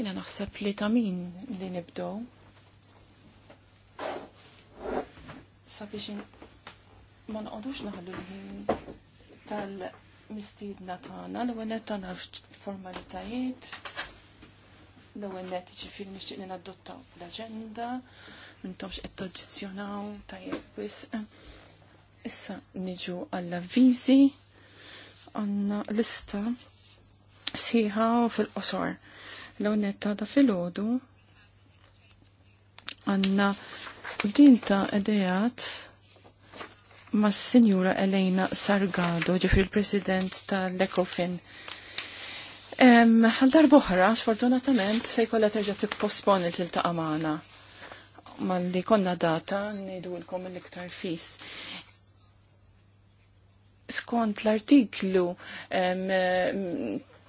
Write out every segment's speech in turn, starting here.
Jina naħseb li ta' min li nibdow. Sabiex ma nqodux naħlu l-ħin tal-mistidna tagħna l-ewwel ta' naf formalitajiet l-ewwel net ġifieri nixtieq li nadottaw l-aġenda m'intomx qed toġġizzjonaw tajjeb wisq. Issa niġu għall-avviżi għandna lista sħiħa fil-qosor l-għonetta ta' filodu għanna din ta' edejat ma' s-senjura Elena Sargado, ġifri l-president tal-Ekofin. Għaldar boħra, sfortunatament, se jkolla terġa t-postpon il-tilta' amana ma li konna data nidu l-kom l-iktar fis skont l-artiklu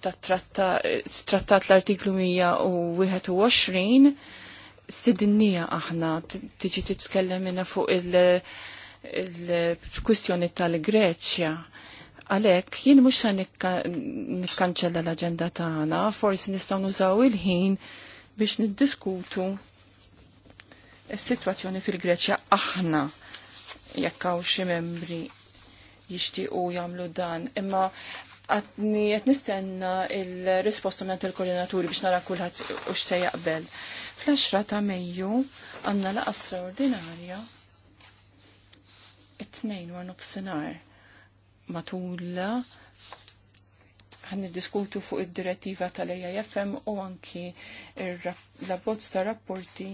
tat-trattat l-artiklu 121 sidinnija aħna tiġi titkellem minna fuq il-kwistjoni tal-Greċja. Għalek, jien mux sa nikkanċella l-agenda tagħna, forsi nistgħu nużaw il-ħin biex niddiskutu il sitwazzjoni fil-Greċja aħna jekk hawn xi membri jixtiequ jagħmlu dan. Imma għatni għet nistenna il-risposta minn il-koordinaturi biex nara kullħat u x'se jaqbel. Fl-10 ta' Mejju għanna laqqa straordinarja it-tnejn f nofsinhar matulla għanni diskutu fuq id-direttiva tal-AIFM u anki l-abbozz ta' rapporti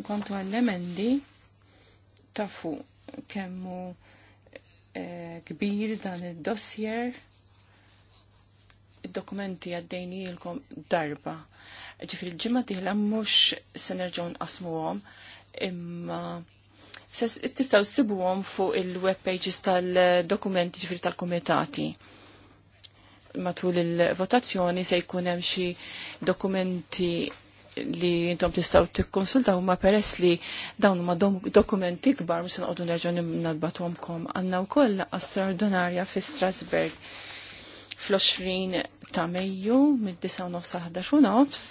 nkontu għall-emendi ta' fuq kemmu Eh, kbir dan id-dossier. Id-dokumenti għaddejnilkom darba. Ġifir il-ġimma tiħla mux senerġaw nqasmuhom imma tistaw għom fuq il-web pages tal-dokumenti ġifir tal-komitati matul il-votazzjoni se jkun hemm xi dokumenti li jintom tistaw tikkonsultaw ma peress li dawn ma dokumenti kbar mus nqodu nerġgħu għanna għandna wkoll straordinarja fi Strasberg fl-20 ta' Mejju mid-9 sa' 11 nofs.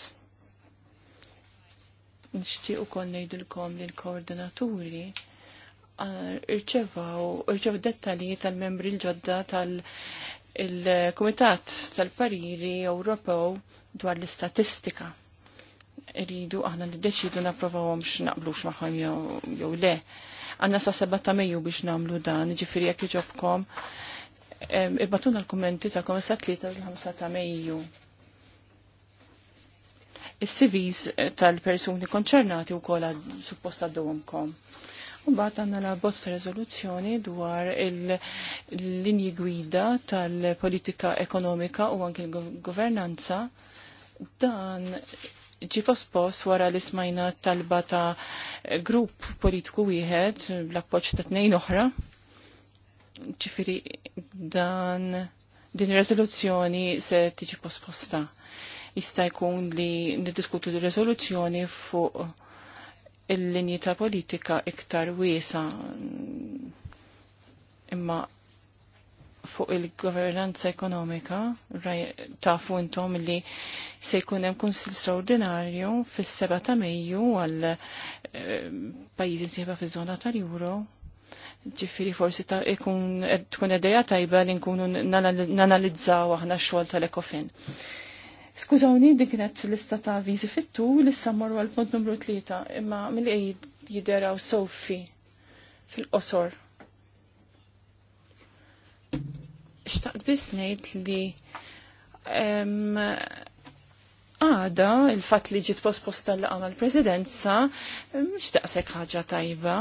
Nixtieq ukoll ngħidilkom li l-koordinaturi ah, irċevaw irċevaw dettalji tal-membri l-ġodda tal-Kumitat tal-Pariri Ewropew dwar l-istatistika rridu aħna niddeċidu naprovawhom x'naqblux magħhom jew le. Għandna sa seba ta' Mejju biex nagħmlu dan, ġifieri jekk iġobkom ibbatuna l-kummenti tagħkom sa tlieta l-ħamsa ta' Mejju. Is-CVs eh, tal-persuni konċernati wkoll suppost għaddewhomkom. Mbagħad għandna la bosta riżoluzzjoni dwar il-linji gwida tal-politika ekonomika u anke l-governanza dan ġi pospos wara li smajna talba ta' grupp politiku wieħed l-appoġġ ta' tnejn oħra. Ġifiri dan din ir-riżoluzzjoni se tiġi posposta. Jista' jkun li niddiskutu d-riżoluzzjoni fuq il-linji ta' politika iktar wiesa imma fuq il-governanza ekonomika, tafu intom li se jkun hemm kunsil straordinarju fis-7 ta' Mejju għal eh, pajjiżi msieħba fiż-żona tal-Euro. Ġifieri forsi ta' ikun tkun idea tajba li nkunu nanalizzaw aħna x-xogħol tal-Ekofin. Skużawni, din kienet lista ta' viżi fittu, lista mmorru għal punt numru tlieta, imma mill-qejjid jideraw Sofi fil-qosor. xtaqt biss ngħid li għada il-fatt li ġiet posposta l mal presidenza xtaqsek ħagġa ħaġa tajba.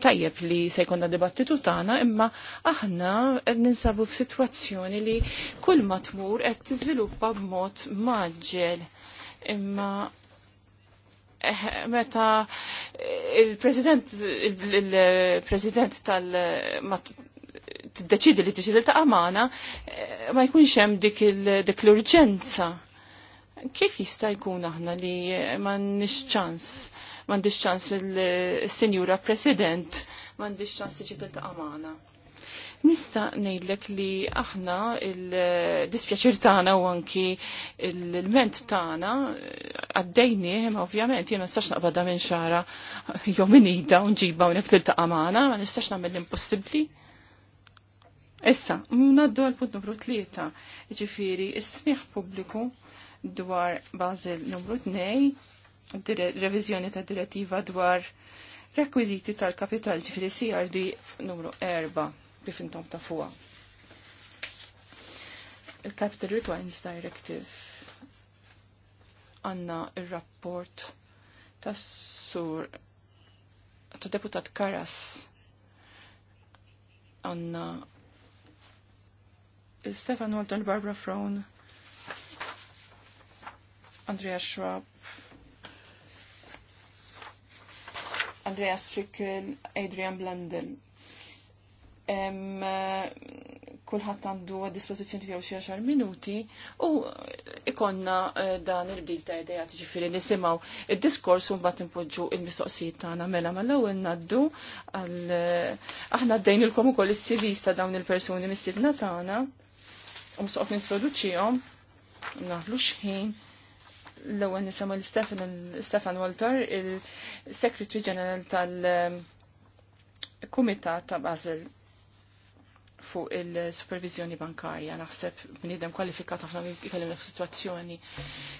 Tajjeb li se jkollna dibattitu tagħna, imma aħna ninsabu f'sitwazzjoni li kull ma tmur qed tiżviluppa b'mod maġġel. Imma meta il-president il-president tal tiddeċidi li tiġi ta' amana eh, ma jkunx hemm dik dik l-urġenza. Kif jista' jkun aħna li m'għandniex ċans m'għandix ċans lill-Sinjura President m'għandix ċans tiġi ta' amana? Nista ngħidlek li aħna il-dispjaċir tagħna u anki il-ment tagħna eh, għaddejni ma ovvjament jiena nistax naqbadha minn xara jew minn ida u nġibha hawnhekk tiltaqa' magħna, ma nistax nagħmel l-impossibbli. Issa, naddu għal punt numru tlieta, ġifiri, is-smieħ pubbliku dwar Basel numru 2, revizjoni ta' direttiva dwar rekwiziti tal-kapital ġifiri CRD numru 4 kif intom ta' fuqa. Il-Capital Requirements Directive għanna il-rapport ta' sur ta' deputat Karas għanna Stefan Walton, Barbara Frown, Andrea Schwab, Andrea Strickel, Adrian Blandel kulħadd għandu dispożizzjoni tiegħu xi għaxar minuti u ikonna eh, dan il-bdil ta' idea tiġifieri nisimgħu id-diskors u mbagħad impoġġu il-mistoqsijiet tagħna mela mal-ewwel ngħaddu għal eh, aħna ddejnilkom ukoll is-CVs ta' dawn il-persuni mistiedna tagħna u soqgħod nintroduċihom naħlu xħin l-ewwel nisimgħu l-Stefan Walter, il secretary General tal-Kumitat eh, ta' Basel fuq il-supervizjoni bankarja, naħseb bnidem kwalifikat ħafna jikellimna f-situazzjoni.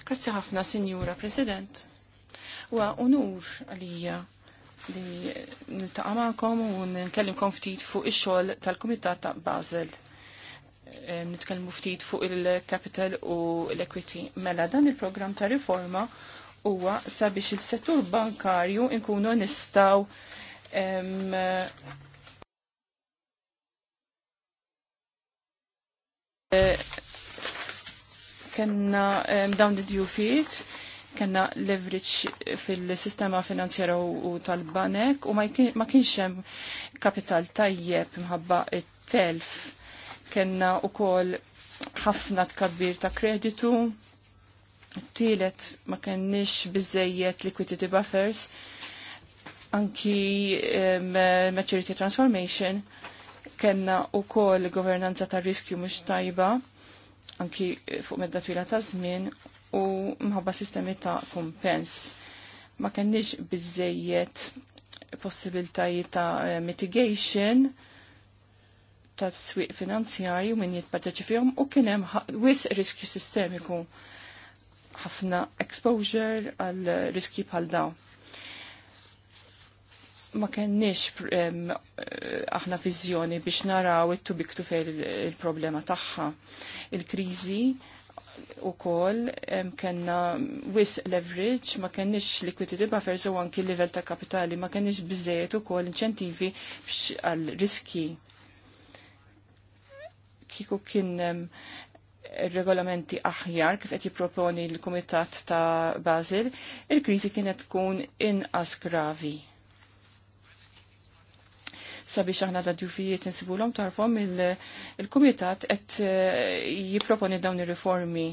Grazzi ħafna, Sinjura President. U unur għalija li niltaqa' magħkom u nkellimkom ftit fuq ix-xogħol tal-Kumitat ta' Basel. E, nitkellmu ftit fuq il-capital u l-equity. Mela dan il-programm ta' riforma huwa sabiex il-settur bankarju nkunu nistgħu Kenna dawn id-djufiet, kena leverage fil-sistema finanzjera u tal-banek u ma kienx hemm kapital tajjeb mħabba il telf Kena u kol ħafna tkabbir ta' kreditu, tielet ma kenniex bizzejiet liquidity buffers, anki maturity transformation, kena u kol governanza ta' riskju mux tajba, anki fuq medda twila ta' żmien u mħabba sistemi ta' kumpens. Ma kenniex bizzejiet possibiltajiet ta' eh, mitigation ta' s-swiq u minn fjom u kienem wis riskju sistemiku ħafna exposure għal riski bħal dawn ma kenniex eh, aħna viżjoni biex naraw it-tu biktu fejn il-problema tagħha. Il-kriżi u kol kena wis leverage, ma kenniex liquidity buffers u anki level ta' kapitali, ma kenniex bizzejet u kol inċentivi biex għal riski. Kiku kien regolamenti aħjar kif qed jipproponi l-Kumitat ta' Basel, il-kriżi kienet tkun inqas gravi sabiex aħna da djufijiet insibulhom tarfhom il-kumitat qed eh, jipproponi dawn ir-riformi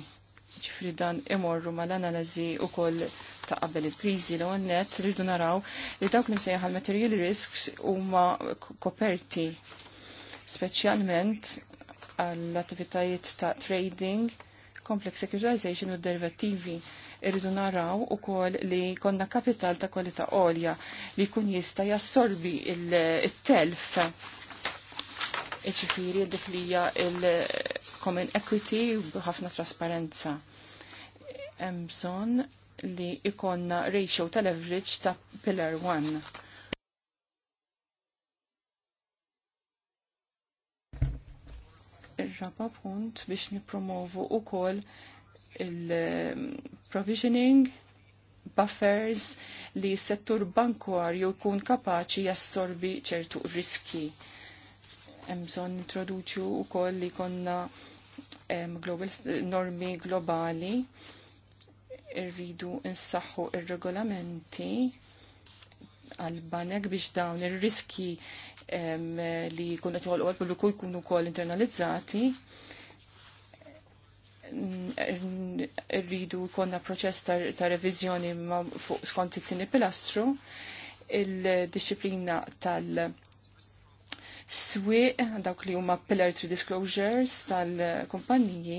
ċifri dan imorru mal u wkoll ta' qabel il-kriżi l għonnet rridu naraw li dawk li msejjaħ għal-material risks huma koperti speċjalment għall-attivitajiet ta' trading, complex securitization u derivativi Irridu naraw ukoll li konna kapital ta' kwalità għolja li jkun jista' jassorbi il-telf iċifiri dik li il-common equity u b'ħafna trasparenza. Hemm bżonn li ikonna ratio ta' leverage ta' pillar 1. Ir-raba punt biex nipromovu kol il-provisioning, buffers li s-settur bankwarju jkun kapaċi jassorbi ċertu riski. Mżon introduċu u koll li konna global, normi globali, irridu nsaħħu ir-regolamenti għal-banek biex dawn ir-riski li kunet jħolqu għal kuj jkunu kol internalizzati rridu konna proċess ta', ta revizjoni fuq skont it-tieni pilastru, il-disciplina tal- swieq dawk li huma pillar to disclosures tal-kumpanniji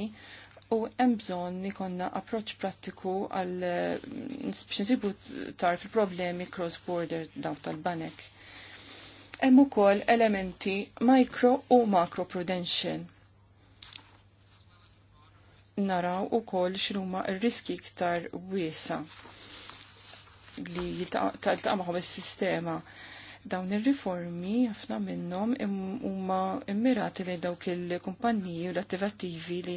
u hemm bżonn ikonna approċċ prattiku għal biex nsibu tarf il-problemi cross border dawn tal-banek. Hemm ukoll elementi micro u macro prudential naraw u kol xruma riski iktar wiesa li jiltaqa maħom sistema Dawn il-riformi, ħafna minnom, huma immirati li dawk il-kumpanniji u l-attivattivi li,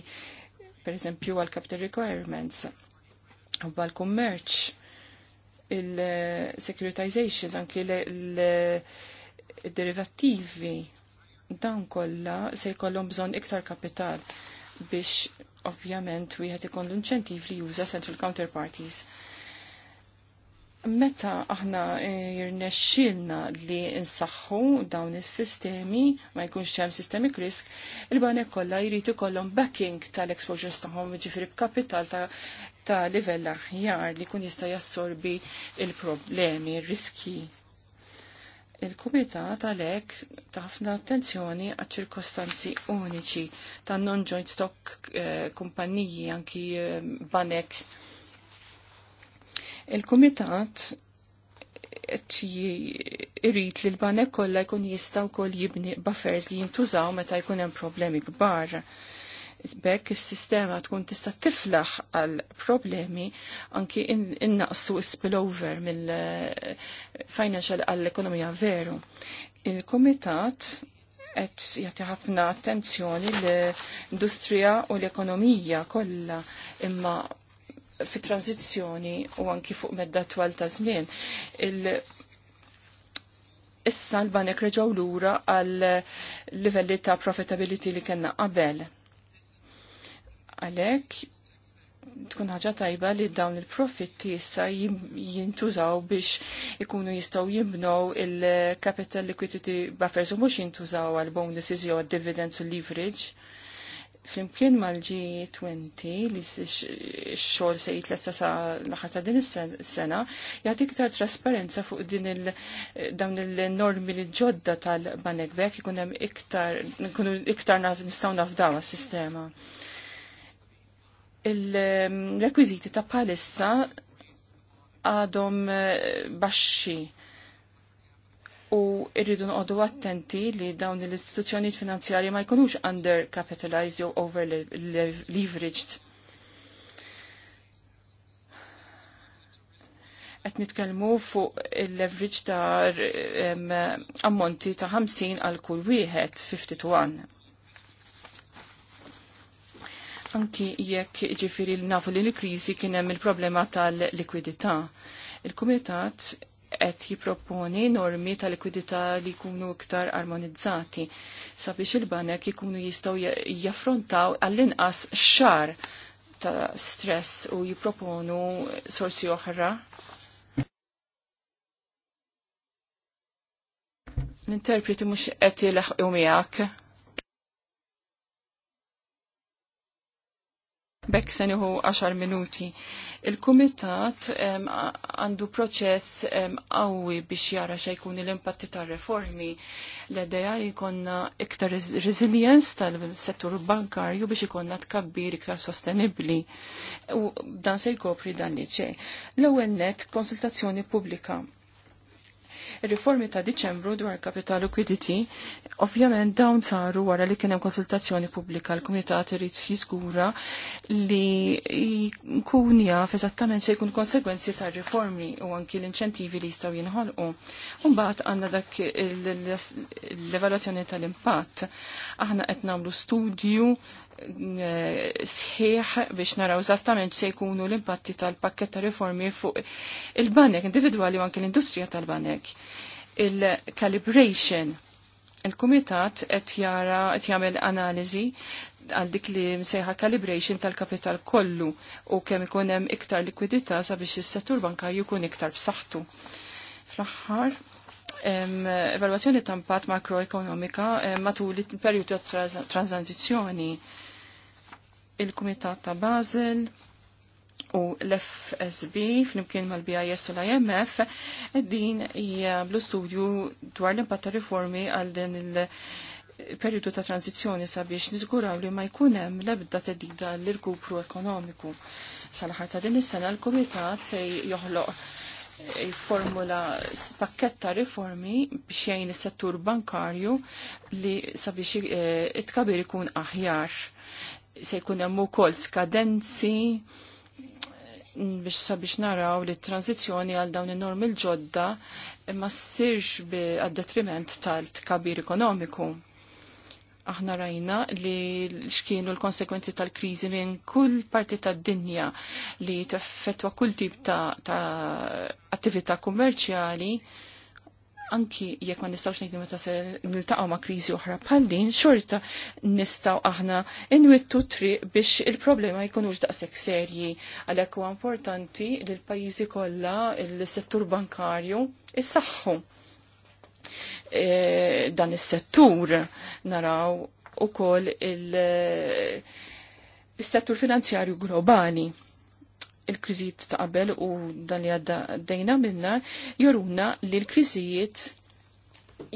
per eżempju, għal-capital requirements, u għal-kummerċ, il-securitization, anki l derivativi dan kolla se jkollhom bżonn iktar kapital biex ovvjament wieħed ikun l-inċentiv li juża central counterparties. Meta aħna jirnexxilna e, li nsaħħu dawn is-sistemi, ma jkunx hemm systemic risk, il-banek kollha jrid ikollhom backing tal-exposures tagħhom jiġifieri b'kapital ta' ta' livell aħjar li kun jista' jassorbi il-problemi, il-riski il-Kumitat għalhekk ta' ħafna attenzjoni għat ċirkostanzi uniċi ta' non-joint stock eh, kumpaniji anki eh, banek. Il-Kumitat irrit li l-banek kollha jkun jistaw wkoll jibni buffers li jintużaw meta jkun hemm problemi kbar Bekk is-sistema tkun tista' tiflaħ għal problemi anki innaqsu in spillover mill-financial eh, għall-ekonomija veru. Il-Komitat qed jagħti ħafna attenzjoni l-industrija u l-ekonomija kollha imma fi tranzizzjoni u anki fuq medda twal ta' żmien. Issa l-banek reġgħu lura għal livelli ta' profitability li kellna qabel Għalek, tkun ħaġa tajba li dawn il-profitti issa jintużaw biex ikunu jistaw jibnow il-capital liquidity buffers u mux jintużaw għal bonuses jew dividends u leverage. Flimkien mal-G20 li x-xol se jitlessa sa l-ħar ta' din is-sena, jagħti iktar trasparenza fuq din il dawn il-normi li ġodda tal-banek bek ikun hemm iktar iktar nistgħu nafdaw sistema il-rekwiziti ta' palissa għadhom eh, baxxi u irridu noqogħdu attenti li dawn l-istituzzjonijiet finanzjarji ma jkunux under capitalized jew over leveraged. Qed nitkellmu fuq il-leverage ta' ammonti ta' 50 għal kull wieħed 51 to Anki jekk ġifiri nafu li l-krizi kien hemm il-problema tal-likwidità. Il-Kumitat qed jipproponi normi ta' likwidità li jkunu iktar armonizzati sabiex il-banek jkunu jistgħu jaffrontaw għall-inqas xar ta' stress u jipproponu sorsi oħra. L-interpreti mhux qed jilaħqu miegħek. Bekk se nieħu 10 minuti. Il-kumitat għandu proċess qawwi biex jara xejkun l-impatti tar-reformi l-edeja jkollna iktar resilienz tal-settur bankarju biex ikonna tkabbir iktar sostenibli. U dan se jkopri dan li L-ewwel net konsultazzjoni pubblika Il-riformi ta' Diċembru dwar kapital liquidity, ovvjament dawn saru wara li kienem konsultazzjoni pubblika l komitat irid jiżgura li jkun jaf eżattament se jkun konsegwenzi ta' riformi u anki l-inċentivi li jistgħu jinħolqu. Mbagħad għandna dak l-evalwazzjoni tal-impatt. Aħna qed nagħmlu studju Eh, sħiħ biex naraw eżattament se jkunu l-impatti tal-pakket ta' riformi fuq il-banek individwali u anke l-industrija tal-banek. Il-calibration, il-kumitat qed jara qed jagħmel analiżi għal dik li msejħa calibration tal-kapital kollu u kemm ikun hemm iktar likwidità sabiex is-settur bankarju jkun iktar b'saħħtu. Fl-aħħar, evalwazzjoni ta' impatt makroekonomika matul il-perjodu ta' tranzizjoni. Trans il-Kumitat ta' Basel u l-FSB fl-imkien mal-BIS u l-IMF din hija bl-studju dwar l-impatt ta' riformi għal din il- periodu ta' tranzizjoni sabiex niżguraw li ma jkun hemm l-ebda t-dida l-irkupru ekonomiku. Sal-ħar ta' din is-sena l-Kumitat se joħloq formula pakketta riformi biex jgħin is-settur bankarju li sabiex eh, it-kabir ikun aħjar se jkun hemm ukoll skadenzi eh, biex sabiex naraw li tranzizjoni għal dawn in-normi l-ġodda ma ssirx għad-detriment tal-tkabir ekonomiku. Aħna rajna li xkienu l-konsekwenzi tal-krizi minn kull parti tad-dinja li teffettwa kull tip ta', ta attività kummerċjali anki jekk ma nistawx ngħidu meta se niltaqgħu ma' kriżi oħra bħal din, xorta nistgħu aħna inwittu triq biex il-problema jkunux daqshekk serji. Għalhekk huwa importanti li l-pajjiżi kollha il-settur bankarju issaħħu e, dan is-settur naraw ukoll il-settur finanzjarju globali il-kriżijiet ta' qabel u dan li għadda dejna minna joruna li l-kriżijiet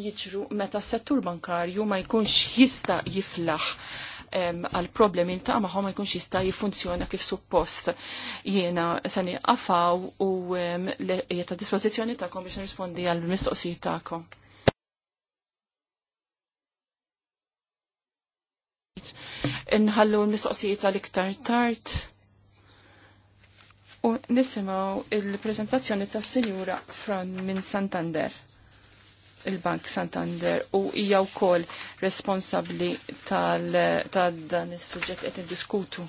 jiġru meta s-settur bankarju ma jkunx jista' jiflaħ għal problemi ta' maħom ma jkunx jista' jifunzjona kif suppost jiena sani għafaw u jieta dispozizjoni ta'kom biex nirrispondi għal mistoqsijiet kom. Nħallu l-mistoqsijiet għal iktar tard u nisimaw il-prezentazzjoni ta' Sinjura Fran minn Santander, il-Bank Santander, u hija wkoll responsabli ta' dan is-suġġett qed diskutu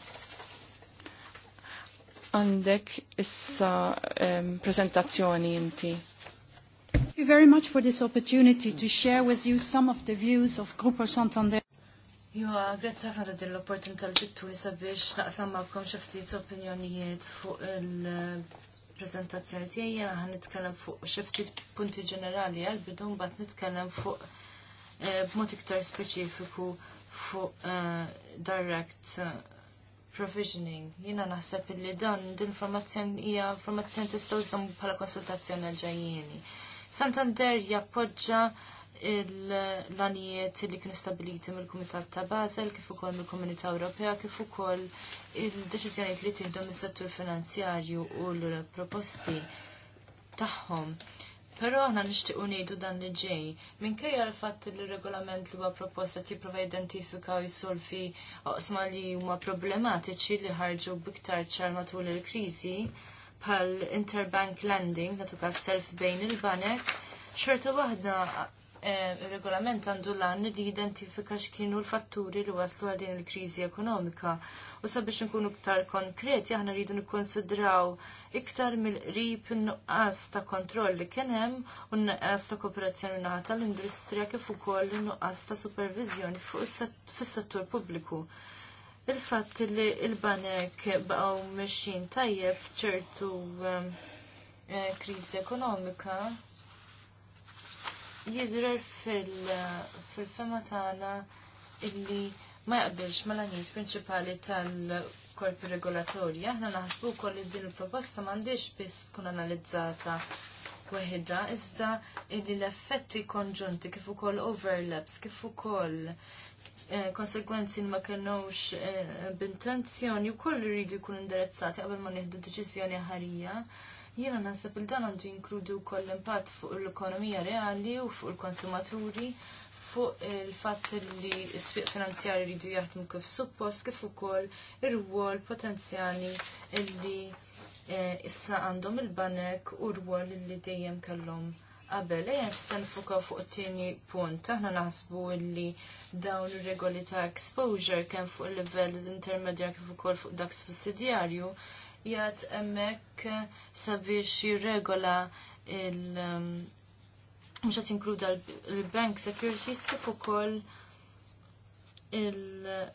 Għandek issa um, prezentazzjoni inti. Thank you very much for this opportunity to share with you some of the views of Grupo Santander. Jua, grazzi ħafna ta' din l-opportunità li tittu sabiex naqsam ma'kom xi ftit opinjonijiet fuq il-preżentazzjoni tiegħi għan nitkellem fuq xi ftit punti ġenerali għal bidu mbagħad nitkellem fuq eh, b'mod iktar speċifiku fuq eh, direct eh, provisioning. Jiena naħseb li dan l informazzjoni hija informazzjoni tistgħu bħala konsultazzjoni għal ġajjieni. Santander jappoġġa l għanijiet li kienu stabiliti mill-Kumitat ta' Basel, kif ukoll mill-Komunità Ewropea, kif ukoll il-deċiżjonijiet li tieħdu mis-settur finanzjarju u l-proposti tagħhom. Però aħna nixtiequ ngħidu dan li ġej. Minkejja l-fatt li r-regolament li huwa proposta tipprova identifika u jsolvi oqsma li huma problematiċi li ħarġu biktar ċar matul il-kriżi, bħal interbank lending, natuka self bejn il-banek, xorta waħda Eh, il-regolament għandu l-għan li jidentifika x'kienu l-fatturi li waslu għal din il-kriżi ekonomika. U sabiex nkunu ktar konkreti, aħna rridu nikkonsidraw iktar mill-qrib nuqqas ta' kontroll li kien hemm u nuqqas ta' kooperazzjoni nata tal-industrija kif ukoll nuqqas ta' supervizjoni fis-settur pubbliku. Il-fatt li l-banek baqgħu mexxin tajjeb f'ċertu ehm, eh, kriżi ekonomika jidrer fil-fema tagħna illi ma jaqbilx l-għanijiet prinċipali tal-korpi regolatorji. Aħna naħsbu wkoll li din il-proposta m'għandix biss tkun analizzata weħida, iżda illi l-effetti konġunti kif ukoll overlaps, kif ukoll eh, konsekwenzi li ma kellhomx eh, b'intenzjoni wkoll jridu jkunu indirizzati qabel ma nieħdu deċiżjoni ħarija. Jiena naħseb il dan għandu jinkludu wkoll impatt fuq l-ekonomija reali u fuq il-konsumaturi fuq il-fatt li s-sfiq finanzjari rridu jaħdmu kif suppost kif ukoll ir-rwol potenzjali li eh, issa għandhom il-banek u rwol li dejjem kellhom qabel. Ejja se nfukaw fuq tieni punt. Aħna naħsbu li dawn ir-regoli ta' exposure kemm fuq il-livell intermedjar kif ukoll fuq dak sussidjarju jgħat emmek sabiex jirregola il- mux um, għat inkluda l-bank securities kif ukoll il-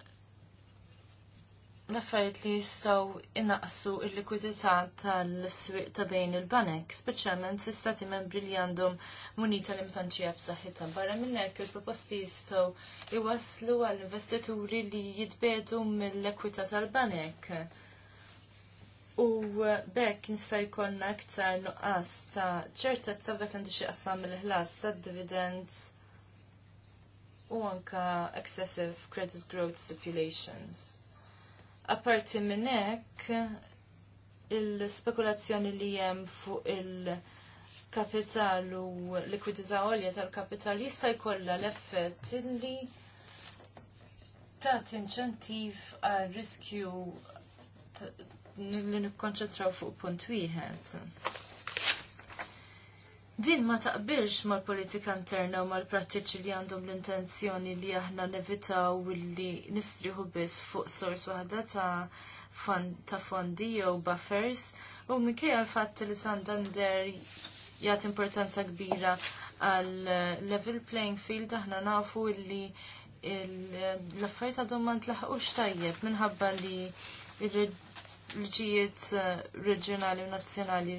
l-affarijiet li jistgħu inaqsu l-likwidità tal-swieq ta' bejn il-banek, speċjalment fi stati membri li għandhom munita li mtanċija b'saħħitha. Barra minn hekk il-proposti jistgħu iwaslu għall investituri li jitbedu mill-ekwità tal-banek U eh, bekk nista' jkollna aktar nuqqas ta' ċertezza f'dak għandu xi qassam mill-ħlas ta' dividends u anka excessive credit growth stipulations. Apparti minn hekk il-spekulazzjoni li hemm fuq il-kapital u likwidità għolja tal-kapital jista' jkollha l-effett ta' tagħti inċentiv għal riskju li nikkonċentraw fuq punt wieħed. Din ma taqbilx mal-politika interna u mal-prattiċi li għandhom l-intenzjoni li aħna nevitaw li nistriħu biss fuq sors waħda ta' ta' fondi jew buffers u minkej għal fatt li Santander jagħti importanza kbira għal level playing field aħna nafu li l-affarijiet għadhom ma ntlaħqux tajjeb minħabba li liġijiet eh, reġjonali u nazzjonali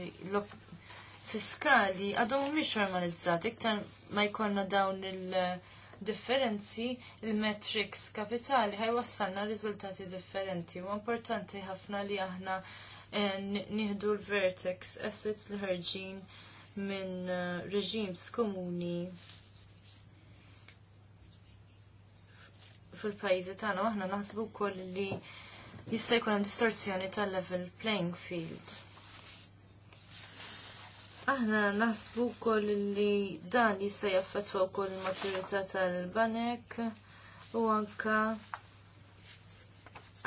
fiskali għadhom mhumiex normalizzati iktar ma jkollna dawn il-differenzi il-metrics kapitali ħajwassalna riżultati differenti u importanti ħafna li aħna eh, nieħdu l-vertex assets li ħarġin minn eh, reġims komuni fil-pajjiżi tagħna aħna naħsbu wkoll li jista' jkun hemm distorzjoni tal-level playing field. Aħna naħsbu wkoll li dan jista' jaffettwa wkoll il-maturità tal-banek u anke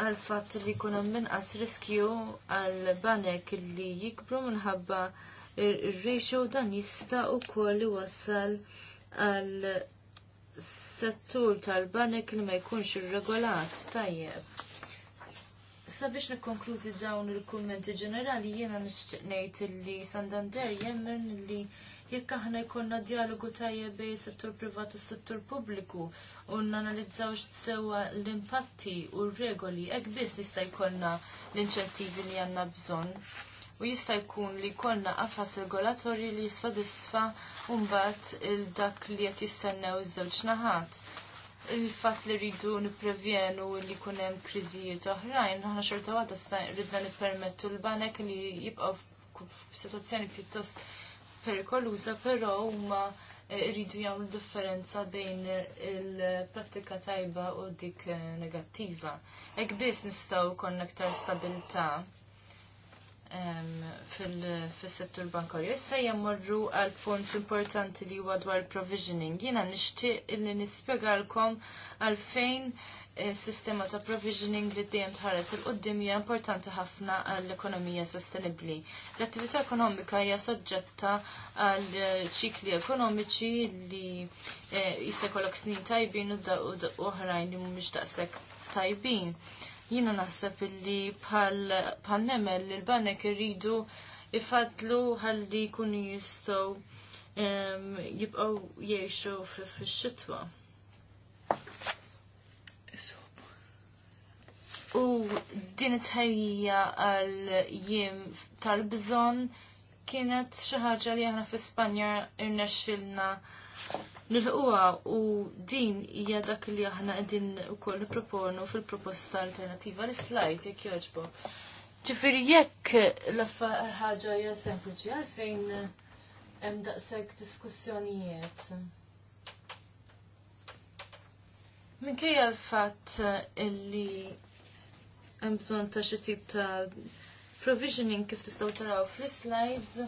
għal fatt li jkun hemm inqas riskju għal banek li jikbru minħabba ir-ratio dan jista' wkoll iwassal għal settur tal-banek li ma jkunx irregolat tajjeb. Sabiex nikkonkludi dawn il-kummenti ġenerali jiena nixtieq ngħid li Santander jemmen li jekk aħna jkollna dialogu tajjeb bej settur privat u settur pubbliku u nanalizzaw sewa l-impatti u r-regoli hekk biss jista' jkollna l-inċettivi li għandna bżonn. U jista' jkun li jkollna qafas regolatorji li jissodisfa mbagħad il dak li qed jistennew iż-żewġ naħat il-fat li rridu niprevjenu li kunem kriżijiet oħrajn, aħna xorta għadda rridna nippermettu l-banek li jibqaw f'sitwazzjoni pjuttost perikoluża, però huma eh, rridu jagħmlu differenza bejn il-prattika tajba u dik eh, negattiva. Hekk biss nistgħu konna aktar stabilità fil-settur bankarju. Issa jammurru għal punt importanti li huwa dwar provisioning. Jiena nixtieq illi nispjegalkom għalfejn eh, sistema ta' provisioning li dejjem tħares il qudiem hija importanti ħafna għall-ekonomija sostenibbli. L-attività ekonomika hija soġġetta għal eh, ċikli ekonomiċi li eh, jista' snin tajbin u oħrajn li mhumiex daqshekk tajbin. Jina naħseb illi bħal nemel li l-banek irridu ifadlu ħalli kunu jistow jibqaw jiexu fil-xitwa. U din it-ħajja għal jiem tal-bżon kienet xaħġa li għana fi Spanja irnexxilna nilħuha u din hija dak li aħna qegħdin ukoll nipproponu fil-proposta alternativa l slajt jekk jogħġbok. Ġifieri jekk l-affa ħaġa hija sempliċi għalfejn hemm daqshekk diskussjonijiet. Minkejja l-fatt illi hemm bżonn ta' xi tip ta' provisioning kif tistgħu taraw fl-slides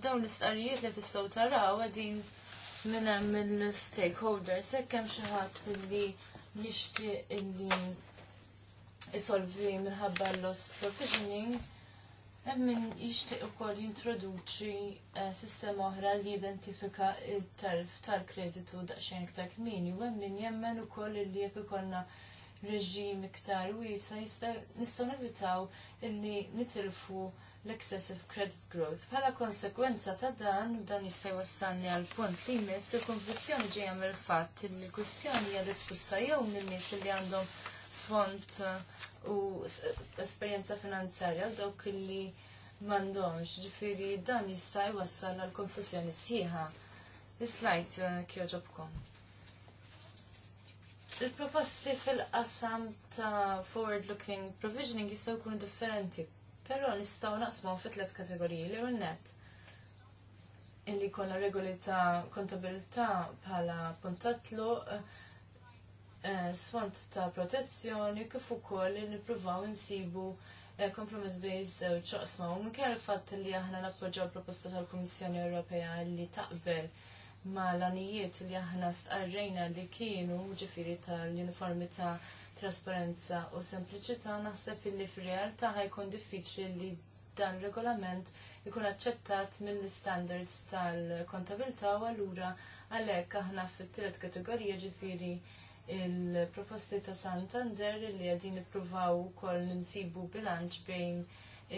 Dawn l-istqarijiet li tistgħu taraw qegħdin minn hemm mill-stakeholders hekk hemm xi ħadd li jixtieq illi isolvi minħabba l-loss provisioning, hemm min jixtieq ukoll jintroduċi eh, sistema oħra li identifika il-tarf tal-kreditu daqsxejn iktar kmini, u hemm min jemmen ukoll illi li ikollna reġim iktar wiesa nistgħu nevitaw illi nitilfu l-excessive credit growth. Bħala konsekwenza ta' dan, u dan jista' jwassalni għal punt li jmiss il-konfessjoni ġejja mill-fatt li l-kwistjoni hija diskussa jew min-nies li għandhom sfond uh, u esperjenza finanzjarja u dawk li m'għandhomx, ġifieri dan jista' jwassal għal konfessjoni sħiħa. Is-slajd uh, kjoġobkom il-proposti fil-qasam ta' forward-looking provisioning jistgħu jkunu differenti, però nistgħu naqsmu fi tliet kategoriji li net illi jkollna regoli ta' kontabilità bħala puntatlu eh, eh, sfond ta' protezzjoni kif ukoll li nippruvaw insibu eh, compromise bejn u ċoqsma u minn il fatt li aħna nappoġġaw proposta tal-Kummissjoni Ewropea li taqbel ma l-anijiet li aħna stqarrejna li kienu ġifiri tal-uniformità, trasparenza u sempliċità naħseb illi fir-realtà ħajkun diffiċli li dan regolament ikun aċċettat mill-standards tal-kontabilta u allura għalhekk aħna fit tret kategorija ġifiri il-proposti ta' Santander li għadin ippruvaw ukoll ninsibu bilanċ bejn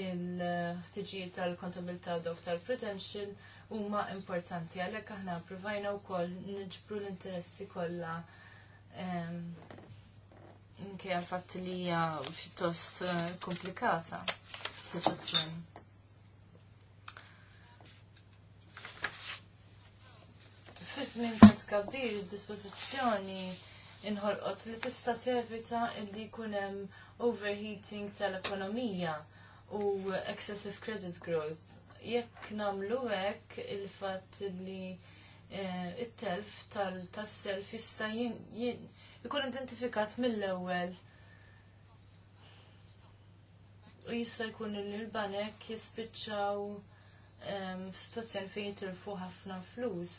il-ħtiġijiet tal-kontabilta u dok tal-prudential huma importanti għalhekk aħna pprovajna wkoll niġbru l-interessi kollha Mke għal-fatt li hija pjuttost eh, komplikata situazzjoni. Fizmin ta' tkabbir dispożizzjoni inħolqot li tista' tevita li jkun hemm overheating tal-ekonomija u excessive credit growth jekk nagħmlu hekk il-fatt li eh, it-telf tal-self jista' jkun identifikat mill-ewwel u jista' jkun li l-banek jispiċċaw ehm, f'sitwazzjoni fejn jitilfu ħafna flus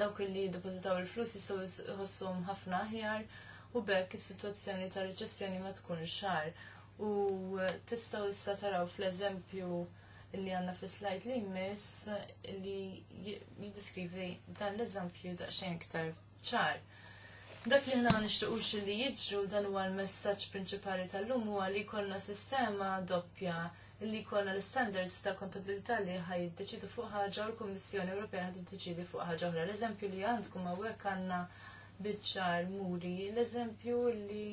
dawk li depositaw il-flus jistgħu jħossuhom ħafna aħjar u bekk is-sitwazzjoni ta' reċessjoni ma tkun xar u tistgħu issa taraw fl-eżempju li għandna fi slajt li jmiss li jidiskrivi dan l-eżempju daqsxejn iktar ċar. Dak li ħna nixtiequx li jiġru dan huwa l-messaġġ prinċipali tal-lum huwa li jkollna sistema doppja li jkollna l-standards ta' kontabilità li ħaj deċidu fuq ħaġa u l-Kummissjoni Ewropea ħad fuq ħaġa oħra. L-eżempju li għandkom għawek għandna biċċar muri, l-eżempju li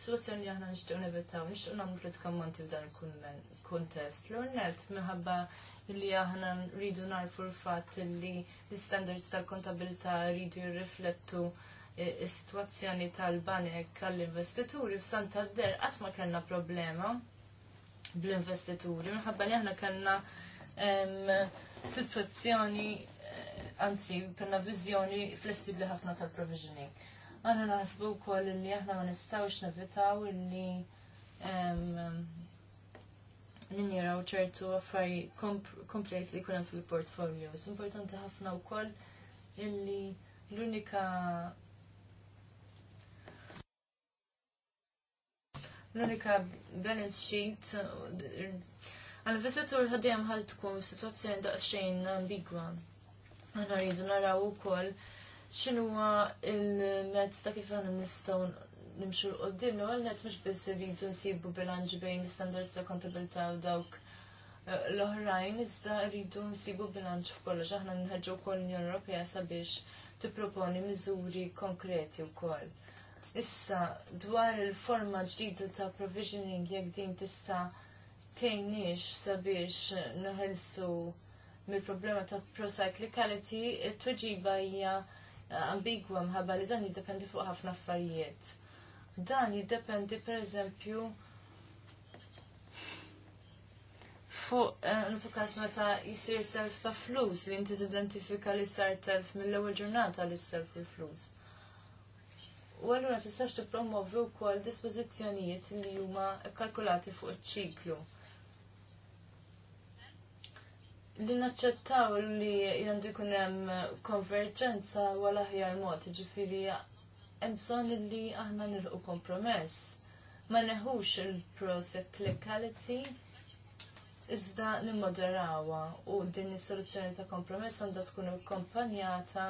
situazzjoni li aħna nixtieq nevitaw, nixtieq nagħmlu tliet kommenti f'dan il-kuntest. L-ornet minħabba li aħna rridu narfu l-fatt li l-standards tal-kontabilità rridu jirriflettu e, is-sitwazzjoni tal-banek għall-investituri f'Santa d-der qatt ma kellna problema bl-investituri. Minħabba li aħna kellna situazzjoni e, anzi, kellna viżjoni flessibbli ħafna tal-provisioning. Għana naħsbu wkoll li aħna ma nistgħux nevitaw illi ninjeraw ċertu affari komplejs li kunem fil s Importanti ħafna u koll illi l-unika l-unika balance sheet għal-visitur ħadijam ħal tkun situazzjoni daqsxejn ambigwa. Għana rridu naraw u koll x'inhuwa il-mezz ta' kif aħna nistgħu nimxu l-qoddim l net mux biss rridu nsibu bilanġ bejn l-standards ta' kontabilta u dawk eh, l-oħrajn, iżda rridu nsibu bilanċ f'kollox. Aħna nħedġu kol l-Unjoni Ewropea sabiex tipproponi miżuri konkreti wkoll. Issa, dwar il-forma ġdida ta' provisioning jekk din tista' tgħinniex sabiex nħelsu mill-problema ta' procyclicality, it-tweġiba hija ambigwa mħabba li dan jiddependi fuq ħafna affarijiet. Dan jiddependi per eżempju fuq eh, nutu kas meta jisir self ta' flus li inti t-identifika li sar telf mill-ewwel ġurnata li self il-flus. U għallura t tippromovi wkoll dispożizzjonijiet li huma kkalkulati fuq iċ-ċiklu li naċċettaw li jandu jkun hemm konverġenza wala ħjar mod, ġifiri hemm bżonn li aħna nilqu kompromess. Ma neħux il-procyclicality iżda nimmoderawha u din is-soluzzjoni ta' kompromess għandha tkun akkompanjata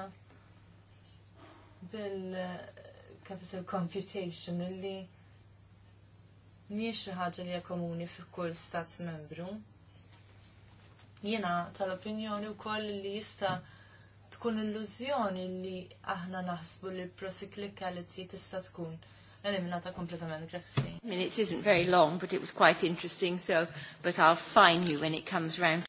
bil-capital computation li mhijiex xi ħaġa li hija komuni fi kull stat membru. Jiena tal-opinjoni wkoll li jista tkun illużjoni li aħna naħsbu li procyclicality tista tkun eliminata kompletament. Grazzi. I mean, it isn't very long, but it was quite interesting, so, but I'll find you when it comes round.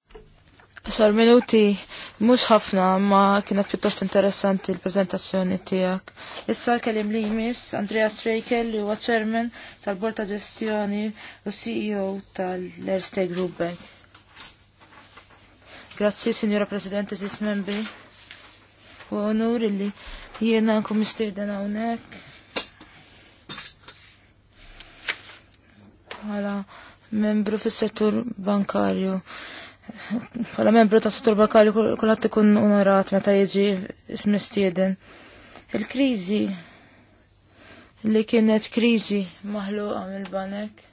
Sar minuti, mux ħafna, ma kienet pjuttost interessanti l-prezentazzjoni tijak. Issa kellim li jmiss Andrea Streikel li huwa chairman tal borta ta' u CEO tal-Erste Bank. Grazzi, Signora Presidente, Sis Membri. U onur illi jiena nkum mistieden hawnhekk. Bħala membru fis-settur bankarju. Bħala membru tas settur bankarju kulħadd ikun onorat meta jiġi mistieden. Il-kriżi li kienet kriżi maħluqa mill-banek.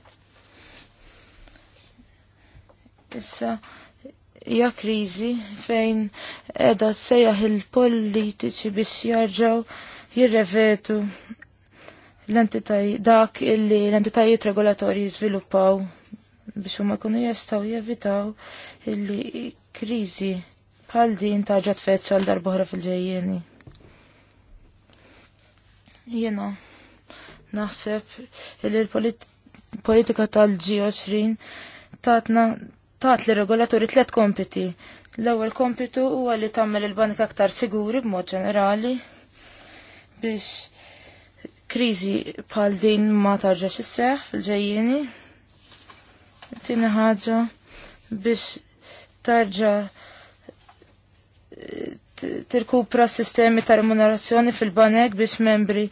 Issa, hija kriżi fejn qiegħda tsejjaħ il-politiċi biex jarġgħu jirrevetu l-entitaj dak illi l-entitajiet regolatorji żviluppaw biex huma jkunu jistgħu jevitaw illi kriżi bħal din taġa tfeċċa għal darbohra fil-ġejjeni. Jena, naħseb illi l-politika tal-G20 tatna tat li regolatori tlet kompiti. L-ewwel kompitu huwa li tagħmel il bank aktar siguri b'mod ġenerali biex kriżi bħal din ma tarġax isseħħ fil-ġejjieni. Tieni ħaġa biex tarġa' tirkupra sistemi ta' remunerazzjoni fil-banek biex membri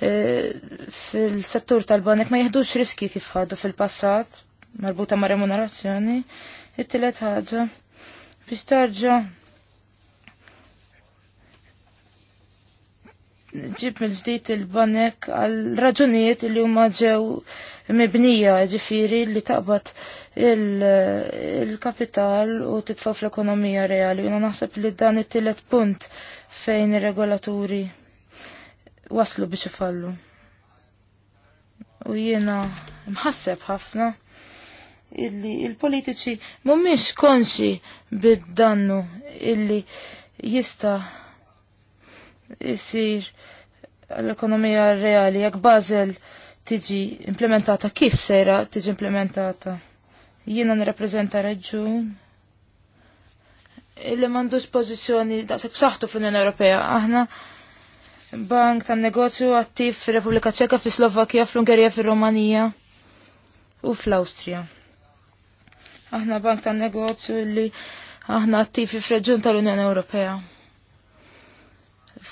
eh, fil-settur tal-banek ma jihdux riski kif ħadu fil-passat marbuta ma' remunerazzjoni, it-tielet ħaġa biex tarġa' ġib mill-ġdijt il-banek għal raġunijiet li huma ġew mibnija ġifiri li taqbad il-kapital u titfa fl-ekonomija reali. Jina naħseb li dan it-tillet punt fejn ir-regolaturi waslu biex ifallu. U jiena mħasseb ħafna illi il-politiċi mhumiex konxi bid-dannu illi jista jisir l-ekonomija reali jekk Basel tiġi implementata kif sejra tiġi implementata. Jiena nirrappreżenta reġun illi m'għandux pożizzjoni daqshekk b'saħħtu fl-Unjoni Ewropea. Aħna bank tan negozju attiv fir-Repubblika Ċeka, fis Slovakija, fl-Ungerija, fir-Romanija u fl-Awstrija. Aħna bank tan negozju li aħna attivi f'reġjun tal-Unjoni Ewropea.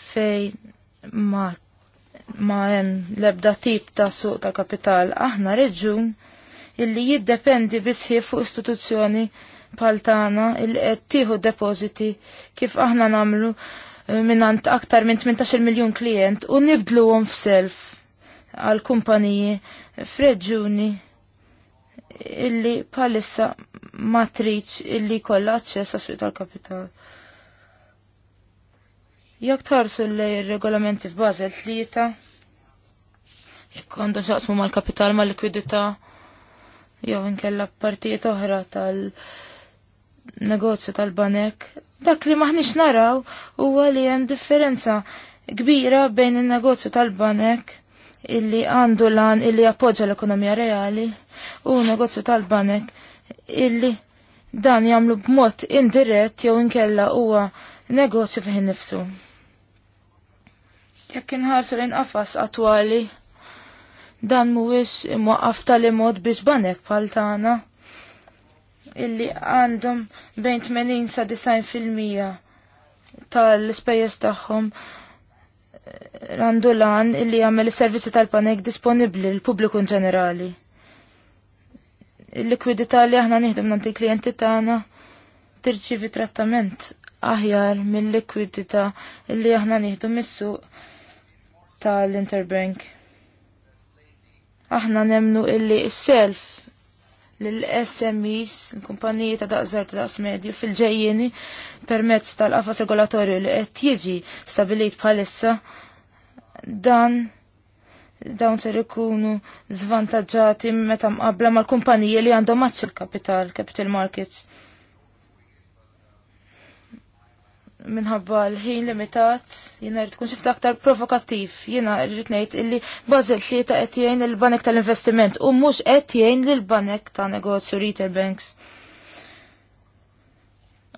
Fej ma ma hemm l-ebda tip ta' suq ta' kapital, aħna reġjun illi jiddependi bisħi fuq istituzzjoni bħal tagħna li qed tieħu depożiti kif aħna nagħmlu eh, minnant aktar minn 18 miljun klient u nibdluhom f'self għal kumpaniji f'reġjuni illi palissa matriċ illi kollha aċċess għas tal-kapital. Jek tarsu li regolamenti f'Basel tlieta, jekk għandhom xaqsmu mal-kapital mal-likwidità, jew inkella partijiet oħra tal-negozju tal-banek, dak li maħniex naraw huwa li hemm differenza kbira bejn in-negozju tal-banek illi għandu lan illi appoġġa l-ekonomija reali u negozju tal-banek illi dan jagħmlu b'mod indirett jew inkella huwa negozju fih nifsu. Jekk inħarsu l-inqafas attwali dan mhuwiex imwaqqaf tal-imod biex banek bħal tagħna illi għandhom bejn 80 sa 90 fil-mija tal-ispejjeż tagħhom randulan illi jagħmel is-servizzi tal-panek disponibbli l pubbliku ġenerali. Il-likwidità li aħna nieħdu minn klijenti tagħna tirċivi trattament aħjar mill-likwidità illi aħna nieħdu mis-suq tal-interbank. Aħna nemnu illi is self l-SMEs, l-kumpaniji ta' daqżar ta' daqs medju fil-ġejjeni permezz tal-qafas regolatorju li qed jiġi stabilit bħalissa dan dawn ser ikunu zvantaġġati meta mqabbla mal-kumpaniji li għandhom maċċ il-kapital, capital markets. Minħabba l-ħin limitat, jiena rrid tkun xifta aktar provokattiv, jiena rrid ngħid illi Basel tlieta qed jgħin il-banek tal-investiment u mhux qed jgħin lill-banek ta' negozju retail banks.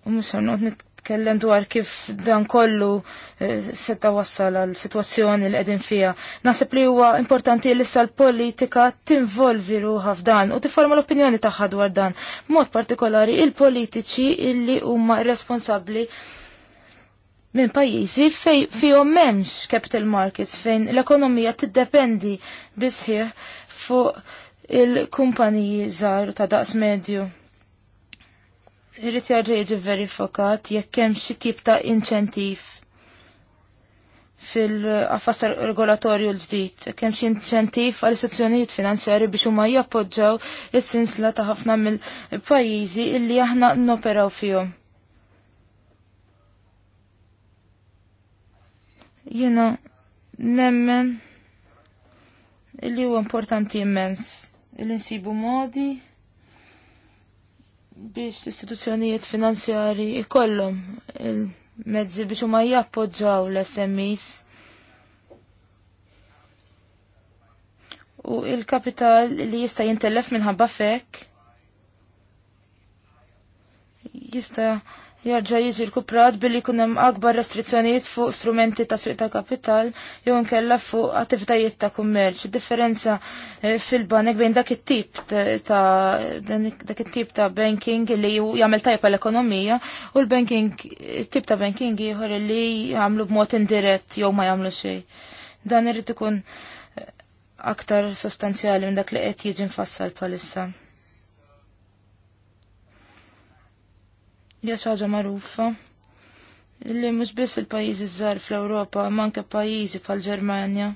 U mhux noqgħod tkellem dwar kif dan kollu eh, seta wassal għal situazzjoni li qegħdin fija. Naħseb li huwa importanti li sal politika tinvolvi ruħa f'dan u tifforma l-opinjoni tagħha dwar dan. Mod partikolari il-politiċi illi huma responsabbli minn pajjiżi fej fihom m'hemmx capital markets fejn l-ekonomija tiddependi bisħieħ fuq il-kumpaniji żgħar ta' daqs medju. Irrit jarġa jiġi verifikat jekk hemm xi tip ta' inċentiv fil-qafas regolatorju l-ġdid. Jekk hemm xi inċentiv għal istituzzjonijiet finanzjari biex huma jappoġġaw is-sinsla ta' ħafna mill-pajjiżi illi aħna noperaw fihom. Jiena nemmen illi huwa importanti immens. Il-insibu modi biex istituzzjonijiet finanzjari ikollhom il-mezzi biex huma jappoġġaw l-SMEs u il-kapital li jista' jintellef minħabba fek jista' jarġa' jiġi rkuprat billi jkun hemm akbar restrizzjonijiet fuq strumenti ta' suq ta' kapital jew nkella fuq attivitajiet ta' kummerċ. Differenza eh, fil-banek bejn dak it-tip ta' dak it-tip ta' banking li jagħmel tajba l-ekonomija u l-banking it-tip ta' banking ieħor li jagħmlu b'mod indirett jew ma jagħmlu xejn. Dan irid ikun eh, aktar sostanzjali minn dak li qed jiġi mfassal palissa. hija ħaġa magħrufa li mhux biss il-pajjiżi żgħar fl-Ewropa, manke pajjiżi bħal Ġermanja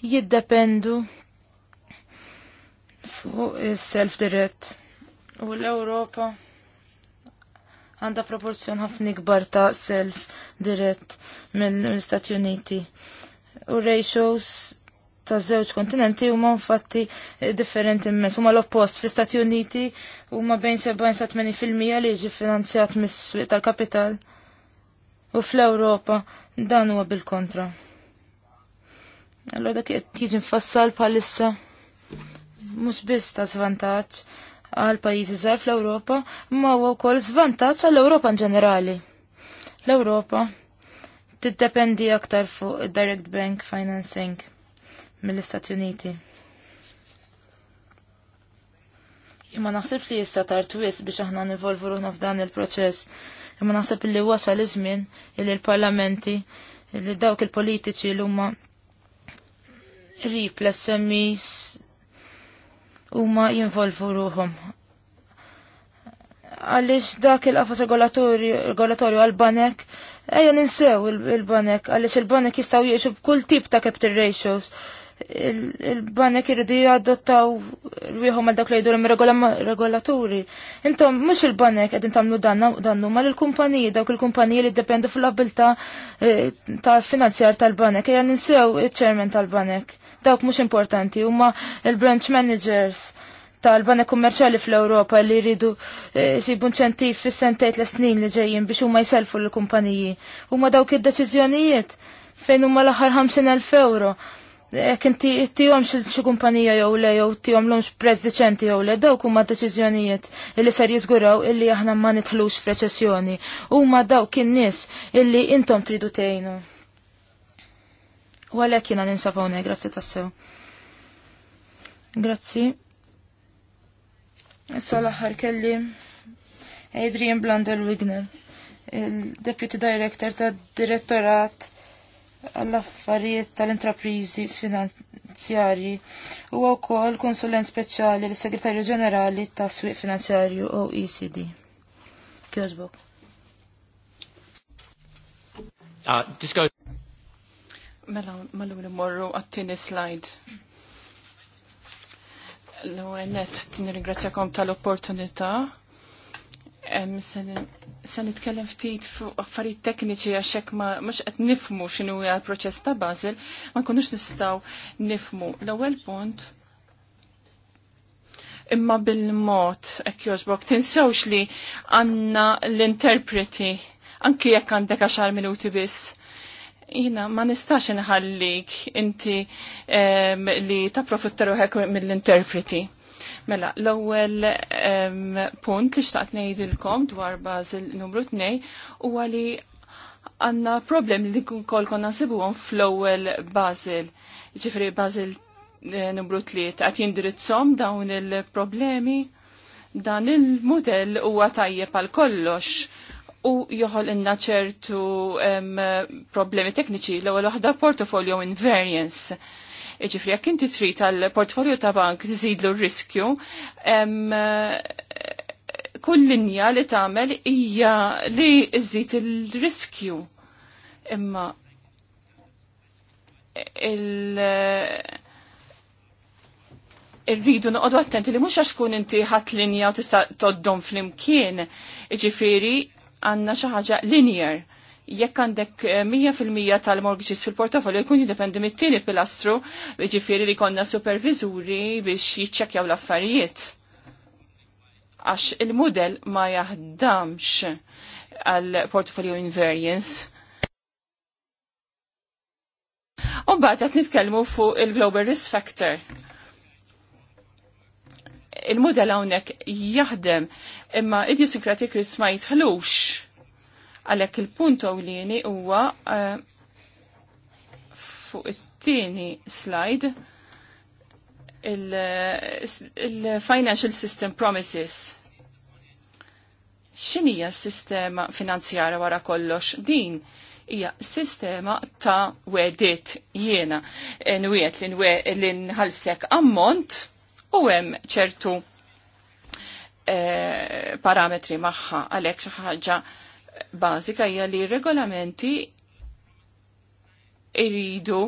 jiddependu fuq is-self dirett. U l-Ewropa għandha proporzjon ħafna kbar ta' self dirett mill-Istati Uniti. U ratios ta' żewġ kontinenti huma fatti eh, differenti immens. Huma l-oppost fl-Istati Uniti huma bejn 70 sa 80% li jiġi finanzjat mis-swieq tal-kapital. U fl-Ewropa dan huwa bil-kontra. Allora dak tiġi nfassal mfassal bħalissa mhux biss ta' żvantaġġ għal pajjiżi żgħar fl-Ewropa, ma huwa wkoll żvantaġġ għall-Ewropa in ġenerali. L-Ewropa tiddependi aktar fuq direct bank financing mill-Istati Uniti. Imma naħsibx li jista tar twist biex aħna nivolvu ruħna f'dan il-proċess. Imma naħseb li wasal iż-żmien li l-parlamenti li dawk il-politiċi l huma rip l-SMEs huma jinvolvu ruħhom. Għaliex dak il-qafas regolatorju għal-banek, ejja ninsew il-banek, għaliex il-banek jistaw jiexu b'kull tip ta' capital ratios il-banek irridu jadottaw l-wieħu mal dak li jdu regolaturi. Intom, mux il-banek għedin tamlu dannu, ma l-kumpaniji, dawk il-kumpaniji li dependu fil-abilta eh, ta' finanzjar tal-banek, għan ninsew il-ċermen tal-banek. Dawk mux importanti, huma il-branch managers tal-banek kummerċali fl-Europa li jridu eh, sibu nċentif fis-sentajt l-snin li ġejjin biex huma jiselfu l-kumpaniji. Huma dawk id-deċiżjonijiet fejn huma l-aħħar 50,000 euro jekk inti tihom xi kumpanija jew le jew tihom l prezz deċenti jew le dawk huma deċiżjonijiet illi ser jiżguraw illi aħna ma nitħlux f'reċessjoni. Huma dawk in-nies illi intom tridu tejnu. U għalhekk jiena ninsab hawnhekk, grazzi tassew. Grazzi. Issa l-aħħar kelli Adrian Blandel Wigner, il-Deputy Director tad Direttorat għall-affarijiet tal-intraprizi finanzjarji u wkoll konsulent speċjali lis segretarju ġenerali tas swieq finanzjarju ECD. Kjożbok. Uh, mela, malum morru għattini slide. L-għennet, t-nirringrazzjakom tal-opportunita Se nitkellem ftit fuq affarijiet tekniċi għax hekk ma mhux qed nifmu x'inhu hija l-proċess ta' Basel, ma nkunux nistgħu nifmu. L-ewwel punt imma bil-mod hekk jogħġbok tinsewx li għandna l-interpreti anki jekk għandek għaxar minuti biss. Jina, ma nistax inħallik inti li ta' profittaru hekk mill-interpreti Mela, l-ewwel punt li xtaqt ngħidilkom dwar Basil numru 2 huwa li għandna problem li kol konna nsibuhom fl-ewwel Basil. Ġifri Basil eh, numru 3 qed jindirizzhom dawn il-problemi dan il-modell huwa tajjeb għal kollox u joħol inna ċertu problemi tekniċi l ewwel waħda portfolio invariance Ġifri, jekk inti trid tal-portfolio ta' bank tiżidlu r-riskju, kull linja li tagħmel hija li iżid il-riskju. Imma il- irridu noqogħdu attenti li mhux għax tkun inti ħadd linja u tista' toddhom flimkien, ġifieri għandna xi ħaġa linear jekk għandek 100% eh, tal-mortgages fil portofolio jkun jiddependi mit-tieni pilastru, ġifieri li konna supervizuri biex jiċċekkjaw l-affarijiet. Għax il-model ma jaħdamx għal portfolio invariance. Umbat qed nitkellmu fuq il-Global Risk Factor. Il-model hawnhekk jaħdem imma idiosyncratic risk ma jitħlux Għalhekk il-punt ewlieni huwa eh, fuq it-tieni slide il-financial system promises. X'inhija s-sistema finanzjara wara kollox? Din hija sistema ta' wedit jiena nwiet li nħalsek ammont u hemm ċertu eh, parametri magħha għalhekk xi ħaġa bażika hija li regolamenti iridu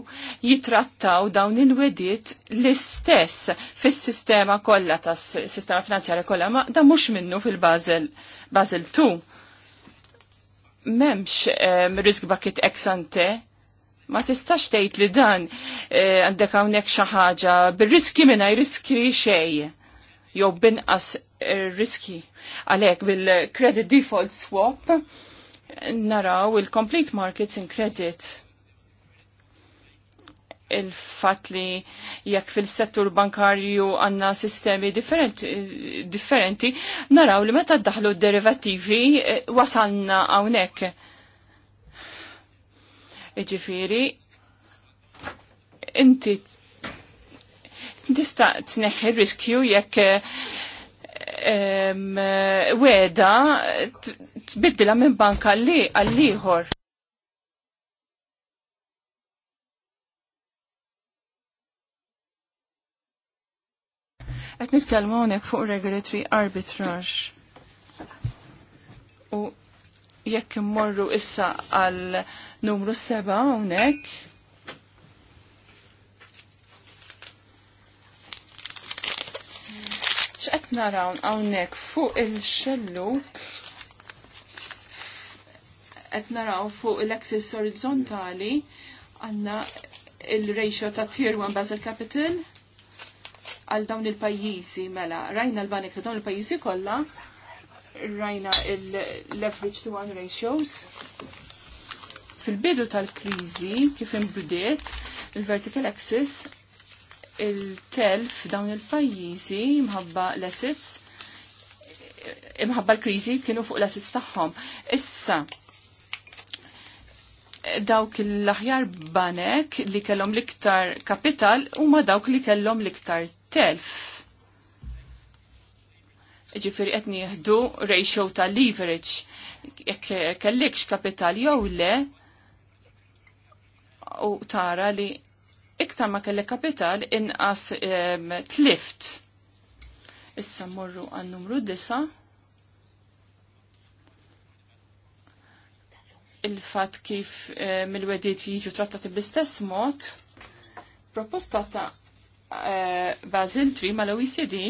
jitrattaw dawn il-wedit l-istess fis-sistema kollha tas-sistema finanzjarja kollha ma da mhux minnu fil-Basel Basel 2. M'hemmx risk bucket ex ante ma tistax tgħid li dan e, għandek hawnhekk xi ħaġa bir-riski mingħajr riski xejn jew binqas riski. Għalek bil-credit default swap naraw il-complete markets in credit il-fat li jekk fil-settur bankarju għanna sistemi differenti, naraw li meta daħlu derivativi eh, wasanna għawnek. Iġifiri, inti tista' tneħħi riskju jekk eh, weda tbiddila minn banka li għalliħor. Għet Qed nitkellmu hawnhekk fuq regulatory arbitrage. U jekk immorru issa għal numru seba' hawnhekk x'qed naraw hawnhekk fuq il xellu qed naraw fuq l-axis orizzontali għandna il-ratio ta' tier 1 basal capital għal dawn il-pajjiżi mela. Rajna l-banek ta' dawn il-pajjiżi kollha rajna il-leverage to one ratios fil-bidu tal-krizi kif imbdiet il-vertical axis il-telf dawn il-pajjiżi mħabba l-assets imħabba l-kriżi kienu fuq l-assets tagħhom. Issa dawk l-aħjar banek li kellhom l-iktar kapital huma dawk li kellhom l-iktar telf. Ġifieri qed nieħdu ratio ta' leverage jekk kellikx kapital jew le u tara li iktar ma kellek kapital inqas um, tlift. Issa morru għan numru 9. Il-fat kif um, mil wedit jiġu trattati bl-istess mod, proposta ta' uh, Basel 3 mal-OECD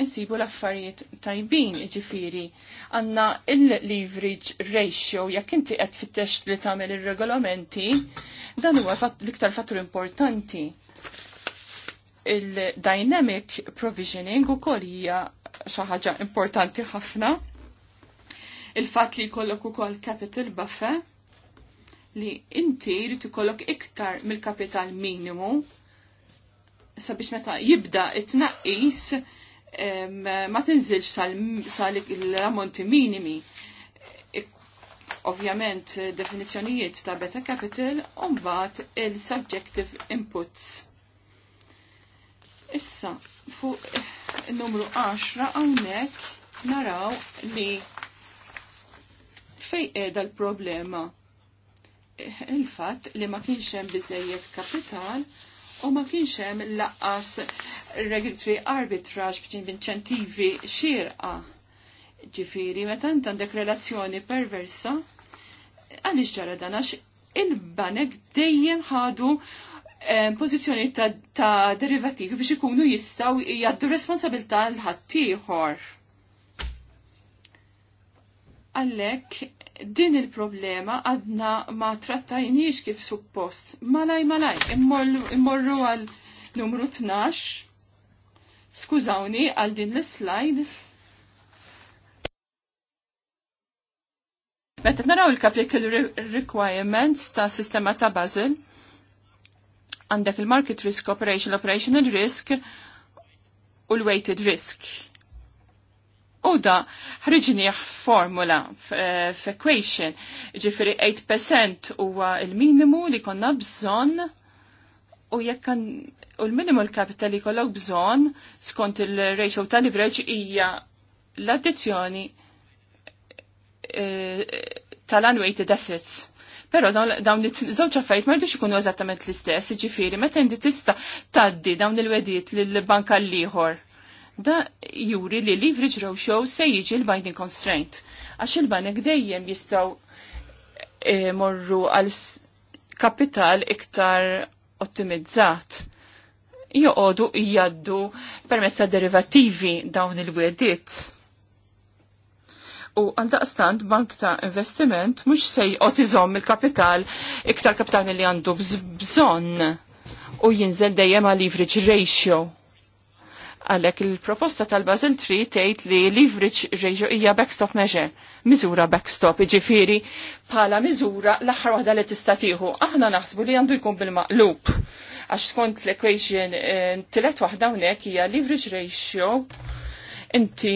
insibu l-affarijiet tajbin ġifiri. Għanna il-leverage ratio, jekk inti qed fittex li tagħmel ir-regolamenti, dan huwa l-iktar fattur importanti. Il-dynamic provisioning u hija xi ħaġa importanti ħafna. Il-fatt li jkollok ukoll capital buffer li inti jrid ikollok iktar mill-kapital minimu sabiex meta jibda it-tnaqqis ma tinżilx sal-ammonti minimi. E, ovvjament, definizjonijiet ta' beta capital umbat il-subjective inputs. Issa, fuq numru 10 hawnhekk naraw li fej qiegħda l-problema. E, Il-fatt li ma kienx hemm biżejjed kapital u ma kienx hemm laqqas regulatory arbitrage b'ċin b'inċentivi xirqa. Ġifiri, meta int għandek relazzjoni perversa, għaliex ġara dan għax il-banek dejjem ħadu eh, pożizzjoni ta', ta derivativi biex ikunu jistaw jgħaddu responsabilità l-ħaddieħor. Għallek din il-problema għadna ma trattajniex kif suppost. Malaj, malaj, immorru għal numru 12. Skużawni għal din l-slide. Meta naraw il-capital requirements ta' sistema ta' Basel, għandek il-market risk, operational operational risk u l-weighted risk U da ħriġni formula eh, f'equation, ġifiri 8% huwa il-minimu li konna bżon u jekk u l-minimu l-kapital li kollok bżon skont il-ratio tal leverage hija l-addizzjoni eh, tal-unweighted assets. Pero dawn li żewġ affarijiet ma jdux ikunu eżattament l-istess, ġifieri meta inti tista' tgħaddi dawn il-wedijiet lill-banka l-ieħor da juri li leverage ratio se jiġi l-binding constraint. Għax il-banek dejjem jistaw e, morru għal kapital iktar ottimizzat. Joqodu jaddu permezz ta' derivativi dawn il wedit U għandaqstant bank ta' investiment mux sej otizom il-kapital iktar kapital mill-li għandu bżon u jinżel dejjem għal leverage ratio Għalek il-proposta tal-Basel 3 tgħid li leverage ratio hija backstop measure, miżura backstop, ġifiri bħala miżura l-aħħar waħda li tista' tieħu. Aħna naħsbu li għandu jkun bil-maqlub. Għax skont l-equation eh, tilet waħda hawnhekk hija leverage ratio inti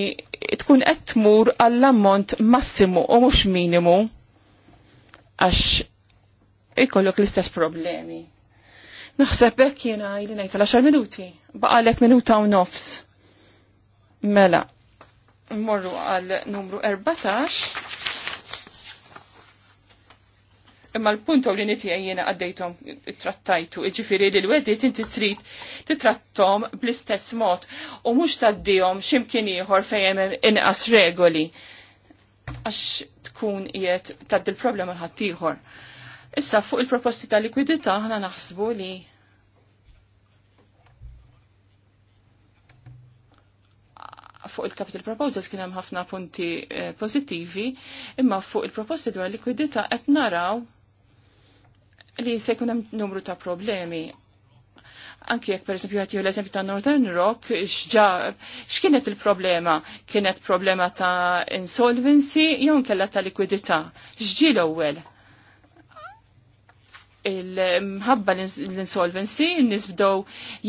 tkun qed tmur għall-ammont massimu u mhux minimu għax ikollok l-istess problemi. Naħseb hekk jiena li ngħid għal xar minuti. Baqalek minuta u nofs. Mela. Morru għal numru 14 imma l-punt jiġifieri li niti jiena għaddejtom trattajtu, iġifiri li l-wedi tinti trid titrattom bl-istess mod u mux taddijom ximkien ieħor fejn inqas regoli għax tkun jiet tad il-problema l-ħattijħor. Issa fuq il-proposti ta' likwidità ħna naħsbu li fuq il-capital proposals kien hemm ħafna punti eh, pożittivi, imma fuq il-proposti dwar likwidità qed naraw li se jkun hemm numru ta' problemi. Anki jekk pereżempju qed l-eżempju ta' Northern Rock, x'ġar, x'kienet il-problema? Kienet problema ta' insolvency jew nkella ta' likwidità? X'ġi l-ewwel? il-mħabba l-insolvency n-nis bdow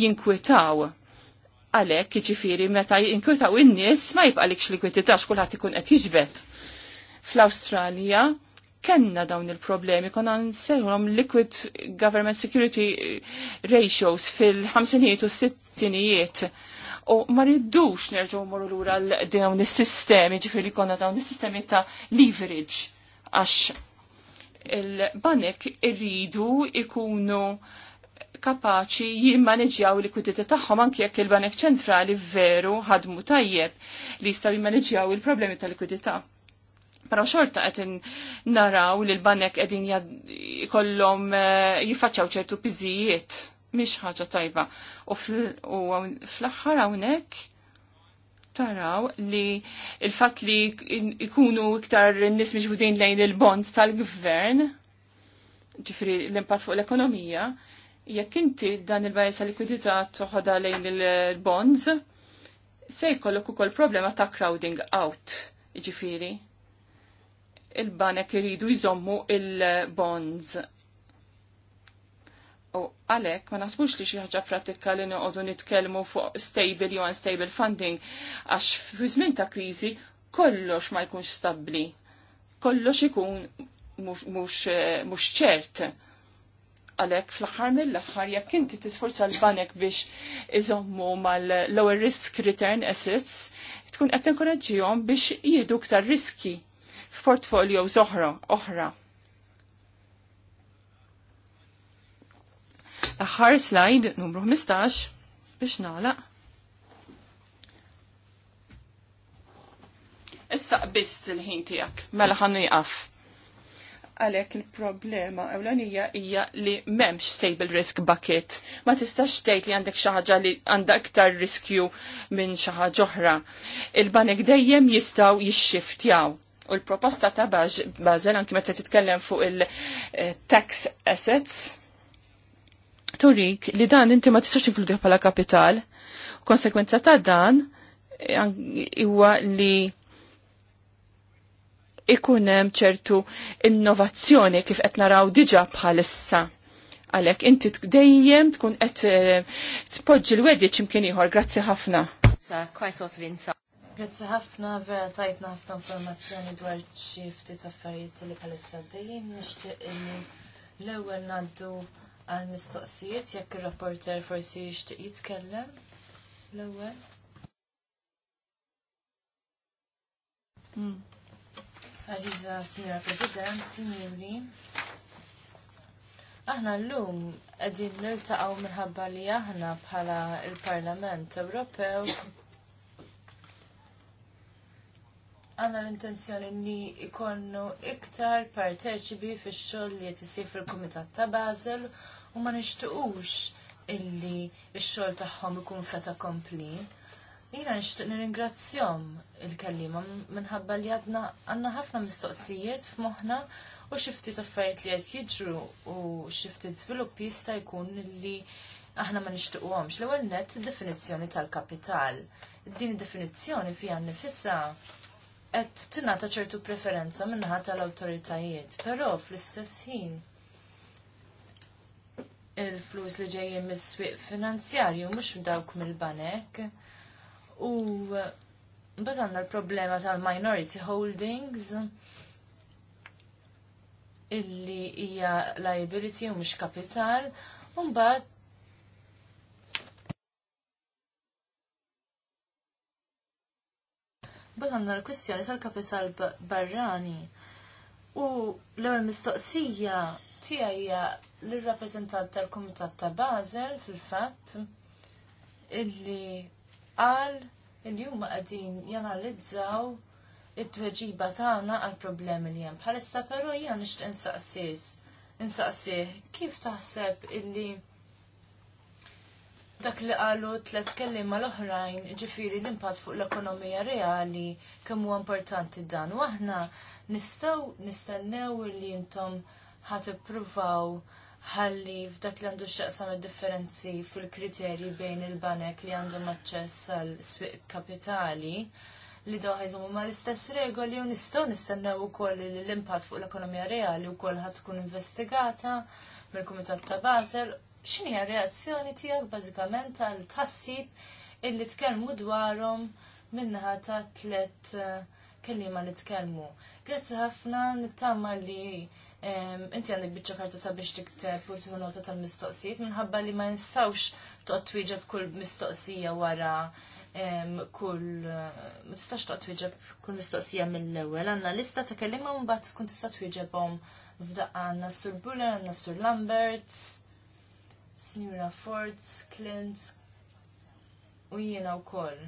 jinkwitaw għalek, ġifiri, meta jinkwitaw in-nis ma jibqalekx likwidità xkulħat ikun qed jiġbet. Fl-Awstralja kenna dawn il-problemi, konna nsejħulhom liquid government security ratios fil-ħamsinijiet u s-sittinijiet u ma riddux nerġgħu morru lura dawn is-sistemi, ġifiri konna dawn is-sistemi ta' leverage għax il-banek irridu ikunu kapaċi jimmaneġjaw l-likwidità tagħhom anke jekk il-Banek Ċentrali veru ħadmu tajjeb li jistgħu jimmaneġjaw il-problemi tal-likwidità. Però xorta qed naraw li l-banek qegħdin jkollhom eh, jiffaċċaw ċertu piżijiet mhix ħaġa tajba. U fl-aħħar hawnhekk taraw li il-fat li ikunu iktar nis miġbudin lejn il-bond tal-gvern, ġifri l-impat fuq l-ekonomija, jekk inti dan il-bajsa likwidità toħoda lejn il-bonds, se jkollok ukoll problema ta' crowding out, ġifiri. Il-banek iridu jżommu il-bonds U għalek, ma nasbux li xieħġa pratika li noqodu nitkelmu fuq stable u unstable funding, għax fi żmien ta' krizi kollox ma jkunx stabli, kollox ikun mux eh, ċert. Għalek, fl-ħar mill-ħar, jekk inti tisforza l-banek biex iżommu mal-lower risk return assets, tkun qed tinkoraġġihom biex jiedu ktar riski f'portfolio oħra L-aħħar slide numru 15 biex nagħlaq. Issa biss il-ħin tiegħek, mela ħan nieqaf. Għalhekk il-problema ewlenija hija li m'hemmx stable risk bucket. Ma tistax tgħid li għandek xi ħaġa li għandha iktar riskju minn xi ħaġa oħra. Il-banek dejjem jistgħu jixxiftjaw. U l-proposta ta' bażel anki meta titkellem fuq il-tax eh, assets turik li dan inti ma tistax inkludi bħala kapital. Konsekwenza ta' dan eh, huwa li ikun hemm ċertu innovazzjoni kif qed naraw diġà bħalissa. Għalhekk inti dejjem tkun qed eh, tpoġġi l-wedi imkien ieħor. Grazzi ħafna. Grazzi ħafna, vera tajtna ħafna informazzjoni dwar xi ftit affarijiet li bħalissa dejjem nixtieq li l-ewwel ngħaddu għal mistoqsijiet jekk ir-rapporter forsi jixtieq jitkellem l-ewwel. Hmm. Għaziza, signora President, Sinjuri? aħna l-lum għedin nil-taqaw minħabba li aħna bħala il-Parlament Ewropew għanna l-intenzjoni li ikonnu iktar parteċibi fi xogħol li jtisir fil-Kumitat ta' Basel u ma nixtiqux illi x-xogħol tagħhom ikun feta kompli. Jina nixtieq nirringrazzjahom il kelliema minħabba li għadna għandna ħafna mistoqsijiet f'moħħna u xi ftit affarijiet li qed jiġru u xi ftit żvilupp jista' jkun illi aħna ma nixtuquhomx L-ewwel nett id-definizzjoni tal-kapital. Din id-definizzjoni fiha nifissa qed tingħata ċertu preferenza min-naħa tal-awtoritajiet, però fl-istess ħin il-flus li ġejjin mis-swieq finanzjarju mhux dawk mill-banek. U mbagħad għandna l-problema tal-minority holdings illi hija liability u mhux kapital. U mbagħad Bat għanna l-kwistjoni tal-kapital barrani. U l-ewel mistoqsija tija hija l rappreżentant tal-Kumitat ta' Basel fil-fatt illi qal illi huma qegħdin janalizzaw it-tweġiba tagħna għall problemi li hemm bħalissa però jiena nixtieq insaqsis insaqsih kif taħseb illi dak li qalu tliet kellima l-oħrajn ġifieri l-impatt fuq l-ekonomija reali kemm huwa importanti dan. U aħna nistgħu nistennew li intom ħat ippruvaw ħalli f'dak li għandu x'aqsam id-differenzi fil-kriterji bejn il-banek li għandhom aċċess għal swieq kapitali li daw ħajżomu ma l-istess regoli u nistgħu nistennew ukoll li l-impatt fuq l-ekonomija reali wkoll ħad tkun investigata mill-Kumitat ta' Basel x'inhi reazzjoni tiegħek bażikament għal tassib illi tkellmu dwarhom minnaħa ta' tliet eh, kelliema li tkellmu. Grazzi ħafna nittama li inti għandek bieċa karta sabiex tikteb u tmu nota tal-mistoqsijiet minħabba li ma nistawx toqgħod twieġeb kull mistoqsija wara kull ma tistax toqgħod twieġeb kull mistoqsija mill-ewwel Anna lista ta' kellima u mbagħad tkun tista' twieġebhom f'daqqa għandna sur Buller, għandna sur Lamberts, Signora Fords, Clint u jiena wkoll.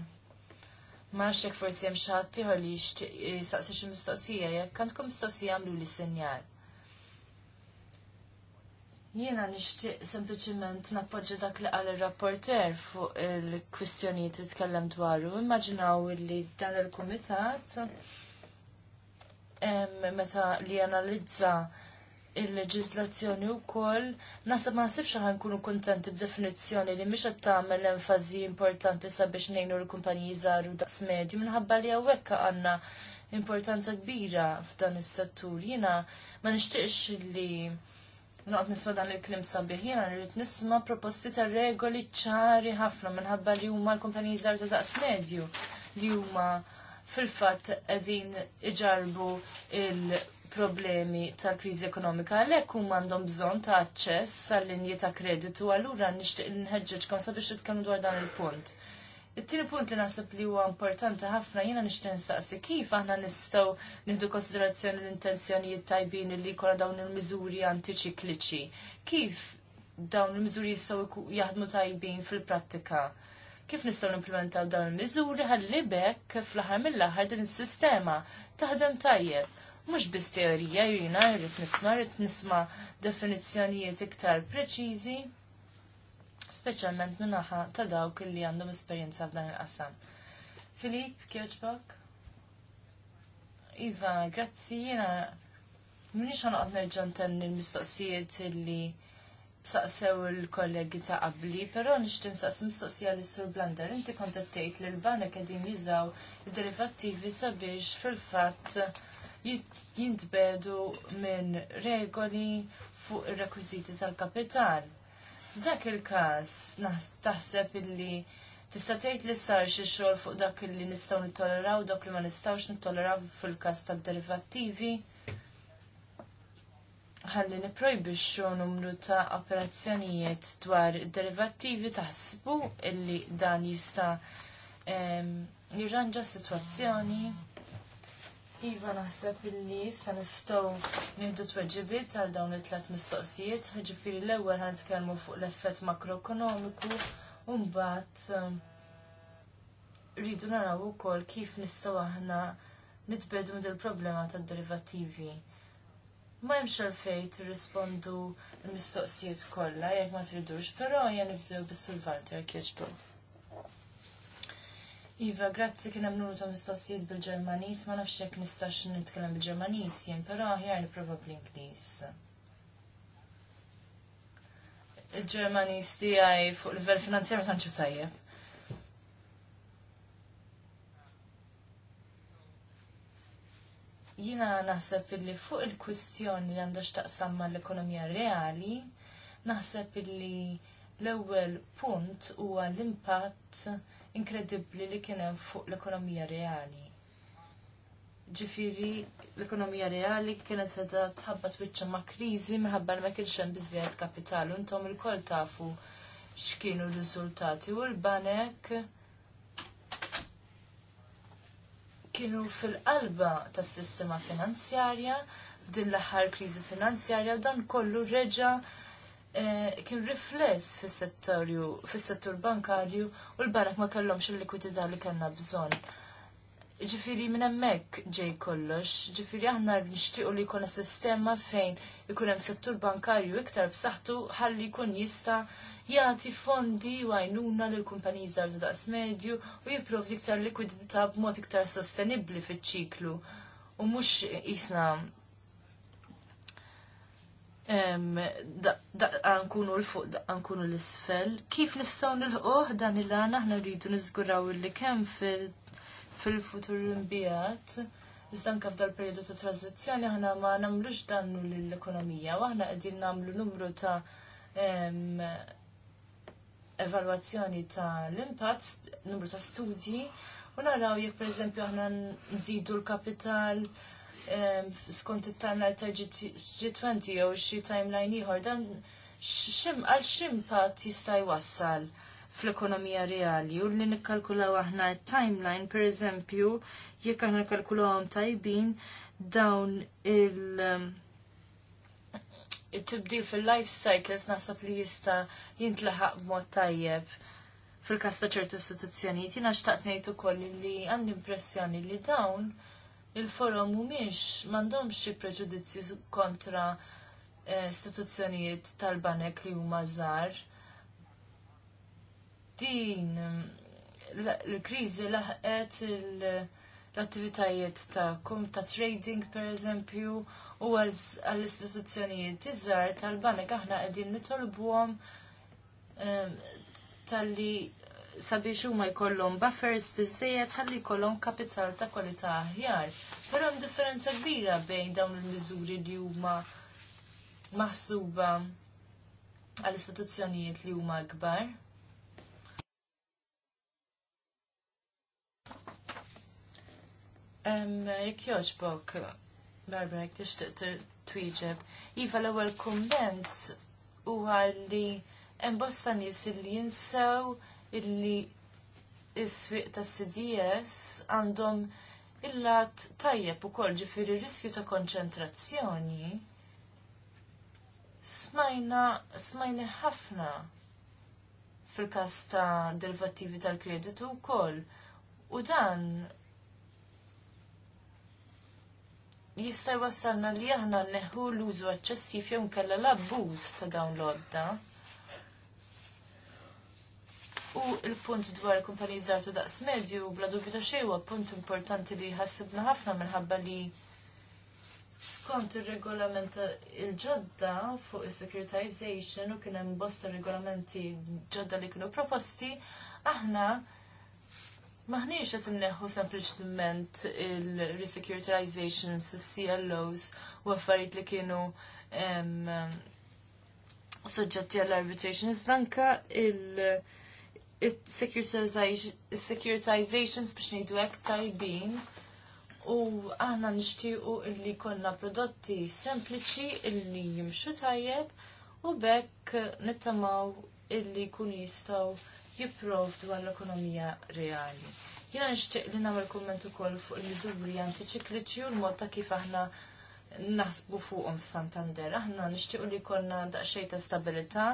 Ma nafx jekk forsi hemm xi ħadd ieħor li jixtieq jisaqsi eh, xi mistoqsija, jekk għandkom mistoqsija għamlu li sinjal. Jiena nixtieq sempliċement nappoġġa dak li qal ir-rapporter fuq il-kwistjonijiet li tkellem dwaru. Immaġinaw li dan il-kumitat meta li analizza il-leġislazzjoni wkoll nasab ma nasibx aħna nkunu kuntenti b'definizzjoni li mhix qed tagħmel enfasi importanti sabiex ngħinu l-kumpaniji żgħar u daqs medju minħabba li hawnhekk għandna importanza kbira f'dan is-settur. Jiena ma nixtieqx li noqgħod nisma' dan il-klim sabiħ, jiena nrid nisma' proposti ta' regoli ċari ħafna minħabba li huma l-kumpaniji żgħar ta' daqs medju li huma fil-fatt qegħdin iġarbu il-problemi tal-kriżi ekonomika għalhekk huma għandhom bżonn ta' aċċess għal linji ta' kreditu allura nixtieq nħeġġeġkom sabiex titkellmu dwar dan il-punt. It-tieni punt li naħseb li huwa importanti ħafna jiena nixtieq nsaqsi kif aħna nistgħu nieħdu konsiderazzjoni l-intenzjonijiet tajbin li jkollha dawn il-miżuri antiċikliċi. Kif dawn il-miżuri jistgħu jaħdmu tajbin fil-prattika? Kif nistgħu nimplementaw dawn il-miżuri ħalli bekk fl-aħħar mill-aħħar din is-sistema taħdem tajjeb. Mhux biss teorija jiena rrid nisma' rrid nisma' definizzjonijiet iktar preċiżi speċjalment min-naħa ta' dawk li għandhom esperjenza f'dan il-qasam. Filip, kjoċbok? Iva, grazzi, jena minix ħanqot nerġan tenni l-mistoqsijiet li saqsew il-kollegi ta' qabli, pero nixtin saqs mistoqsija li sur Blander, inti kontattejt li l-banek għedin jużaw derivattivi sabiex fil-fat jintbedu minn regoli fuq il-rekwiziti tal-kapital. F'dak il-każ taħseb illi tista' tgħid li sar xi xogħol fuq dak illi nistgħu nittoleraw dak li ma nistgħux nittoleraw fil-każ tad-derivattivi ħalli niprojbixxu numru ta' operazzjonijiet dwar derivattivi taħsbu illi dan jista' ehm, jirranġa s-sitwazzjoni. Iva naħseb illi sa nistgħu nieħdu tweġibiet għal dawn it-tlet mistoqsijiet, ġifieri l-ewwel ħan nitkellmu fuq l-effett makroekonomiku u mbagħad um, rridu naraw ukoll kif nistgħu aħna nitbedu minn il-problema tad-derivattivi. Ma hemmx fejt tirrispondu l-mistoqsijiet kollha jekk ma tridux, però jien nibdew bis-Sulvanter kieġbu. Iva, grazzi kien hemm ta' mistoqsijiet bil-Ġermaniż, ma nafx jekk nistax nitkellem bil-Ġermaniż jien, però aħjar nipprova bl-Ingliż il-Ġermanis tiegħi fuq livell finanzjarju tantxu tajjeb. Jina naħseb illi fuq il-kwistjoni li għandha x'taqsam mal-ekonomija reali, naħseb li l-ewwel punt huwa l-impatt inkredibbli li kien hemm fuq l-ekonomija reali. Ġifiri, l-ekonomija reali kienet edha tħabbat wiċċa ma' kriżi minħabba li ma kienx hemm biżjed kapital u intom il-koll tafu x'kienu r-riżultati u l-banek kienu fil-qalba tas-sistema finanzjarja f'din l-aħħar kriżi finanzjarja u dan kollu reġa' Eh, kien rifless fis-settorju fis-settur bankarju u l barak ma kellhomx il-likwidità li kellna bżonn. Ġifiri minn hemmhekk ġej kollox, ġifiri aħna nixtiequ li jkun sistema fejn ikun hemm settur bankarju iktar b'saħħtu ħalli jkun jista' jagħti fondi u għajnuna lil kumpaniji żgħar ta' daqs medju u jipprovdi iktar likwidità b'mod iktar sostenibbli fiċ-ċiklu u mhux isna nkunu l-fuq, l-isfel. Kif nistaw nil-ħuħ dan il-għan aħna rridu nizguraw li kem fil-futur l-imbijat, iżdan kaf dal-periodu ta' tranzizjoni aħna ma namlux dannu l-ekonomija, u aħna għedin namlu numru ta' evalwazzjoni ta' l-impatt, numru ta' studji, u naraw jek per eżempju aħna nżidu l-kapital, skont it timeline ta' tal-G20 jew xi timeline ieħor dan xim għal xim pat jista' jwassal fl-ekonomija reali u li nikkalkulaw aħna timeline per eżempju jekk aħna nikkalkulawhom tajbin dawn il- it-tibdil fil-life cycles nasab li jista jintlaħaq b'mod tajjeb fil kasta ta' ċertu istituzzjonijiet, jina xtaqt ngħid ukoll li għandi impressjoni li dawn il-forum mhumiex m'għandhomx xi preġudizzju kontra eh, istituzzjonijiet tal-banek li huma żgħar. Din l-kriżi laħqet l-attivitajiet tagħkom ta' trading pereżempju u għall-istituzzjonijiet iż-żgħar tal-banek aħna qegħdin nitolbuhom eh, talli sabiex huma jkollhom buffers biżejjed ħalli jkollhom kapital ta' kwalità aħjar. Però hemm differenza kbira bejn dawn il-miżuri li huma maħsuba għall istituzzjonijiet li huma kbar. Jek jogħġbok, Barbara, jek tixtiq twieġeb. Iva l-ewwel kumment huwa li hemm bosta nies li jinsew illi is-swieq tas CDS għandhom illat tajjeb ukoll ġifieri riskju ta' konċentrazzjoni. Smajna, smajna ħafna fil-każ ta' derivativi tal-kreditu wkoll. U dan jista' jwassalna li aħna neħu l-użu eċċessiv jew nkella l-abbuż ta' dawn l-odda. U il-punt dwar kumpanijiet żgħar daqs medju bla dubju ta' xejn huwa punt importanti li ħassibna ħafna minħabba li skont ir-regolament il-ġodda fuq is-securitization u kien hemm bosta regolamenti ġodda li kienu proposti, aħna Maħniex qed inneħħu sempliċement il-resecuritization CLOs u affarijiet li kienu soġġetti għall arbitration iżda anke il- securitizations biex ngħidu hekk tajbin u aħna nixtiequ illi jkollna prodotti sempliċi illi jimxu tajjeb u bekk nittamaw illi kun jistaw jipprovdu għall-ekonomija reali. Jena nixtieq li nagħmel kumment ukoll fuq il-miżuri antiċikliċi u l-mod ta' kif aħna naħsbu fuqhom f'Santander. Aħna nixtiequ li jkollna daqsxejn ta' stabilità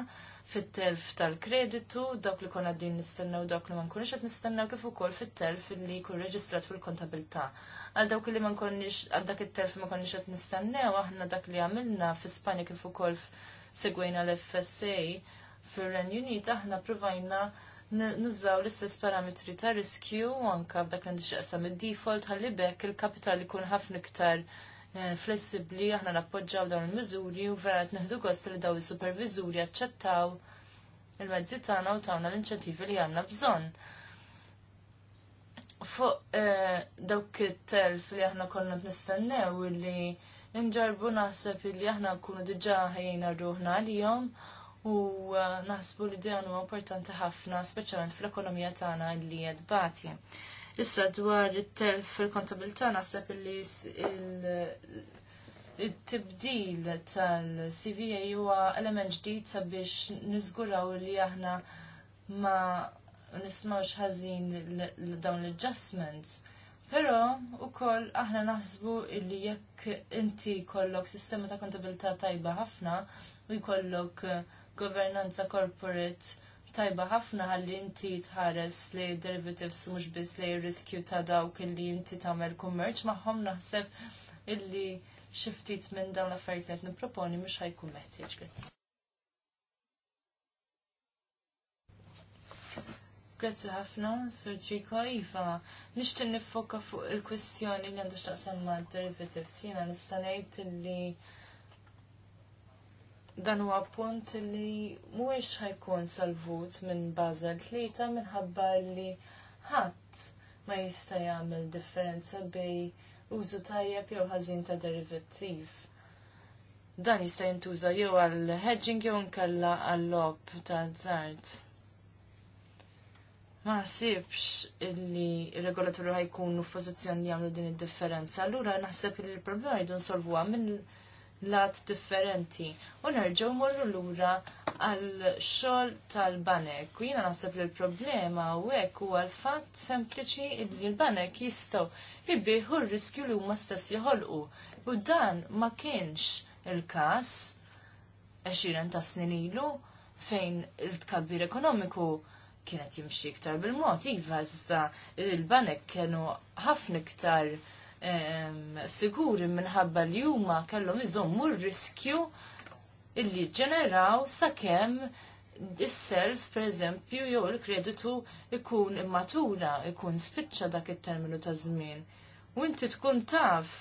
fit-telf tal-kreditu, dawk li konna din nistennaw, dawk li ma nkunux qed nistennaw, kif ukoll fit-telf li jkun reġistrat fil kontabilta Għal dawk li ma nkunix għal dak it-telf ma konniex qed nistennew aħna dak li għamilna fi Spanja kif ukoll segwejna l-FSA fir-Renju Unit aħna provajna nużaw l-istess parametri ta' riskju anka f'dak li jaqsam id-default ħalli bekk il-kapital jkun ħafna iktar Eh, flessibli, aħna nappoġġaw dawn il-miżuri u vera qed neħdu gost li daw is-superviżuri aċċettaw il-mezzi tagħna u tagħna l-inċentivi li għandna bżonn. Fuq eh, dawk it-telf li aħna konna nistennew li nġarbu naħseb li aħna nkunu diġà ħajjina rruħna għalihom u eh, naħsbu li dan huwa importanti ħafna speċjalment fl-ekonomija tagħna li qed bagħti. Issa dwar it-telf fil-kontabilità naħseb li il-tibdil tal-CVA huwa element ġdid sabiex niżguraw li aħna ma nismawx ħażin dawn l-adjustments. Però wkoll aħna naħsbu li jekk inti kollok sistema ta' kontabilità tajba ħafna u jkollok eh, governanza corporate tajba ħafna ħalli inti tħares li derivatives mhux biss li riskju ta' dawk illi inti tagħmel kummerċ magħhom naħseb illi xi ftit minn dawn l-affarijiet qed nipproponi mhux ħajkun meħtieġ. Grazzi. Grazzi ħafna, Sur Triko Iva. Nixtieq nifoka fuq il-kwestjoni li għandha x'taqsam ma' derivatives. Jiena nista' ngħid illi dan huwa punt li mhuwiex ħajkun salvut minn Basel tlieta minħabba li ħadd ma jista' jagħmel differenza bej użu tajjeb jew ħażin ta' derivattiv. Dan jista' jintuża jew għal hedging jew nkella għal lob ta' żart. Ma ħsibx illi r-regolaturi ħajkunu f'pożizzjoni li jagħmlu din id-differenza, allura naħseb li l-problema jridu nsolvuha minn lat differenti u nerġgħu morru lura għal xogħol tal-banek. U jiena naħseb li l-problema hekk huwa l-fatt sempliċi li l-banek jistgħu jibbieħu r-riskju li huma stess joħolqu. U dan ma kienx il-każ 20 ta' snin ilu fejn il-tkabbir ekonomiku kienet jimxi iktar bil-mod, iva iżda il-banek kienu ħafna iktar siguri minħabba li huma kellhom iżommu r-riskju illi ġeneraw sakemm is-self pereżempju jew il-kreditu ikun immatura, ikun spiċċa dak it-terminu ta' żmien. U inti tkun taf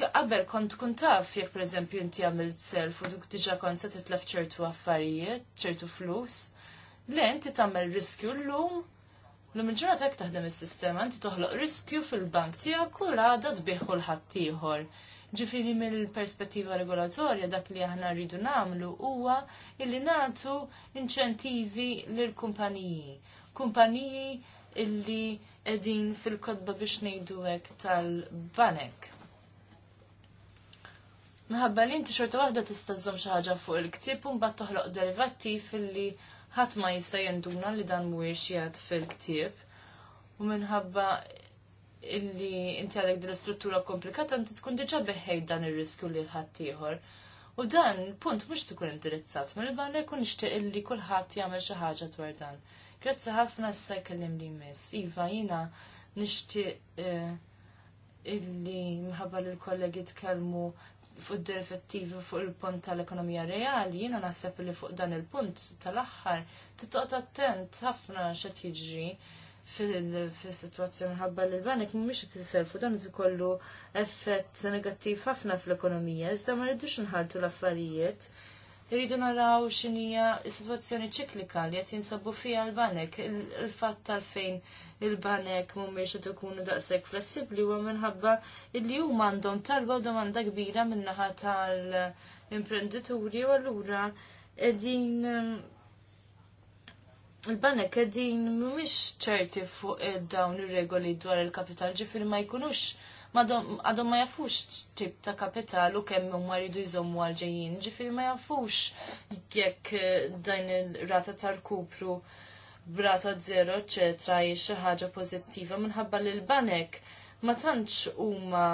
qabel kont tkun taf jekk pereżempju inti għamilt self u dik diġà kont se titlef ċertu affarijiet, ċertu flus, le inti tagħmel riskju llum L-lum għek taħdem il-sistema, inti toħloq riskju fil-bank tijak u għada tbiħu l-ħattijħor. Ġifiri mill-perspettiva regolatorja dak li aħna rridu namlu huwa illi natu inċentivi l-kumpaniji. Kumpaniji illi edin fil-kodba biex nejdu tal-banek. Mħabba li inti xorta wahda tista' żżomm xi ħaġa fuq il-ktieb u mbagħad toħloq derivattiv illi ħadd ma jista' jenduna li dan mhuwiex jgħid fil-ktieb u minħabba illi inti għalek din l-istruttura komplikata inti tkun diġà beħħej dan ir-riskju li l-ħadd ieħor. U dan punt mhux tkun indirizzat, ma li jkun nixtieq illi kulħadd jagħmel xi ħaġa dwar dan. Grazzi ħafna issa jkellim li miss. Iva, jiena nixtieq eh, illi mħabba li l-kollegi tkellmu fuq id-derivativi fuq il-punt tal-ekonomija reali, jiena naħseb li fuq dan il-punt tal-aħħar titqgħod attent ħafna x'qed jiġri fil-situazzjoni ħabba li l-banek mhumiex qed iselfu dan ikollu effett negattiv ħafna fl-ekonomija, iżda ma rridux nħartu l-affarijiet Irridu naraw x'inhija s-sitwazzjoni ċiklika li qed jinsabu fiha l-banek, il-fatt tal-fejn il-banek mhumiex qed ikunu daqshekk flessibbli huwa minħabba li huma għandhom talba u domanda kbira min-naħa tal-imprenditurji u allura qegħdin um, il-banek qegħdin mhumiex ċerti fuq eh, dawn ir-regoli dwar il-kapital ġifir ma jkunux għadhom ma jafux tip ta' kapitalu kemm huma jridu jżommu għal-ġejjin, ġifieri ma jafux jekk eh, dan ir-rata tal-kupru brata zero, eccetera, hija xi ħaġa pożittiva minħabba li l-banek ma tantx huma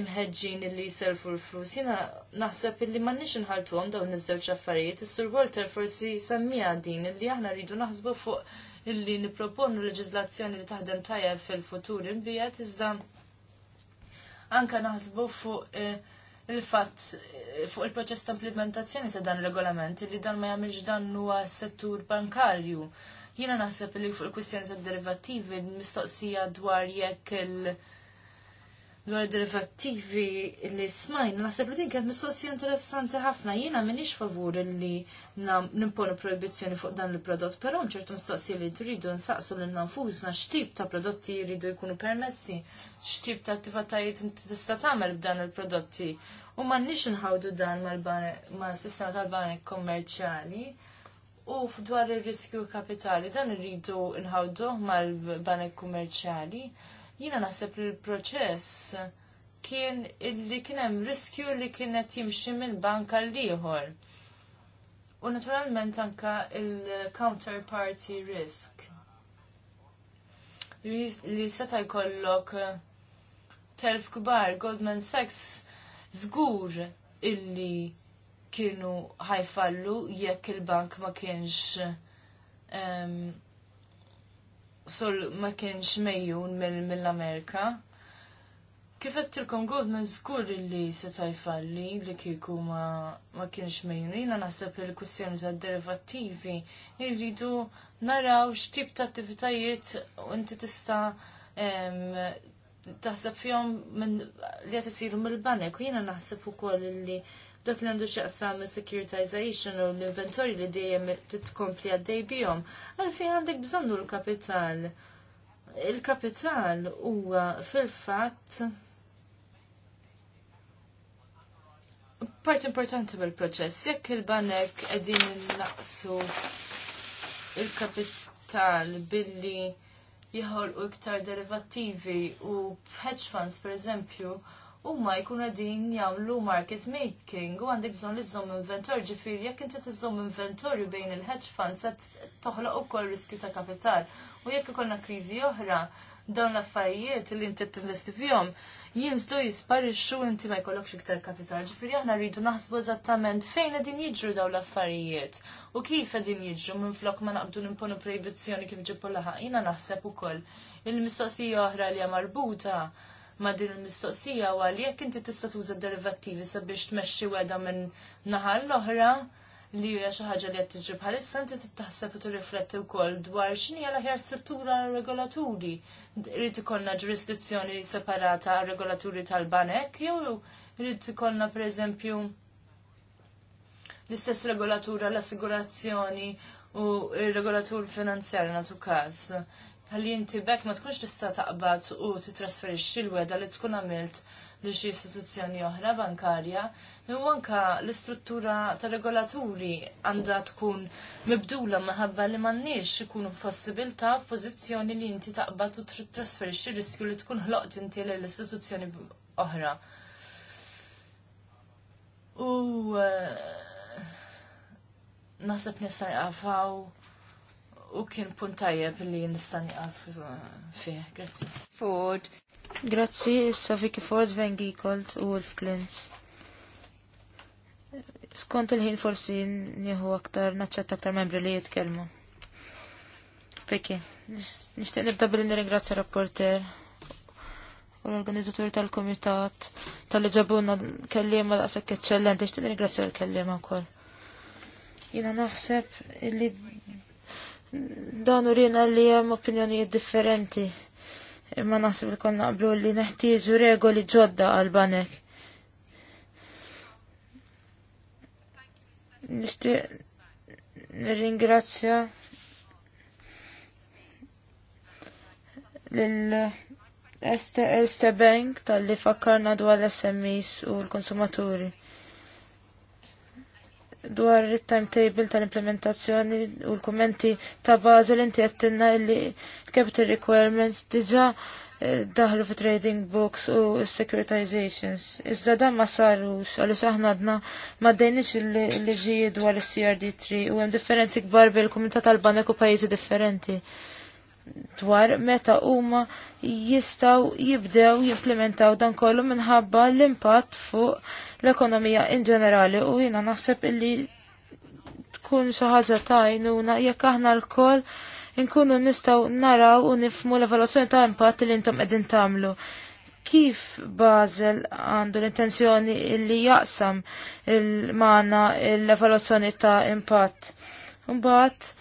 imħedġin li jiselfu l-flus. Jena naħseb illi ma nix nħaltu għom dawn iż-żewġ affarijiet. Is-Sur Walter forsi semmiha din illi aħna rridu naħsbu fuq illi niproponu leġizlazzjoni li taħdem tajjeb fil-futur imbiet iżda anka naħsbu fuq eh, il-fatt eh, fuq il-proċess ta' implementazzjoni ta' dan il-regolament li dan ma jagħmilx dan huwa settur bankarju. Jiena naħseb li fuq il-kwistjoni tad derivattivi mistoqsija dwar jekk il- dwar derivativi li smajn, naħseb li din kienet mistoqsi interessanti ħafna. Jiena m'iniex favur li nimponu proibizzjoni fuq dan il-prodott, però ċertu mistoqsija li tridu nsaqsu lil nafusna x'tip ta' prodotti jridu jkunu permessi, x'tip ta' attivatajiet inti tista' tagħmel b'dan il-prodotti. U m'għandniex nħawdu dan mal-sistema tal-banek kommerċjali. U f'dwar ir-riskju kapitali dan irridu nħawduh mal-banek kummerċjali. Jiena naħseb li l-proċess kien illi kien hemm riskju li kienet jimxi minn banka l-ieħor. U naturalment anka il-counterparty risk. Li seta' jkollok eh, telf kbar, Goldman Sachs żgur illi kienu ħajfallu jekk il-bank ma kienx um, sul ma kienx mejjun mill-Amerika. Kif għattilkom ma zgur li se tajfalli li kieku ma, ma kienx mejjun, jina naħseb li l-kwistjoni ta' derivativi irridu naraw x'tip ta' attivitajiet u inti tista' taħseb fjom li qed isiru mill-banek, u jena naħseb u koll li dak li għandu xaqsam securitization u l-inventori li dejjem titkompli għaddej bihom, għalfejn għandek bżonnu l-kapital. Il-kapital huwa fil-fatt part importanti bil proċess jekk il-banek qegħdin naqsu il-kapital billi u iktar derivattivi u hedge funds per eżempju, huma jkunu għedin jagħmlu market making u għandek bżonn li zom inventor ġifieri jekk inti tiżomm inventorju bejn il-hedge funds qed toħloq ukoll riskju ta' kapital u jekk ikollna kriżi oħra dawn l-affarijiet li inti tinvesti fihom jinżlu jisparixxu inti ma jkollokx iktar kapital. Ġifieri aħna rridu naħsbu eżattament fejn qegħdin jiġru dawn l-affarijiet u kif qegħdin jiġru minflok ma naqbdu nimponu proibizzjoni kif ġipu laħaq. Jiena naħseb ukoll il-mistoqsija oħra li hija marbuta ma' din il-mistoqsija u għalli jekk inti tista' tuża derivattivi sabiex tmexxi weda minn naħal l-oħra li hija xi ħaġa li qed tiġi bħalissa inti titaħseb u tirrifletti wkoll dwar x'inhi l-aħjar struttura regolaturi. Irid ikollna ġurisdizzjoni separata regolaturi tal-banek jew irid ikollna pereżempju l-istess regolatura l-assigurazzjoni u regolatur finanzjarju natu każ ħalli inti bekk ma tkunx tista' taqbad u titrasferixxi l-weda li tkun għamilt li xi istituzzjoni oħra bankarja, u anka l-istruttura ta' regolaturi għandha tkun mibdula maħabba li m'għandniex ikunu f f'pożizzjoni li inti taqbad u trasferixxi riskju li tkun ħloqt inti lill istituzzjoni oħra. U eh, naħseb nisar għafaw u kien punt tajjeb li nistani għaf uh, fih. Grazzi. Ford. Grazzi, issa Vicky Ford, Sven u Wolf Klins. Skont il-ħin forsi nieħu aktar, naċċett aktar membri li jitkellmu. Vicky, nixtieq nibda billi nirringrazzja rapporter u l-organizzatur tal-komitat tal-li ġabunna kellima daqshekk eċċellenti, xtieq nirringrazzja l-kellima kol. Jiena naħseb li Dan urina li hemm opinjonijiet differenti. Imma nasib li konna naqblu li neħtieġu regoli ġodda għal banek. Nixtieq nirringrazzja l Este Bank tal-li fakkarna dwar l smis u l-konsumaturi dwar il-timetable tal-implementazzjoni u l-kommenti ta' bażi li inti għattinna li capital requirements diġa eh, daħlu fi trading books u securitizations. Iżda dan ma sarux, għaliex aħna għadna ma dajnix il-liġijiet dwar il-CRD3 u hemm differenzi kbar bil-komunità tal-banek u pajjiżi differenti dwar meta huma jistaw jibdew jimplementaw dan kollu minħabba l-impatt fuq l-ekonomija in ġenerali u jiena naħseb illi tkun xi ħaġa tajnuna jekk aħna l-koll inkunu nistgħu naraw u nifmu l-evaluazzjoni ta' impatt li intom qegħdin tagħmlu. Kif Bażel għandu l-intenzjoni illi jaqsam il-mana l-evaluazzjoni ta' impatt? imbagħad.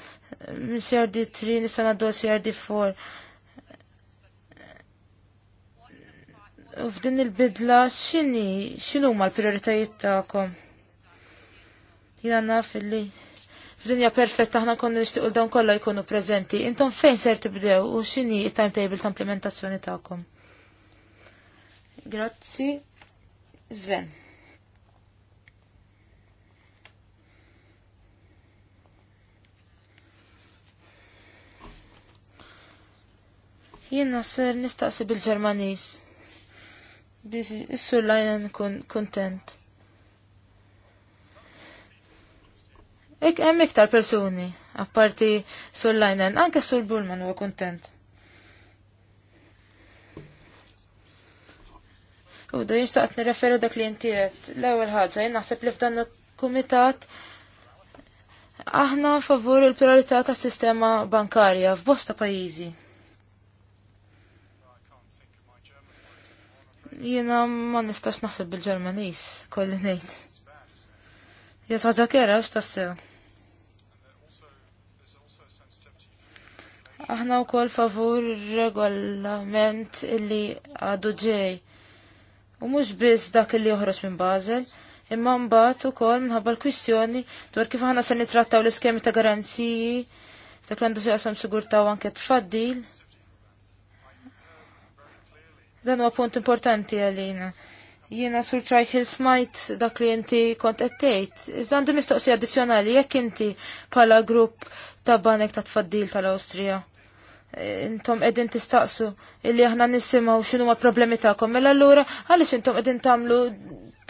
CRD3 nistgħu ngħaddu CRD4. U f'din il-bidla x'inhi xinu ma l prioritajiet tagħkom? Jina naf illi f'dinja perfetta aħna konna nixtiequ dawn kollha jkunu preżenti. Intom fejn ser tibdew u x'inhi t-timetable ta' implementazzjoni tagħkom? Grazzi. Sven. Jien nasser nistaqsi bil-Ġermaniż biex issu lajn kun kontent. Ek hemm iktar persuni, apparti sul lajnen, anke Sur Bullman huwa kontent. U da jinxtaqt nirreferu dak li inti l-ewwel ħaġa, jien naħseb li f'dan il-kumitat aħna favur il-priorità tas-sistema bankarja f'bosta pajjiżi. Jiena ma nistax naħseb bil-Ġermanis, kolli ngħid. Hija ħaġa kera għax tassew. Aħna wkoll favur regolament illi għadu ġej. U mhux biss dak illi joħroġ minn Bazel, imma mbagħad ukoll minħabba l-kwistjoni dwar kif aħna se nittrattaw l-iskemi ta' garanziji dak l-għandu xi qasam sigurtaw anke tfaddil. Dan huwa punt importanti għalina. Jiena sur ċajħil smajt dak li inti kont ettejt. Iżda għandi mistoqsija addizzjonali jekk inti bħala grupp ta' banek ta' tfaddil tal-Awstrija. Eh, intom edin tistaqsu illi aħna nisimgħu ma' problemi tagħkom. Mela allura għaliex intom qegħdin tagħmlu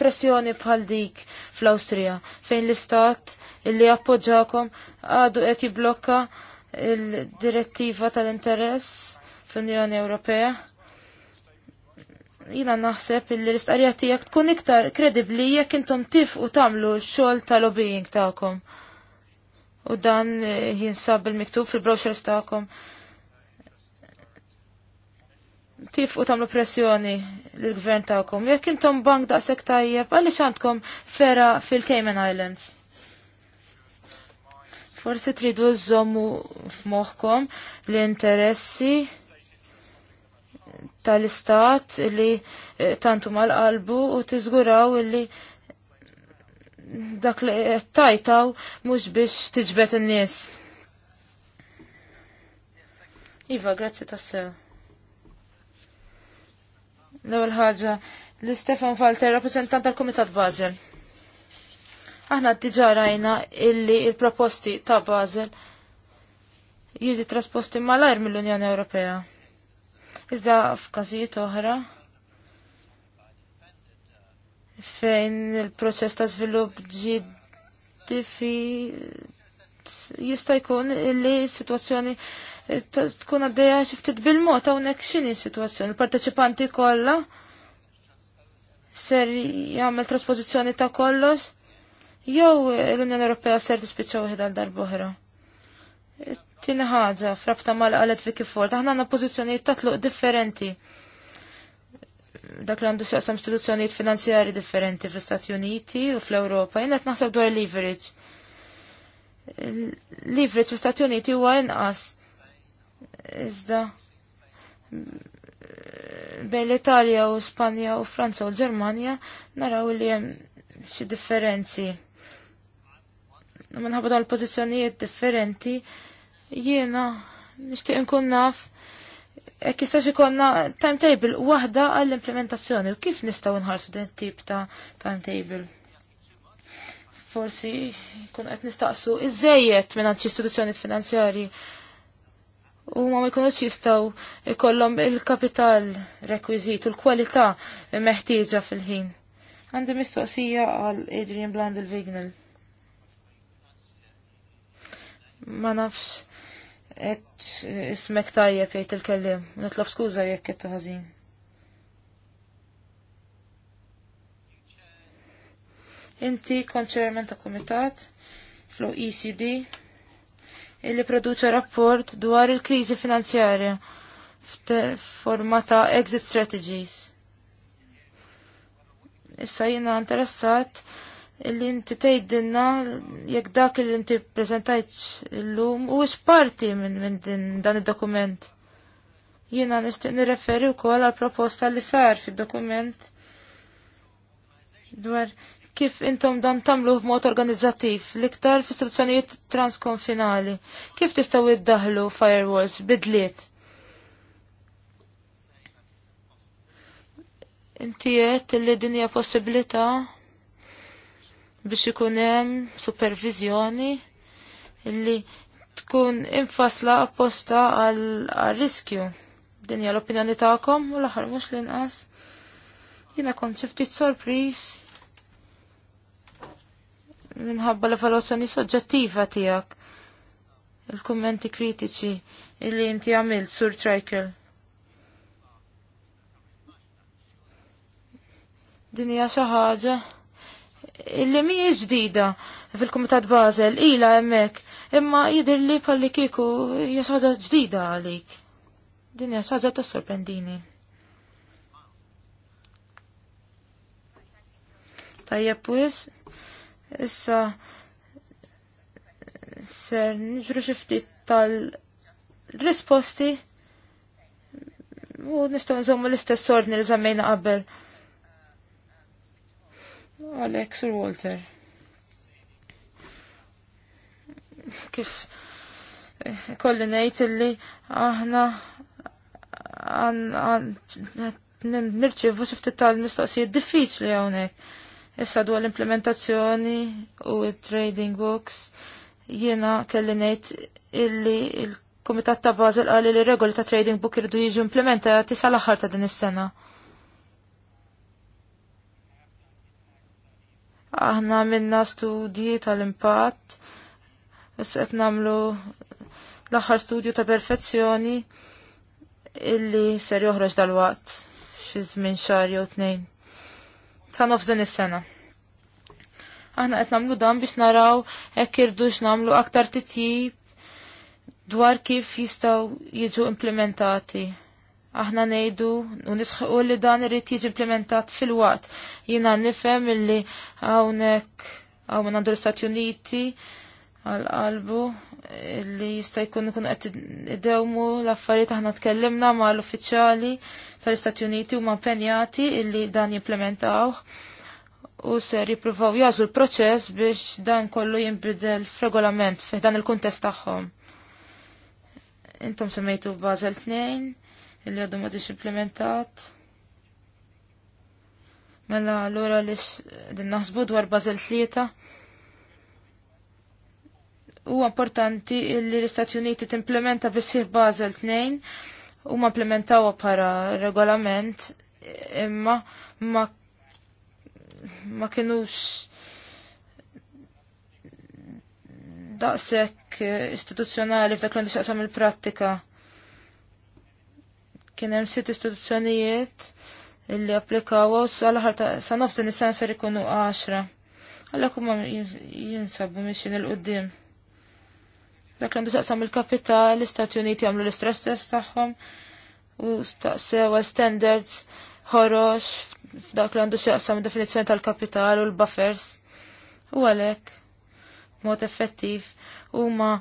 pressjoni bħal dik fl-Awstrija fejn l-istat illi appoġġakom għadu qed jiblokka il-direttiva tal-interess fl-Unjoni Ewropea jina naħseb il l-istqarja tijak tkun iktar kredibli jekk intom tif u tamlu xol tal-lobbying ta'kom. U dan eh, jinsab il-miktub fil broċers ta'kom. Tif u tamlu pressjoni l-gvern ta'kom. Jekk intom bank da' tajjeb, għalli xantkom fera fil-Cayman Islands. Forsi tridu zommu f'moħkom l-interessi tal-istat li eh, tantu mal-qalbu u tiżguraw li dak li tajtaw mhux biex tiġbet in-nies. Iva, grazzi tassew. L-ewwel ħaġa li Stefan Falter, rappresentant tal-Kumitat Basel. Aħna diġa rajna illi il-proposti ta' Basel jiġi trasposti malajr mill-Unjoni Ewropea. Iżda f'każijiet oħra fejn il-proċess ta' żvilupp ġi jista' jkun li situazzjoni tkun għaddejja xi ftit bil-mod hawnhekk x'inhi situazzjoni. Il-parteċipanti kollha ser jagħmel trasposizzjoni ta' kollox jew l-Unjoni Ewropea ser tispiċċa waħda għal darba oħra. Tieni ħaġa, frabta mal għalet fi kif aħna għandna pożizzjonijiet tatluq differenti. Dak li għandu xaqsam istituzjoniet finanzjari differenti fl-Istati Uniti u fl-Ewropa, jien qed naħseb dwar leverage. Leverage fl-Istati Uniti huwa inqas. Iżda bejn l-Italja u Spanja u Franza u l-Ġermanja naraw li hemm xi differenzi. Minħabba l pożizzjonijiet differenti Jiena nixtieq inkun naf hekk jistax ikonna timetable waħda għall-implementazzjoni u kif nistgħu nħarsu din tip ta' timetable. Forsi kun qed nistaqsu iżejjed minn xi istituzzjoni finanzjarji u ma ma jkunux jistaw kollom il-kapital rekwizit u l-kwalità meħtieġa fil-ħin. Għandi mistoqsija għal Adrian Bland il-Vignal. Ma nafx Et ismek tajjeb jgħid il-kellim, nitlob skuża jekk qed ħażin. Inti kont chairman ta' kumitat fl ECD illi produċa rapport dwar il-kriżi finanzjarja f'forma ta' exit strategies. Issa jiena interessat li inti tgħidilna jekk dak li inti prezentajt llum u parti minn min din dan id-dokument. Jiena nixtieq nirreferi wkoll għal proposta li sar fid-dokument dwar kif intom dan tamlu b'mod organizzattiv l-iktar f'istruzzjonijiet transkonfinali. Kif tistgħu iddaħlu firewalls bidliet? Inti qed li din hija possibilità biex ikun hemm supervizjoni li tkun infasla apposta għal riskju. Din hija l-opinjoni tagħkom u l-aħħar mhux l-inqas. Jiena kont xi ftit sorpriż minħabba l-evaluazzjoni soġġettiva tiegħek. Il-kummenti kritiċi illi inti għamilt sur Trikel. Din hija xi ħaġa illi mi ġdida fil-Kumitat Basel ila hemmhekk, imma jidir li falli kiku hija ġdida għalik. Din hija ħaġa sorprendini. Tajjeb wis, issa ser niġru xi ftit tal-risposti u nistgħu nżommu l-istess ordni li żammejna qabel. Alex u Walter. Kif eh, kolli nejt illi aħna nirċivu xifti tal-mistoqsijiet diffiċli hawnhekk. Issa dwar l-implementazzjoni u trading books jiena kelli ngħid illi il-Kumitat ta' Basel qal li regoli ta' trading book iridu jiġu implementati sal-aħħar ta' din is-sena. Aħna minna studji tal-impatt, qed nagħmlu l-aħħar studju ta' perfezzjoni illi ser joħroġ dal-waqt xi żmien xahar jew tnejn. Sa nofs din is-sena. Aħna qed nagħmlu dan biex naraw hekk irdux nagħmlu aktar titjib dwar kif jistgħu jiġu implementati aħna nejdu u nisħu li dan irrit jiġi implementat fil wat Jina nifhem illi hawnhekk hawn għandu l-Istati Uniti għal-qalbu li jista' jkun ikun qed idewmu l-affarijiet aħna tkellimna mal-uffiċjali tal-Istati Uniti huma penjati illi dan jimplementaw u ser jippruvaw jażu l-proċess biex dan kollu jinbidel f'regolament f'dan il-kuntest tagħhom. Intom semmejtu Basel 2 illi għadu ma implementat. Mela l-ura li din naħsbu dwar Basel tlieta. U importanti illi l-Istati Uniti timplementa bissir Basel tnejn u ma implementawa para regolament imma ma ma kienux daqsek istituzzjonali f'dak l-għandu il-prattika Kien hemm sitt istituzzjonijiet illi applikaw sal-aħħar ta' sa nofs din is-sena ser ikunu għaxra. Għalhekk huma jinsabu mixin il-qudiem. Dak l saqsam il-kapital, l-Istati Uniti għamlu l-istress test tagħhom u staqsewa standards ħorox f'dak li għandu xieqsam definizzjoni tal-kapital u l-buffers u għalek mod effettiv u ma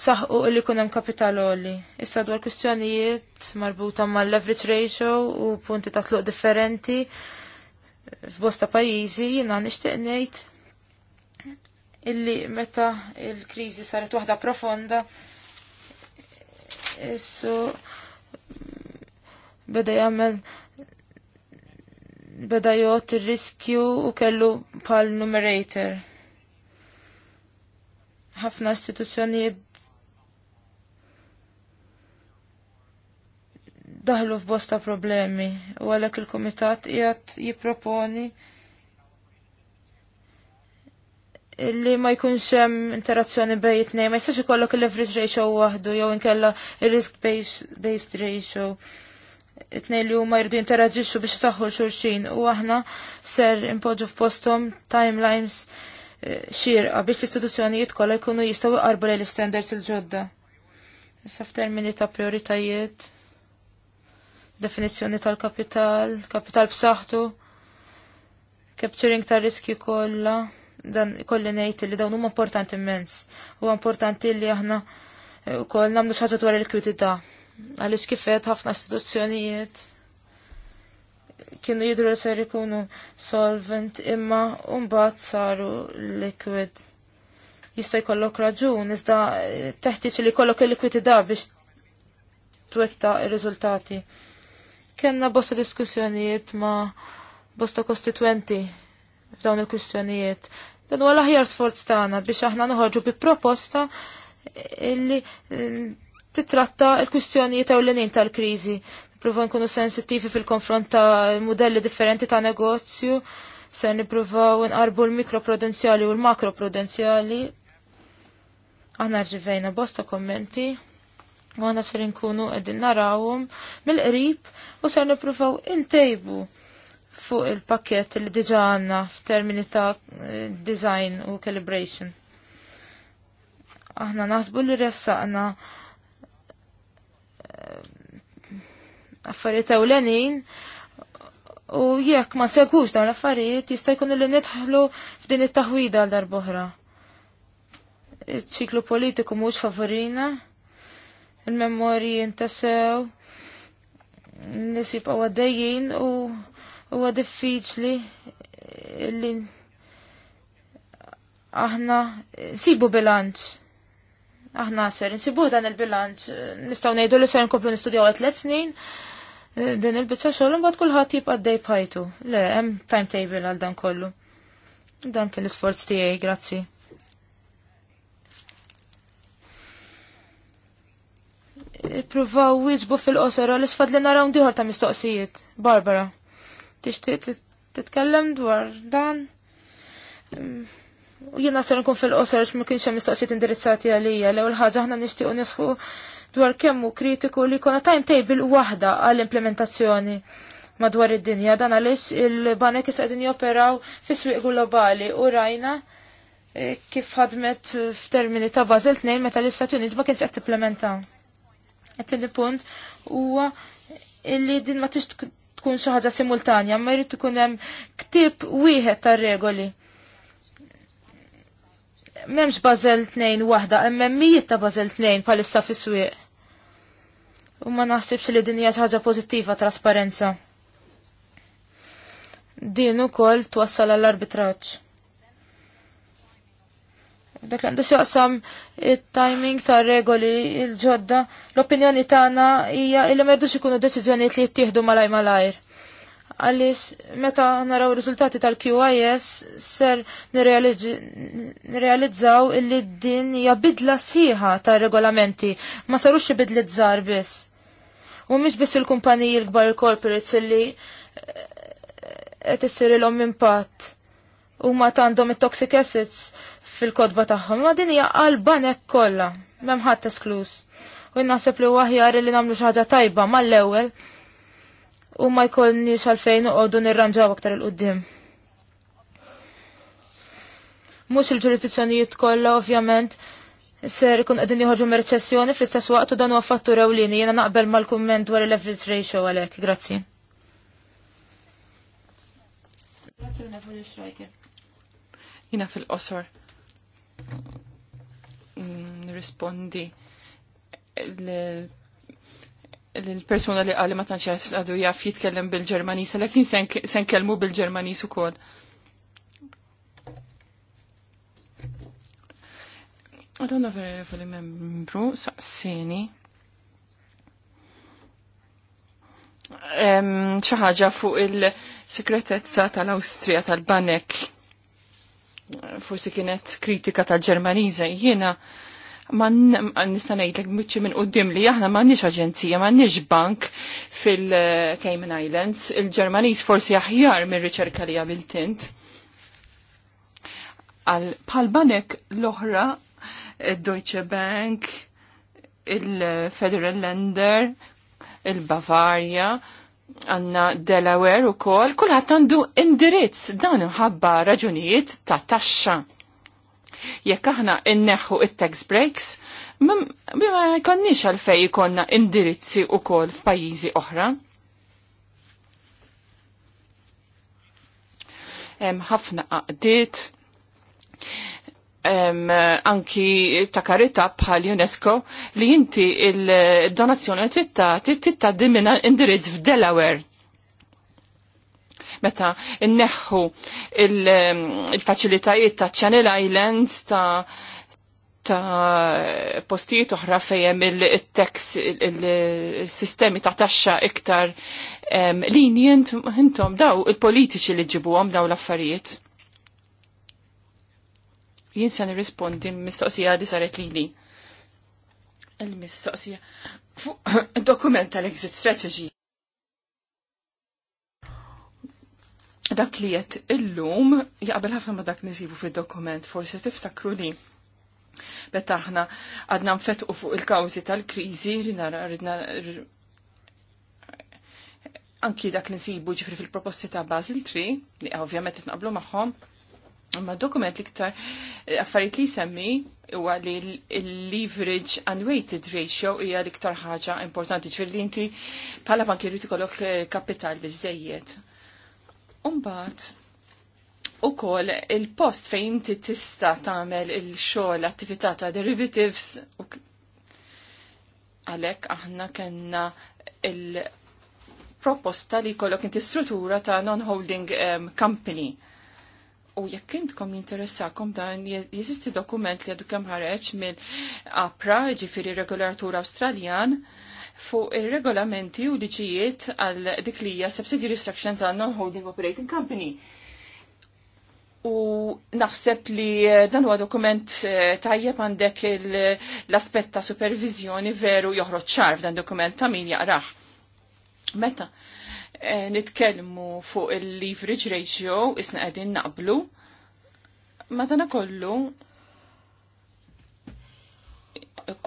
saħqu li kunem kapital oli. Issa dwar kwistjonijiet marbuta ma' leverage ratio u punti ta' tluq differenti f'bosta pajjiżi jina nixtieq ngħid illi meta il-kriżi saret waħda profonda issu beda jagħmel beda jgħot il-riskju u kellu pal numerator. ħafna istituzzjonijiet daħlu f'bosta problemi u għalhekk il-kumitat qiegħed jipproponi li ma jkunx hemm interazzjoni bejn it-tnejn, ma jistax ikollok il-leverage ratio waħdu jew inkella il-risk based ratio. It-tnejn li huma jridu jinteraġixxu biex saħħu l-xulxin u aħna ser impoġġu f'posthom timelines eh, xirqa biex l-istituzzjonijiet kollha jkunu jistgħu jqarbu lejn l-standards il-ġodda. Issa f'termini ta' prioritajiet definizzjoni tal-kapital, kapital b'saħħtu, capturing ta' riski kollha, dan kolli ngħid li dawn huma importanti immens. Huwa importanti li aħna wkoll eh, nagħmlu xi ħaġa dwar il-likwidità. Għaliex kifet ħafna istituzzjonijiet kienu jidru li ser ikunu solvent imma mbagħad saru liquid. Jista' jkollok raġun, iżda eh, teħtieġ li jkollok il-likwidità biex twetta ir-riżultati kena bosta diskussjonijiet ma bosta kostituenti f'dawn il-kwistjonijiet. Dan huwa l-aħjar sforz tagħna biex aħna noħorġu bi proposta illi eh, titratta l-kwistjonijiet ewlenin tal-kriżi. Nipruvaw nkunu sensittivi fil-konfront ta' modelli differenti ta' negozju, se nipruvaw nqarbu l-mikroprudenzjali u l-makroprudenzjali. Aħna rġivejna bosta kommenti għana ser nkunu għedin narawum mill-qrib u ser nipruvaw intejbu fuq il-pakket li diġa għanna f'termini ta' design u calibration. Aħna naħsbu li ressaqna eh, affarijiet ewlenin u jekk ma segwux dawn l-affarijiet jista' jkun li nidħlu f'din it-taħwida għal darboħra. il ċiklu politiku mhux favorina il-memori jintasew, nisib għaddejjien u huwa diffiċli li aħna sibu bilanċ. Aħna ser nsibu dan il-bilanċ. Nistaw nejdu li ser nkomplu nistudjaw għat snin. Eh, din il-bicċa xogħol b'ad kulħadd jibqa' dej bħajtu. Le, hemm timetable għal dan kollu. Dan kien l-isforz tiegħi, grazzi. Pruvaw wieġbu fil-qosra l isfad li naraw diħor ta' mistoqsijiet. Barbara, tixtieq titkellem dwar dan? U jien nasar nkun fil-qosra x ma kienx hemm mistoqsijiet indirizzati għalija. L-ewwel ħaġa aħna nixtiequ nisħu dwar kemm hu kritiku li jkun timetable waħda għall-implementazzjoni madwar id-dinja. Dan għaliex il-banek qegħdin joperaw fis-swieq globali u rajna eh, kif ħadmet f'termini ta' Basel tnejn meta l-Istati Uniti ma kienx qed tipplementaw. Għettini punt huwa illi din ma tix tkun xi ħaġa simultanja, ma jrid ikun hemm ktieb wieħed tar-regoli. M'hemmx Bażel tnejn waħda, hemm mijiet ta' Bażel tnejn bħalissa fis-swieq. U ma naħsibx li din hija xi ħaġa pożittiva trasparenza. Din ukoll twassal għall-arbitraġġ dak għandu xaqsam il-timing ta' regoli il-ġodda, l-opinjoni tagħna hija li merdu ikunu deċiżjonijiet li jittieħdu malaj malajr. Għaliex meta naraw riżultati tal-QIS ser nirrealizzaw illi din hija bidla sħiħa tar-regolamenti, ma sarux xi bidliet żgħar biss. U mhix biss il-kumpaniji l-kbar corporates illi eh, qed issir ilhom impatt. Huma għandhom it-toxic assets fil-kodba tagħhom, ma din hija għall-banek kollha, m'hemm ħadd esklus. U naħseb li għahjar li nagħmlu xi ħaġa tajba mal-ewwel u ma jkollniex għalfejn uqogħdu nirranġaw aktar il qudiem Mhux il-ġurisdizzjonijiet kollha ovvjament ser kun qegħdin joħġu mir-reċessjoni fl-istess waqt u dan huwa għaffattu ewlieni jiena naqbel mal-kumment dwar il-leverage ratio għalhekk, grazzi. Grazzi Jina fil-qosor nirrispondi l-persuna li għalli ma tantx għadu jaff jitkellem bil-Ġermanis, lekin sen kellmu bil-Ġermanis ukoll. Għadonna veri membru Saqseni. ċaħġa fuq il-sekretezza tal-Austria tal-Banek forsi kienet kritika tal ġermaniza jiena ma nista' ngħidlek miċċi minn qudiem li aħna m'għandniex aġenzija, m'għandniex bank fil-Cayman Islands, il-Ġermaniż forsi aħjar mir-riċerka li għamilt int. Għal palbanek l-oħra, Deutsche Bank, il-Federal Lender, il-Bavarja, il il bavarja għanna Delaware u kol, kullħat għandu indirizz dan ħabba raġunijiet ta' taxxa. Jekk aħna inneħħu it-tax breaks, bima jkonniex għalfej ikonna indirizzi u kol f'pajjiżi oħra. Hemm ħafna qaqdiet um, anki ta' karita bħal UNESCO li inti il-donazzjoni titta titta dimina indirizz f'Delaware. Meta inneħħu il-faċilitajiet ta' Channel Islands ta' ta' postijiet oħra fejem il tex il-sistemi ta' taxxa iktar um, lenient, intom daw il-politiċi li ġibuhom daw l-affarijiet jien se nirrispondi mistoqsija li saret lili. Il-mistoqsija fuq dokument tal-exit strategy. Dak li jett illum jaqbel ħafna ma dak nisibu fi dokument forse tiftakru li Betta għadna nfetqu fuq il-kawzi tal-krizi li nara anki dak li nsibu ġifri fil-proposti ta' Basil 3 li ovvjament naqblu magħhom Ma dokument li ktar affarijiet li semmi huwa li l-leverage unweighted ratio hija l-iktar ħaġa importanti ġifieri inti bħala bankieru ikollok eh, kapital biżejjed. Umbagħad ukoll il-post fejn inti tista' tagħmel il-xogħol attività ta' derivatives għalhekk aħna kellna il-proposta li jkollok inti struttura ta' non-holding um, company U jekk intkom jinteressakom dan jeżisti dokument li għadu kemm ħareġ mill-APRA, ġifiri regolatur Awstraljan, fuq ir-regolamenti u liġijiet għal dik li hija subsidy restriction tal non-holding operating company. U naħseb li eh, dan huwa dokument eh, tajjeb għandek l-aspett ta' supervizjoni veru joħroġ ċar f'dan dokument ta' min jaqrah. Meta Eh, nitkellmu fuq il-leverage ratio, isna qegħdin naqblu. Madana kollu,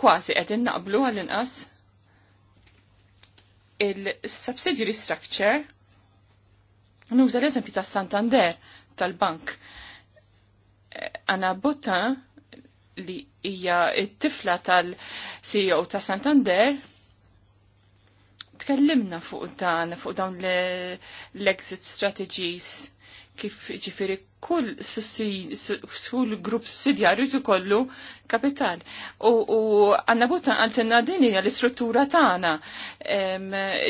kważi qegħdin naqblu għall-inqas il-subsidiary structure, nuża l-eżempju ta' Santander tal-bank. Eh, Anna Botta li hija t-tifla tal-CEO ta' Santander Tkellimna fuq dan, fuq dawn l-exit strategies, kif ġifiri kull kull grupp sidjarju kollu kapital. U għanna buta għaltenna dini l-istruttura tagħna.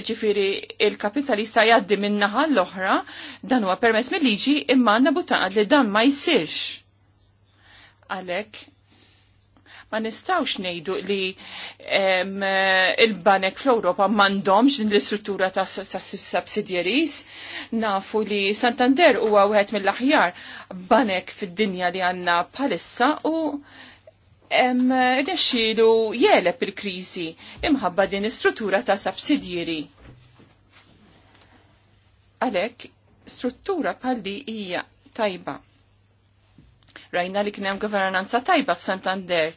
Ġifiri il-kapitalista jgħaddi minna l-oħra, dan huwa permess mill-liġi imma għanna buta li dan ma jsirx. Għalek, ma nistawx nejdu li il-banek fl-Europa mandomx din l-istruttura ta' subsidjaries. Nafu li Santander huwa wieħed mill-aħjar banek fid-dinja li għanna palissa u rnexxielu jeleb il-kriżi imħabba din istruttura ta' subsidjeri. Għalek, struttura palli hija tajba rajna li kienem governanza tajba f'Santander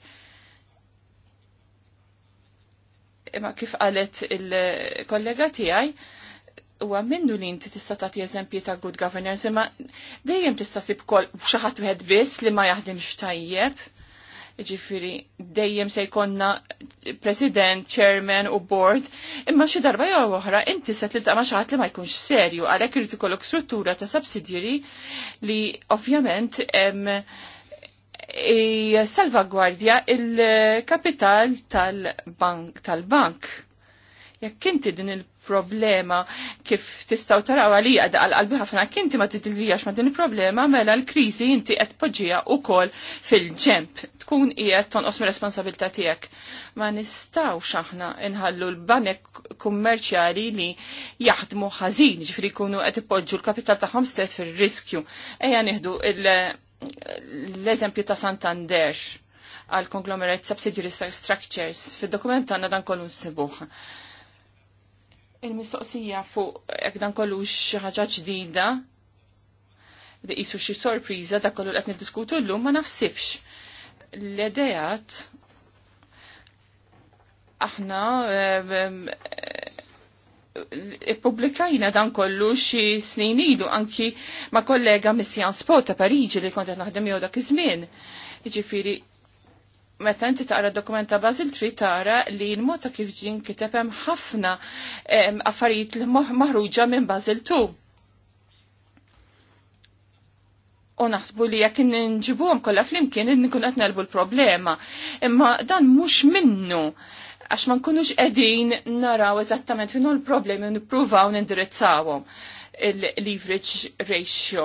imma kif qalet il-kollega tiegħi huwa minnu li inti tista' tagħti eżempji ta' good governance imma dejjem tista' sib kol xi ħadd wieħed biss li ma jaħdimx tajjeb. Ġifiri, dejjem se jkonna president, chairman u board, imma xi darba jew oħra inti se tilta' ma' xi ħadd li ma jkunx serju għalhekk irid ikollok struttura ta' subsidjeri li ovvjament salvagwardja il-kapital tal-bank. Tal Jekk inti din il-problema kif tistaw taraw għalija daqal-qalbi ħafna, kinti ma titilvijax ma din il-problema mela l-krizi inti qed poġġija u fil-ġemp. Tkun qiegħed tonqos mir-responsabilità tiegħek. Ma nistgħux aħna inħallu l-banek kummerċjali li jaħdmu ħażin, ġifri jkunu qed ipoġġu l-kapital tagħhom stess fir-riskju. Ejja nieħdu il- l-eżempju ta' Santander għal conglomerate subsidiary structures fil-dokument għanna dan kollu nsibuħ. Il-mistoqsija fuq jekk dan kollu xaħġa ġdida li jisu xi sorpriża da kollu qed niddiskutu llum ma nafsibx. L-idejat aħna eh, ippubblikajna dan kollu xi snin ilu anki ma' kollega Missian Spot ta' Pariġi li kont qed naħdem jew dak iż-żmien. Jiġifieri meta inti taqra dokumenta bażil Basil trid tara li l mota kif ġin kiteb hemm ħafna affarijiet li maħruġa minn Basil tu. U naħsbu li jekk nġibuhom kollha flimkien nkun qed nelbu l-problema. Imma dan mhux minnu għax ma nkunux edin naraw eżattament finu l-problemi u nipruvaw nindirizzawhom il-leverage ratio.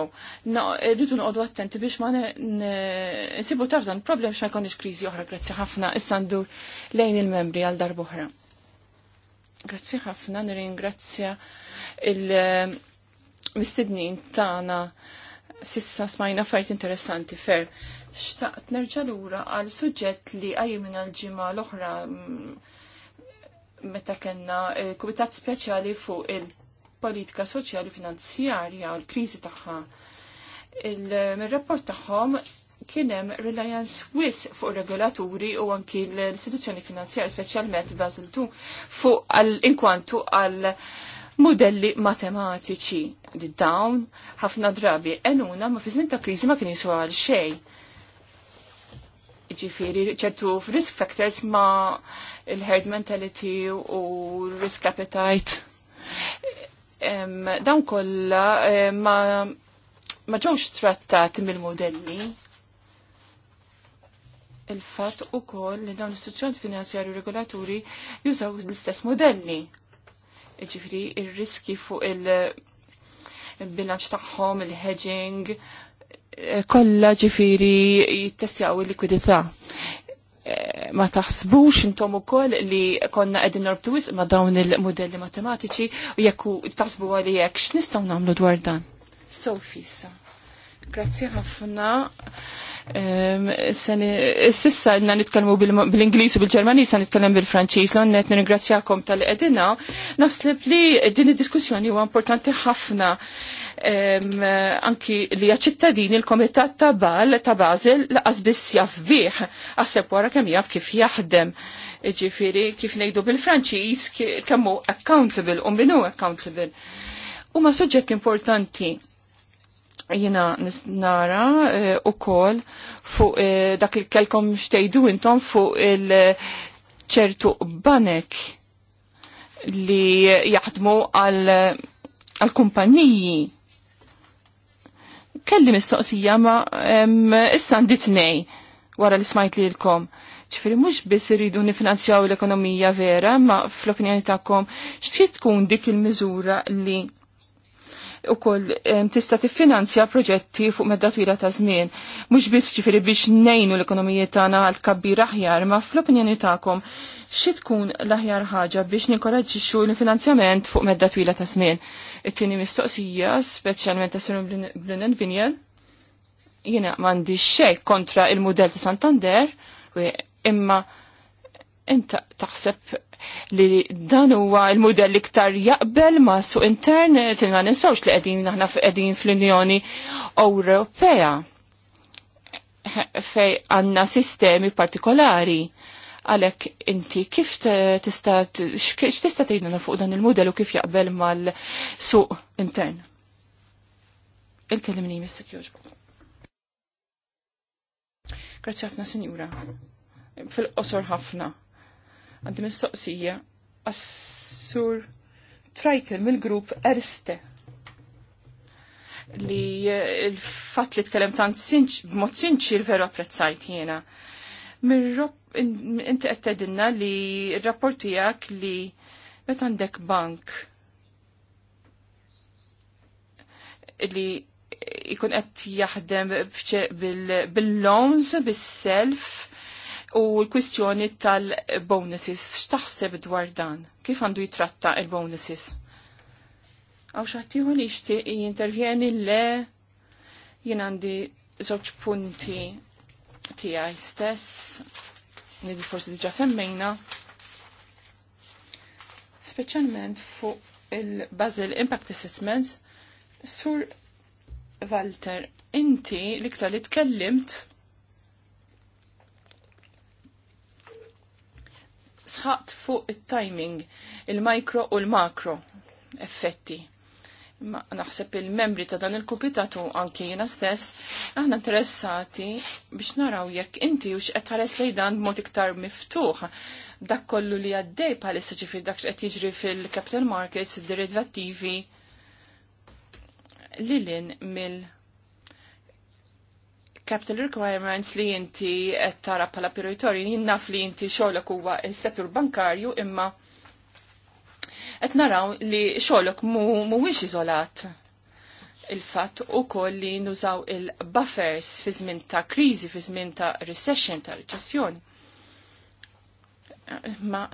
Rridu noqogħdu attenti biex ma nsibu taf dan problem x'ma jkunx kriżi oħra grazzi ħafna issa ndur lejn il-membri għal darb'oħra. Grazzi ħafna nirringrazzja il-mistednin tagħna sissa smajna fajt interessanti fer. Xtaqt nerġa' lura għal suġġett li għajju minn għal-ġimgħa l-oħra mm, meta kellna kumitat speċjali fuq il-politika soċjali finanzjarja u l-kriżi tagħha. Mir-rapport tagħhom kien hemm reliance wis fuq regolaturi u anki l-istituzzjoni finanzjarja speċjalment il-Basel 2 fuq inkwantu għal, -inkwantu għal modelli matematiċi li dawn ħafna drabi enuna ma fi żmien ta' kriżi ma kien jiswa għal xejn. Ġifieri ċertu risk factors ma il-herd mentality u risk appetite. Dawn kollha ma ma ġewx trattati mill-modelli il-fat u koll li dawn l finanzjari u regolaturi jużaw l-istess modelli ġifri il-riski fuq il-bilanċ tagħhom, il-hedging, eh, kollha ġifiri jittestjaw il-likwidità. Eh, ma taħsbux intom ukoll li konna qegħdin norbtu wisq ma' dawn il-modelli matematiċi u jekk taħsbu għali jekk x'nistgħu nagħmlu dwar dan. So fisa. Grazzi ħafna Ehm, sissa għedna nitkallmu bil-Inglis u bil ġermani sa nitkellem bil-Franċis, l-għonnet nirringrazzjakom tal-edina. Nasleb li din id-diskussjoni huwa importanti ħafna ehm, anki li ċittadini l-Komitat ta' Bal ta' Bazil laqas biss jaf bih, għaseb wara kemm jaf kif jaħdem. Ġifiri, kif nejdu bil-Franċis, kemmu accountable, u minnu accountable. Huma suġġett importanti jina nara eh, u kol fuq eh, dak il kelkom xtejdu intom fuq il-ċertu banek li jaħdmu għal-kumpanniji. Kelli mistoqsija ma issan ditnej wara li smajt li l-kom. ċifri mux biss irridu nifinanzjaw l-ekonomija vera, ma fl-opinjoni kom xtiet tkun dik il-mizura li u koll tista tiffinanzja proġetti fuq medda twila ta' żmien. Mhux biss ġifiri biex nejnu l-ekonomijiet tagħna għal kabbir aħjar, ma fl-opinjoni tagħkom xie tkun l-aħjar ħaġa biex ninkoraġġixxu l-finanzjament fuq medda twila ta' żmien. It-tieni mistoqsija, speċjalment ta' Sir Blunen Vinjel, jiena mandi xejn kontra il-mudell ta' Santander, imma inta taħseb li dan huwa il-modell iktar jaqbel ma' suq li tilna ninsawx li qegħdin aħna qegħdin fl-Unjoni Ewropea fej għanna sistemi partikolari għalek inti kif tista tista tgħidna fuq dan il-modell u kif jaqbel mal-suq intern. Il-kellimni missik joġbok. Grazzi ħafna, Sinjura. Fil-qosor ħafna. Għandi mistoqsija Assur Trajkel mill-grupp Erste li eh, il-fat li tkellem tant b'mod sinċir veru apprezzajt jiena. Inti qed li rapportijak li meta għandek bank li jkun qed jaħdem bil-loans, bis-self, u l-kwistjoni tal-bonuses, x'taħseb dwar dan? Kif għandu jitratta il-bonuses? Għaw xaħtiħu li xti jintervjeni le jien għandi zoċ punti tijaj stess, nidi forsi diġa semmejna, specialment fuq il-Basel Impact Assessment, sur Walter, inti ktar li tkellimt sħat fuq il-timing, il-mikro u l-makro effetti. Ma naħseb il-membri ta' dan il-kupitatu anki jina stess, aħna interessati biex naraw jekk inti u xqed ħares lejdan b'mod iktar miftuħ. Dak kollu li għaddej bħalissa ġifir dak xqed jiġri fil-capital markets, derivativi, lilin mill- capital requirements li inti qed tara bħala prioritorji jien naf li inti xogħlok huwa s-settur bankarju imma qed naraw li xogħlok mhuwiex iżolat il-fatt ukoll li nużaw il-buffers fi żmien ta' kriżi, fi żmien ta' recession, ta' riċessjoni. Ma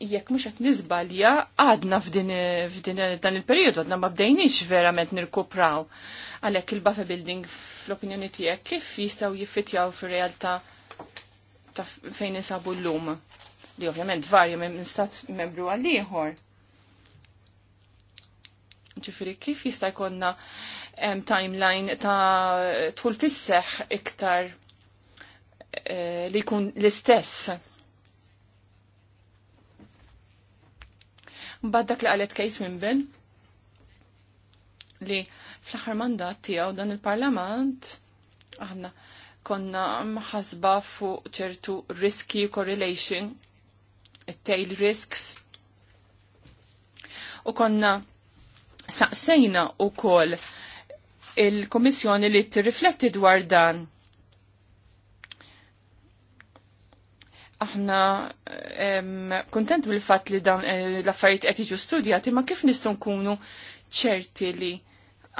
jekk mhux qed niżbalja għadna f'din dan il-perjodu għadna ma bdejniex verament nirkupraw. Għalhekk il-buffer building fl-opinjoni tiegħek kif jistgħu jiffitjaw fir-realtà ta' fejn insabu l-lum li ovvjament varja minn stat membru għal ieħor. Ġifieri kif jista' jkollna timeline ta' tul fisseħ iktar eh, li jkun l-istess. Mbagħad dak li qalet Kejs minn Ben li Fl-aħħar mandat tiegħu dan il-Parlament aħna konna mħasba fuq ċertu risky correlation, tail risks. U konna saqsejna u koll il-Komissjoni li t-rifletti dwar dan. Aħna kontent bil-fat li dan eh, l-affarijiet qed jiġu studjati, ma kif nistgħu nkunu ċerti li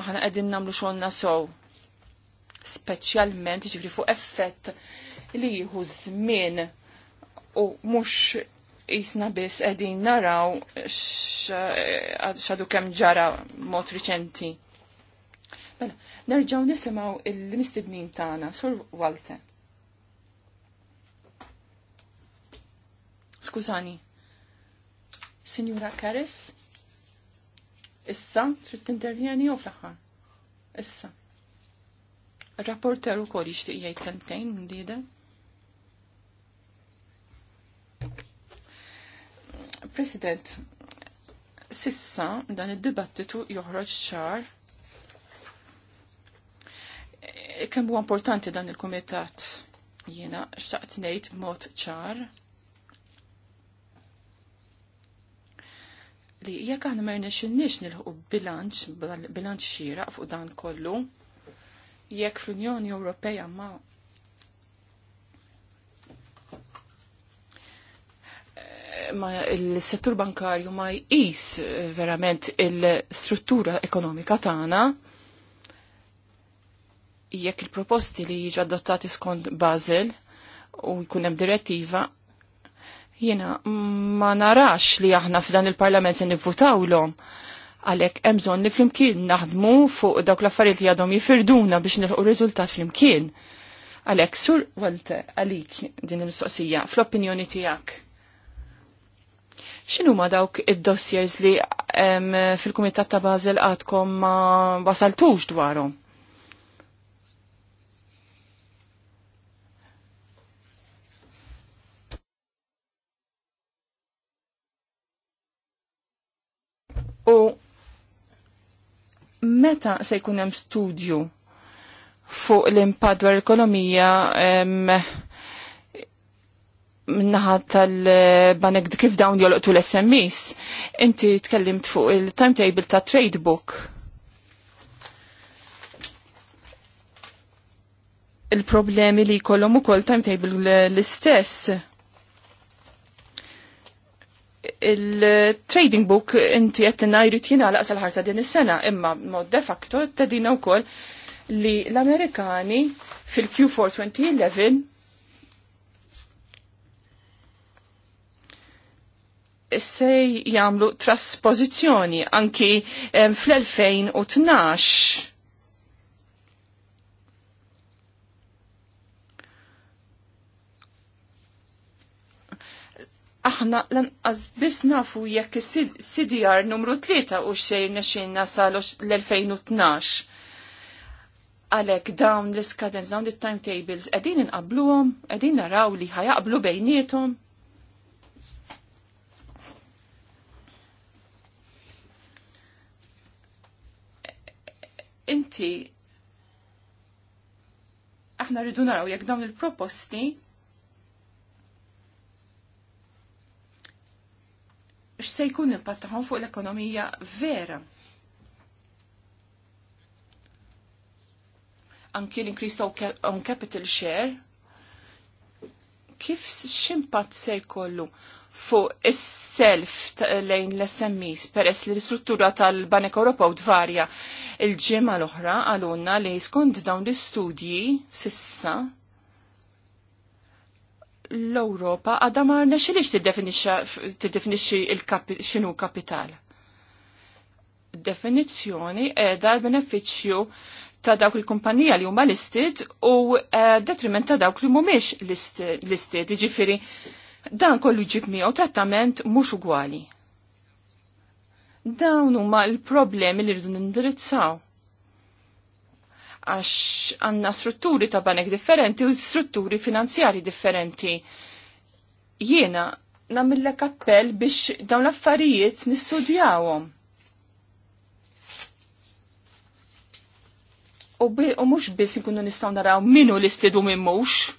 aħna qegħdin nagħmlu xogħolna sow. Speċjalment ġifri fuq effett li jieħu żmien u mhux jisna biss qegħdin naraw xadu kemm ġara mod riċenti. Bella, nerġgħu nisimgħu il-mistednin tagħna, Sur Walter. Skużani. Signora Karis? Issa, trid intervjeni u fl-aħħar. Issa. Rapporter ukoll jixtieq jgħid sentejn dieda. President, sissa dan id-dibattitu joħroġ ċar kemm huwa importanti dan il-kumitat jiena xtaqt ngħid b'mod ċar li jekk aħna merna xinniex nilħu bilanċ, bilanċ xira fuq dan kollu, jekk fl-Unjoni Ewropea ma ma il-settur bankarju ma jqis verament il-struttura ekonomika tagħna jekk il-proposti li jiġu adottati skont Basel u jkun hemm direttiva Jena, ma narax li aħna f'dan il-parlament se l-om. Għalek, emżon li flimkien naħdmu fuq dawk l-affarijiet li għadhom jifirduna biex nilħu riżultat flimkien. Għalek, sur għalte, għalik din il-mistoqsija, fl-opinjoni tijak. X'inhu ma dawk id-dossiers li fil-Kumitat ta' Basel għadkom ma wasaltux dwarhom? meta se jkun hemm studju fuq l-impatt dwar l-ekonomija minnaħa tal-banek kif dawn jolqtu l-SMEs, inti tkellimt fuq il-timetable ta' trade book. Il-problemi li kolom u kol timetable l-istess il-trading book inti jettina jritjina jina laqsal ħarta din is-sena, imma mod de facto t-tadina u koll li l-Amerikani fil-Q4 2011 se jamlu trasposizjoni anki fl-2012 aħna lanqas biss nafu jekk is-CDR numru 3 u xejn nexinna sal l-2012. Għalhekk dawn l-iskadens, dawn it-timetables, qegħdin inqabluhom, qegħdin naraw li ħajaqblu bejniethom. Inti aħna rridu naraw jekk dawn il-proposti x'se jkun impatt tagħhom fuq l-ekonomija vera. Anki l-increase on capital share kif ximpat se jkollu fuq is-self lejn l-SMEs peress li l-istruttura tal-Banek Ewropew tvarja il-ġimgħa l-oħra għalunna li skont dawn l-istudji sissa l-Europa għadha ma nexilix tiddefinixxi x'inhu kapital. Definizzjoni qiegħda l-benefiċċju ta' dawk il-kumpanija li huma listed u eh, detriment ta' dawk li mhumiex listed, jiġifieri dan kollu jġib miegħu trattament mhux ugwali. Dawn huma l-problemi li rridu nindirizzaw għax għanna strutturi ta' banek differenti u strutturi finanzjari differenti. Jiena namillek appell biex dawn l-affarijiet nistudjawhom. U, u mux biss nkunu nistaw naraw minu li stidu minn mux.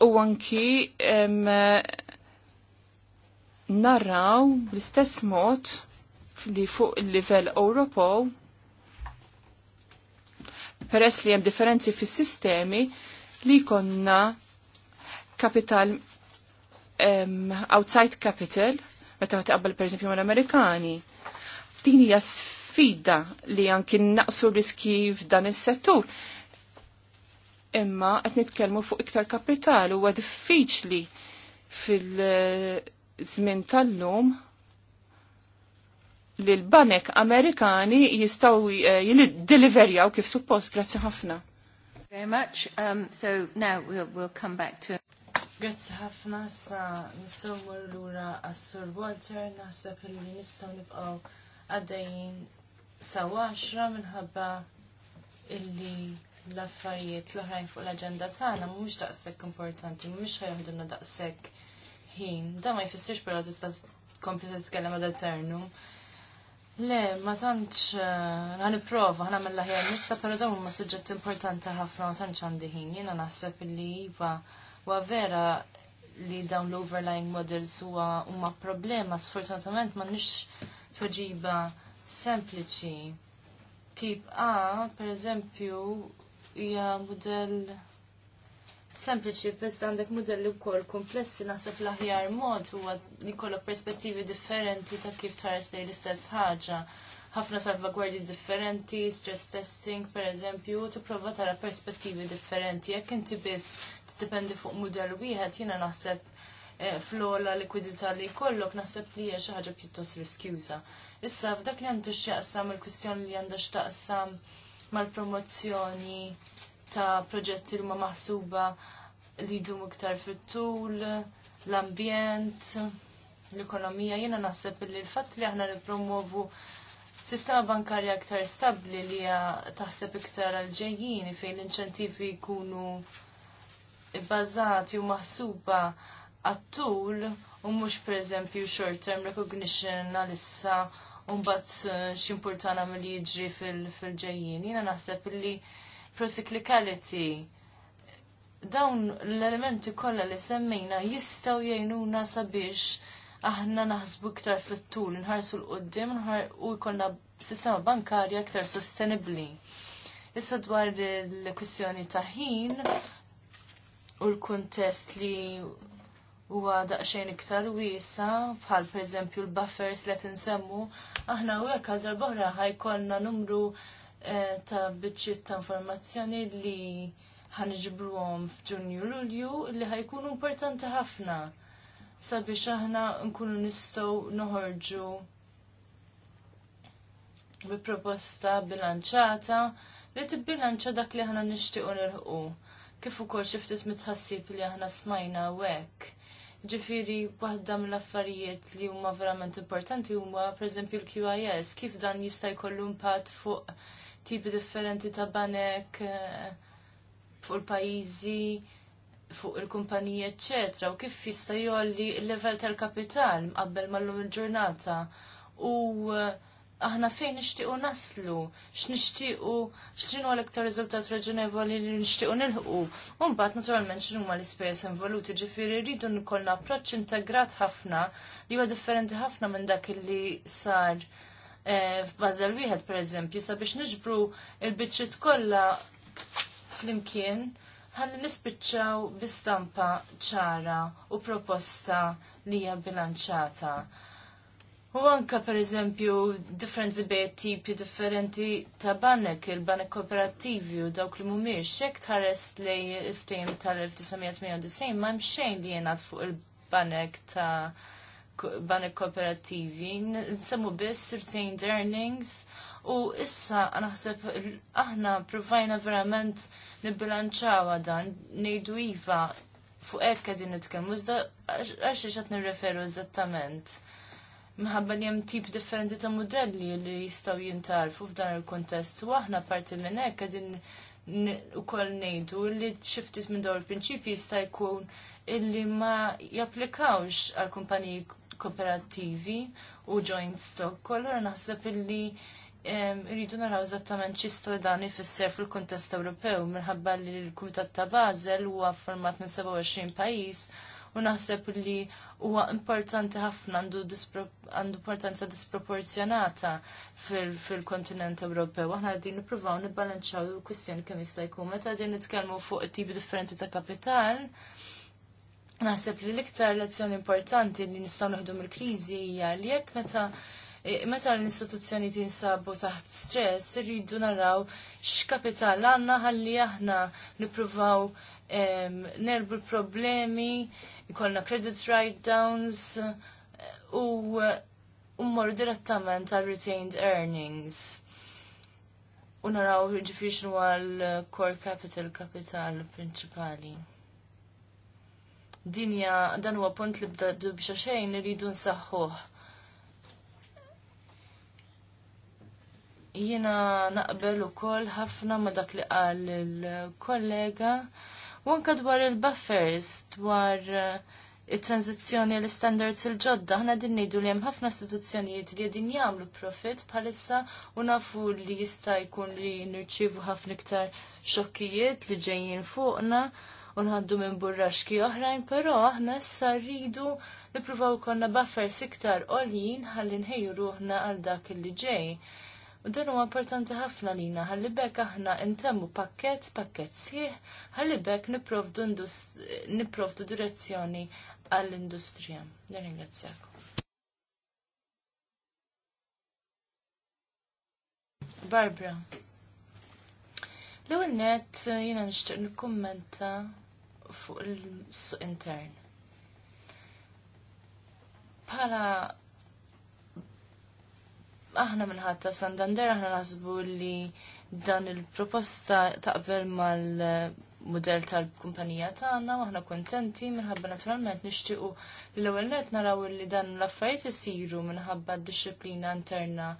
U anki narraw l istess mod li fuq il-livell Ewropew peress li hemm differenzi fis-sistemi li konna kapital um, outside capital meta ma taqbel pereżempju mal-Amerikani. Din hija sfida li anki naqsu riski f'dan is-settur. Imma qed nitkellmu fuq iktar kapital huwa diffiċli fil- żmien tal-lum li l-banek Amerikani jistaw eh, jil-deliverjaw kif suppost. Grazzi ħafna. Very much. Um, so now we'll, we'll come back to Grazzi ħafna sa nisawwar lura ura sur Walter naħseb li nistgħu nibqgħu għaddejjin sa 10 minħabba illi l-affarijiet l-oħrajn fuq l agenda tagħna mhux daqshekk importanti, mhux ħajħdulna daqshekk ħin. Da ma jfissirx però tista' t-tkellem għad eternu. Le, ma tantx eh, ħan nipprova ħana mill ħjar nista, però dawn huma suġġett importanti ħafna ma tantx għandi ħin. Jiena naħseb li jiva, wa vera li dawn l-overlying models huwa huma problema sfortunatament ma nix tweġiba sempliċi. Tip A, per eżempju, hija model sempliċi biss għandek modelli wkoll komplessi naħseb l-aħjar mod u li jkollok perspettivi differenti ta' kif tħares lejn l-istess ħaġa ħafna salvagwardji differenti, stress testing per eżempju, tipprova tara perspettivi differenti. Jekk inti biss tiddependi fuq mudell wieħed, jiena naħseb eh, flola likwidità li jkollok naħseb li hija xi ħaġa pjuttost riskjuża. Issa f'dak li għandu x'jaqsam il-kwistjoni li għandha x'taqsam mal-promozzjoni ta' proġetti l-ma maħsuba li jdum iktar fit-tul, l-ambjent, l-ekonomija. Jiena naħseb li l-fatt li aħna nippromovu sistema bankarja iktar stabbli li taħseb iktar għal-ġejjin fejn l-inċentivi jkunu bbażati u maħsuba għat-tul u mhux pereżempju short term recognition għalissa u mbagħad x'importana milli jiġri fil-ġejjin. Jiena naħseb li procyclicality dawn l-elementi kollha li semmejna jistgħu jgħinuna sabiex aħna naħsbu iktar fit-tul, nħarsu l-qoddim u jkollna sistema bankarja iktar sostenibbli. Issa dwar il-kwistjoni ta' ħin u l kontest li huwa daqsxejn iktar wiesa bħal pereżempju l-buffers li qed insemmu, aħna u hekk għal darba ħajkollna numru Eh, ta' biċċiet ta' informazzjoni li għom f'Ġunju Lulju li ħajkunu importanti ħafna sabiex aħna nkunu nistgħu noħorġu bi proposta bilanċata li tibbilanċa dak li ħana nixtiequ nilħqu kif ukoll xi ftit mitħassib li aħna smajna hekk. Ġifiri, waħda mill-affarijiet li huma verament importanti huma pereżempju l-QIS, kif dan jista' jkollu impatt fuq tipi differenti ta' banek eh, fuq il-pajizi, fuq il-kumpaniji, ecc. U kif jista' jolli l-level tal-kapital qabel mal-lum il-ġurnata. U eh, aħna fejn nixtiequ naslu, x'nixtiequ x'inhu l-iktar riżultat raġunevoli li nixtiequ nilħqu. U mbagħad naturalment x'inhu l-ispejjeż involuti, ġifieri rridu nkollna approċċ integrat ħafna li huwa differenti ħafna minn dak li sar Eh, f'Bażel wieħed pereżempju sabiex niġbru il-biċċiet kollha flimkien ħalli nispiċċaw bistampa ċara u proposta li hija bilanċata. U anka pereżempju differenzi bejn tipi differenti ta' banek, il-banek kooperativi u dawk li mhumiex hekk tħares lej ftehim tal-1998 ma' hemm xejn li jingħad fuq il-banek ta' banek kooperativi, nsemmu biss retained earnings u issa naħseb aħna provajna verament nibbilanċawa dan, nejdu iva fuq ekk qegħdin nitkellmu, iżda għax xat nirreferu eżattament. Mħabba li hemm tip differenti ta' modelli li jistgħu jintarfu f'dan il-kontest u aħna parti minn hekk qegħdin u koll nejdu li xiftit minn dawn il-prinċipji jista' jkun illi ma japplikawx għal kumpaniji kooperativi u joint stock. allora naħseb illi rridu naraw eżattament ċista dan ifisser fil-kontest Ewropew minħabba li l-Kumitat ta' Basel huwa format minn 27 pajjiż u naħseb li huwa importanti ħafna għandu importanza disproporzjonata fil-kontinent Ewropew. Aħna qegħdin nippruvaw nibbalanċaw il-kwistjoni kemm jista' jkun meta qegħdin nitkellmu fuq it tipi differenti ta' kapital Naħseb li l-iktar lezzjoni importanti li nistgħu naħdu mill-kriżi hija li jekk meta e, meta l-istituzzjoni tinsabu taħt stress, irridu naraw x'kapital għandna ħalli aħna nippruvaw nerbu l-problemi, ikollna credit write-downs u mmorru direttament għal retained earnings. U naraw ġifiex għal core capital, kapital prinċipali dinja dan huwa punt li bda b'xa xejn rridu nsaħħuh. Jiena naqbel ukoll ħafna ma dak li qal il-kollega u anke dwar il-buffers dwar eh, it tranzizzjoni l standards il-ġodda, ħna din ngħidu li hemm ħafna istituzzjonijiet li qegħdin jagħmlu profit bħalissa u nafu li jista' jkun li nirċievu ħafna iktar xokkijiet li ġejjin fuqna unħaddu minn burraxki oħrajn, pero aħna issa rridu nippruvaw konna buffers iktar oljin ħalli nħejju ruħna għal dak li ġej. U dan huwa importanti ħafna lina ħalli bekk aħna intemmu pakket, pakket sieħ, ħalli bekk niprovdu direzzjoni għall-industrija. Dan ringrazzjak. Barbara. L-ewwel nett eh, jiena nixtieq nikkummenta fuq il-suq intern. Bħala aħna ta' sandander aħna nasbu li dan il-proposta taqbel mal-modell tal-kumpanija tagħna u aħna kontenti minħabba naturalment nixtiequ l-ewwel naraw li dan l-affarijiet isiru minħabba d-disciplina interna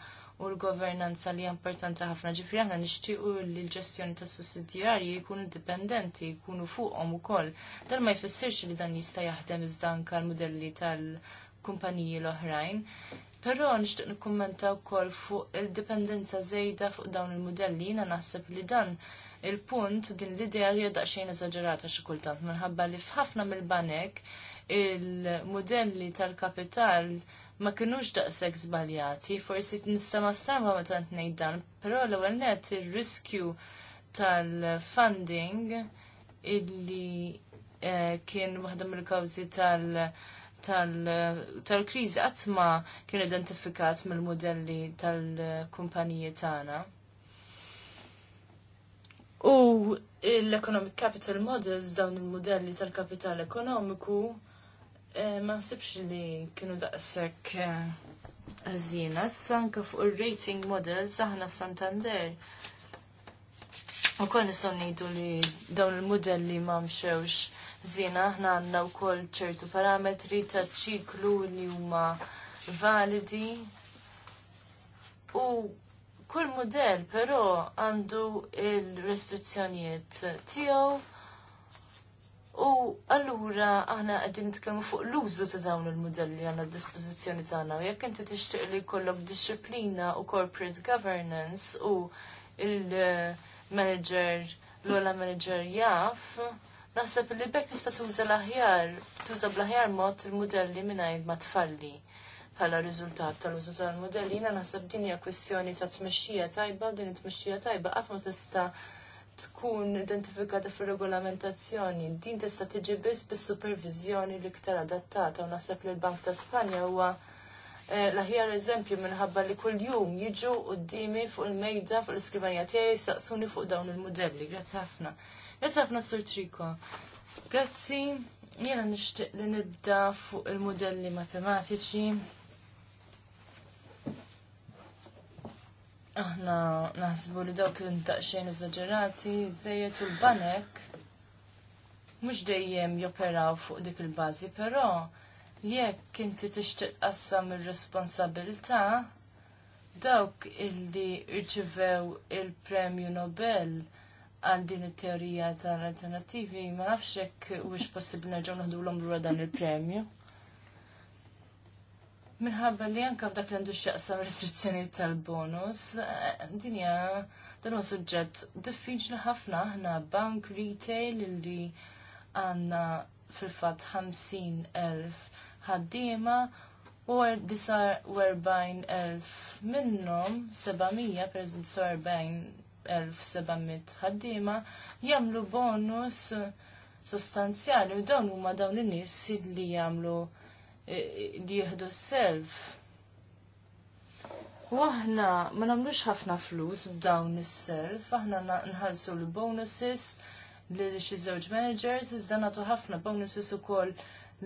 u l-governanza li hija importanti ħafna. Ġifri aħna nixtiequ li l-ġestjoni tas sussidjarji jkunu dipendenti, jkunu fuqhom ukoll. Dan ma jfissirx li dan jista' jaħdem iżda anke l-modelli tal-kumpaniji l-oħrajn. Però nixtieq nikkummenta wkoll fuq il-dipendenza żejda fuq dawn il-modelli jiena naħseb li dan il-punt din l-idea li daqsxejn eżaġerata xi kultant minħabba li f'ħafna mill-banek il-modelli tal-kapital il modelli tal kapital ma kinux daqshekk żbaljati, forsi nista' ma stramba ma tant nejdan, dan, però l-ewwel il ir-riskju tal-funding illi eh, kien waħda mill-kawżi tal- tal-kriżi kien identifikat mill-modelli tal-kumpaniji tagħna. U l-Economic Capital Models dawn il-modelli tal-kapital ekonomiku Eh, ma nsibx li kienu daqshekk eh, għażina. Issa anke fuq ir-rating models aħna santander U kol nistgħu ngħidu li dawn il li ma mxewx żina aħna għandna wkoll ċertu parametri ta' ċiklu li huma validi. U kull model, però għandu il-restrizzjonijiet tiegħu U allura aħna qegħdin nitkellmu fuq l-użu ta' dawn il-modelli għanna d-dispożizzjoni tagħna u jekk inti tixtieq li jkollok disċiplina u corporate governance u il-manager l-ola manager jaf, naħseb li bekk tista' tuża l-aħjar, tuża bl-aħjar mod il-modelli mingħajr ma tfalli bħala riżultat tal-użu tal-modelli, Jina naħseb din hija kwestjoni ta' tmexxija tajba u din it-tmexxija tajba qatt ma tista' tkun identifikata fir-regolamentazzjoni, din tista' tiġi biss bis-supervizjoni l-iktar adattata u naħseb li l-Bank ta' Spanja huwa eh, l-aħjar eżempju minħabba li kuljum jiġu qudiemi fuq il-mejda fuq l iskrivanja tiegħi jistaqsuni fuq dawn il-modelli. Grazzi ħafna. Grazzi ħafna Sur Triko. Grazzi, jiena nixtieq li nibda fuq il-modelli matematiċi Aħna naħsbu li dawk l-intaqxejn eżagġerati, żejjed u l-banek mhux dejjem joperaw fuq dik il-bażi, però jekk inti tixtieq tqassam ir-responsabilità dawk illi rċivew il-Premju Nobel għal din it-teorija tal-alternattivi ma nafx hekk wiex possibbli nerġgħu naħdu l dan il-premju. Minħabba li anka f'dak li għandu x'jaqsam restrizzjoni tal-bonus, eh, dinja dan huwa suġġett diffiċli ħafna aħna bank retail li għandna fil-fatt 50,000 ħaddiema u 49,000 minnhom 700 per 47,700 ħaddiema jagħmlu bonus sostanzjali u dawn huma dawn in-nies li jagħmlu li jieħdu s-self. U aħna ma nagħmlux ħafna flus b'dawn is-self, aħna nħallsu l-bonuses li xi żewġ managers, iżda nagħtu ħafna bonuses ukoll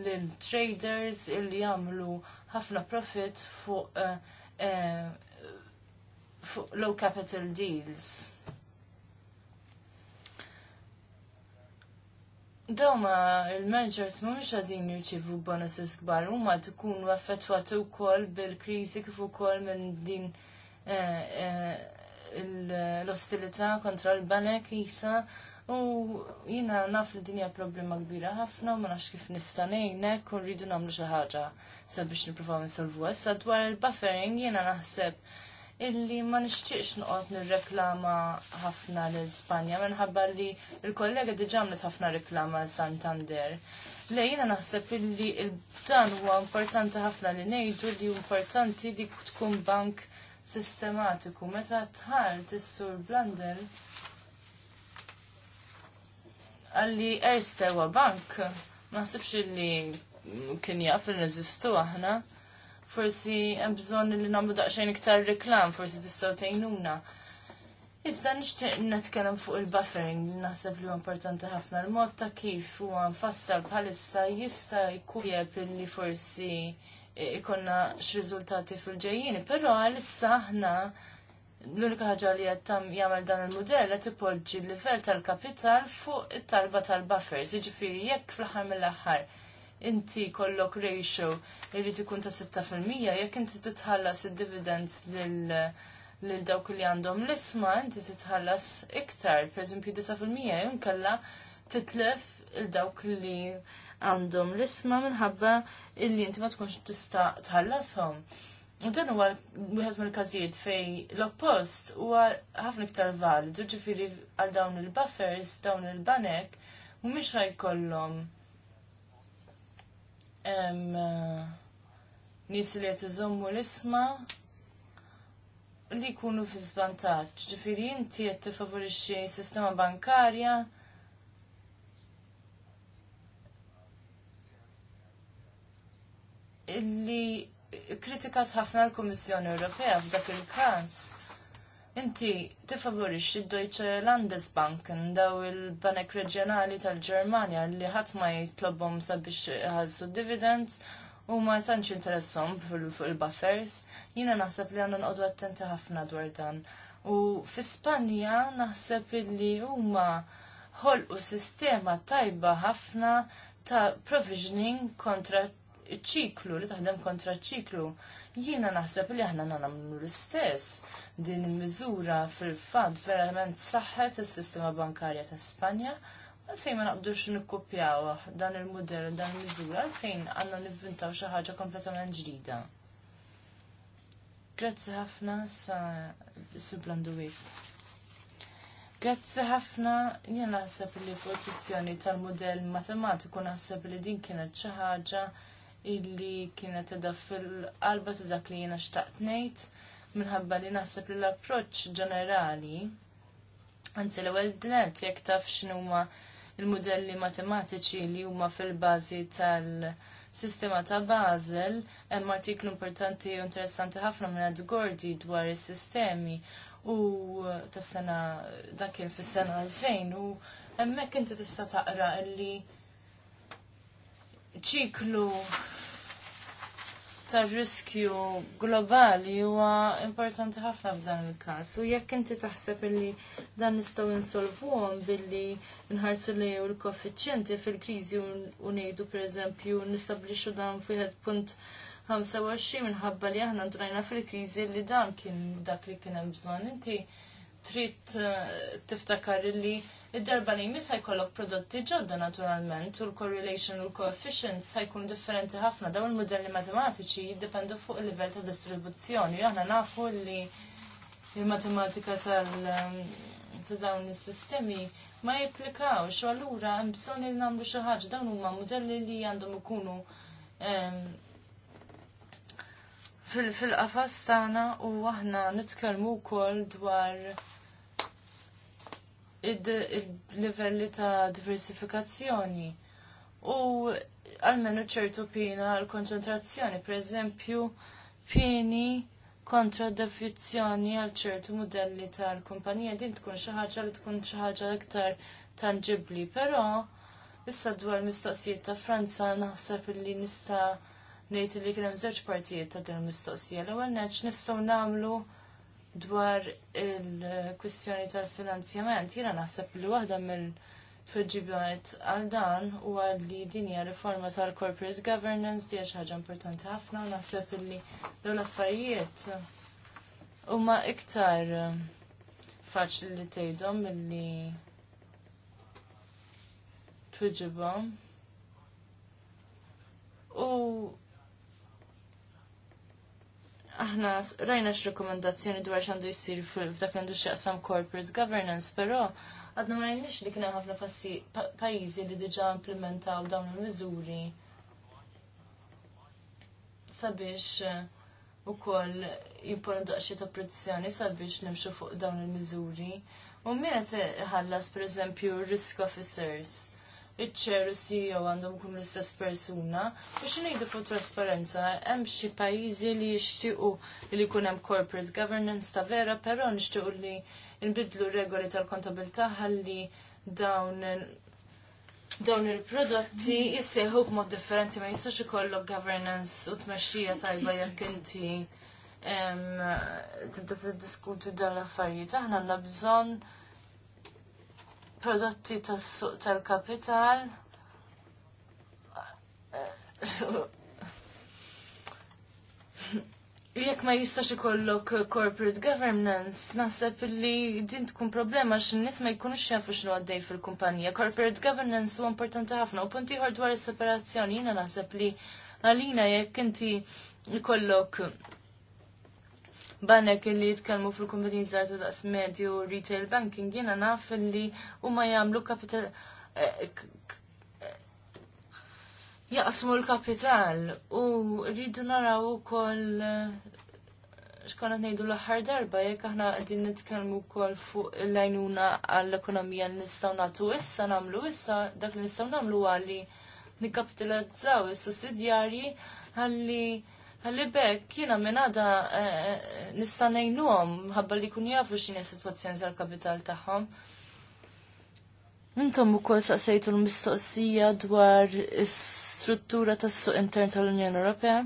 lil traders illi jagħmlu ħafna profit fuq uh, uh, fuq low capital deals. Dawma il-managers mux għadin jirċivu bonuses kbar, huma tkunu affettwati wkoll bil-kriżi kif ukoll minn din eh, eh, l-ostilità kontra l-banek jisa u jina naf li dinja problema kbira ħafna ma nafx kif nista' nek u rridu nagħmlu xi ħaġa sabiex nippruvaw nisolvu Issa dwar il-buffering jiena naħseb illi ma nixtieqx noqgħod nirreklama ħafna lil Spanja minħabba li l-kollega diġà għamlet ħafna reklama l Santander. Le jiena naħseb illi dan huwa importanti ħafna li ngħidu li importanti li tkun bank sistematiku. Meta tħalt is-sur Blandel għalli erstewa bank, ma sibx li kien jaf li neżistu aħna forsi hemm bżonn li nagħmlu daqsxejn iktar reklam, forsi tistgħu tgħinuna. Iżda nixtieq nitkellem fuq il-buffering li naħseb li huwa importanti ħafna l-mod ta' kif huwa mfassal bħalissa jista' jkun li forsi ikonna x'riżultati fil-ġejjieni, però għalissa aħna l-unika ħaġa li qed jagħmel dan il-mudell qed ipoġġi l-livell tal-kapital fuq it-talba tal-buffers, jiġifieri jekk fl-aħħar mill-aħħar inti kollok ratio irrid ikun ta' 6% jekk inti titħallas id-dividends lil lil dawk li għandhom l-isma inti titħallas iktar, pereżempju 9% jinkella titlef il dawk li għandhom l-isma minħabba illi inti ma tkunx tista' tħallashom. U dan huwa wieħed mill-każijiet fejn l-oppost huwa ħafna iktar validu, ġifieri għal dawn il-buffers, dawn il-banek, mhumiex ħajkollhom Eh, nies li qed iżommu l-isma li jkunu fi żvantaġġ. Ġifieri inti qed tifavorixxi sistema bankarja illi kritikat ħafna l-Kummissjoni Ewropea f'dak il-każ Inti tifavorix id-Deutsche Landesbank daw il-Banek Reġjonali tal-Ġermanja li ħadd ma jitlobhom sabiex iħallsu dividends u ma tantx interessom fuq il-buffers. Jiena naħseb li għandna nqogħdu attenti ħafna dwar dan. U Spanja naħseb li huma ħolqu sistema tajba ħafna ta' provisioning kontra ċiklu li taħdem kontra ċiklu. Jiena naħseb li aħna nagħmlu l-istess din il-miżura fil-fatt verament saħħet is-sistema bankarja ta' Spanja. Għalfejn ma naqbdux nikkopjaw dan il-modell, dan il-miżura, għalfejn għandna nivvintaw xi ħaġa kompletament ġdida. Grazzi ħafna sa Siblanduwik. Grazzi ħafna, jien naħseb li fuq kwistjoni tal-modell matematiku naħseb li din kienet xi ħaġa illi kienet edha fil-qalba ta' dak li jiena xtaqt ngħid minħabba li naħseb li l-approċ ġenerali, anzi l-ewwel dinet jekk taf x'inhuma il-modelli matematiċi li huma fil-bażi tal- sistema ta' Basel hemm artiklu importanti u interessanti ħafna minn Gordi dwar is-sistemi u tas sena dakil fis-sena 2000 u hemmhekk inti tista' taqra li ċiklu ta' riskju globali huwa importanti ħafna f'dan il-każ. U jekk inti taħseb illi dan nistgħu insolvuhom billi nħarsu lejn l-koeffiċjenti fil-kriżi u ngħidu pereżempju nistabblixxu dan f'wieħed punt 25 minħabba li aħna ntrajna fil-kriżi li dan kien dak li kien hemm bżonn. Inti trid eh, tiftakar illi id-darba li jmiss jkollok prodotti ġodda naturalment u l-correlation u l-coefficient ħajkun differenti ħafna dawn il-modelli matematiċi jiddependu fuq il-livell ta' distribuzzjoni. Aħna nafu li il-matematika tal dawn is-sistemi ma jipplikawx u allura hemm bżonn li nagħmlu xi ħaġa dawn huma modelli li għandhom ikunu ehm, fil-qafas tagħna u aħna nitkellmu wkoll dwar il-livelli ta' diversifikazzjoni u għalmenu ċertu pina għal-konċentrazzjoni, per eżempju, pini kontra defizzjoni għal ċertu modelli tal-kumpanija din tkun xi ħaġa li tkun xi ħaġa iktar tangibli, però issa dwar mistoqsijiet ta' Franza naħseb li nista' ngħid li kien hemm żewġ partijiet ta' din il-mistoqsija. L-ewwel neċ nistgħu nagħmlu dwar il-kwistjoni tal-finanzjament, jiena naħseb li waħda mill-tweġibiet għal dan u li din hija riforma tal-corporate governance di ħaġa importanti ħafna u naħseb li dawn l-affarijiet huma iktar um, faċli li tgħidhom milli tweġibhom. U aħna rajna x-rekomendazzjoni dwar xandu jissir f'dak l xaqsam corporate governance, pero għadna ma rajnix li kena ħafna pajizi li diġa implementaw dawn il-mizuri sabiex eh, u koll jimponu daqxie ta' produzzjoni sabiex nimxu fuq dawn il-mizuri. U minna ħallas per eżempju risk officers iċ-ċer u CEO għandhom kum l-istess persuna. U xinejdu fuq trasparenza, hemm xi pajjiżi li jixtiequ li jkun hemm corporate governance ta' vera, però nixtiequ li nbidlu regoli tal-kontabilità ħalli dawn dawn il-prodotti jissejħu b'mod differenti ma jistax ikollok governance u tmexxija tajba jekk inti tibda tiddiskutu dan l-affarijiet. Aħna għandna bżonn prodotti tas-suq tal-kapital. Jekk ma jistax ikollok corporate governance, naħseb li din tkun problema x'in nies ma jkunux jafu x'nu għaddej fil-kumpanija. Corporate governance huwa importanti ħafna u punt ieħor dwar is-separazzjoni jiena naħseb li għalina jekk inti jkollok banek li jitkellmu fil-kumpaniż żgħar daqs medju retail banking jiena naf li huma jagħmlu kapital eh, eh, jaqsmu l-kapital u rridu naraw ukoll eh, xkonna ngħidu l-aħħar darba jekk aħna qegħdin nitkellmu wkoll fuq l-għajnuna għall-ekonomija li nistgħu nagħtu issa nagħmlu issa dak li nistgħu nagħmlu għalli nikkapitalizzaw is-sussidjarji ħalli Għalli bekk, jina minnada eh, eh, għom, għabba li kun jafu xini situazzjoni tal-kapital taħħom. Intom u kol saqsejtu l-mistoqsija dwar struttura tas suq intern tal-Unjoni Ewropea.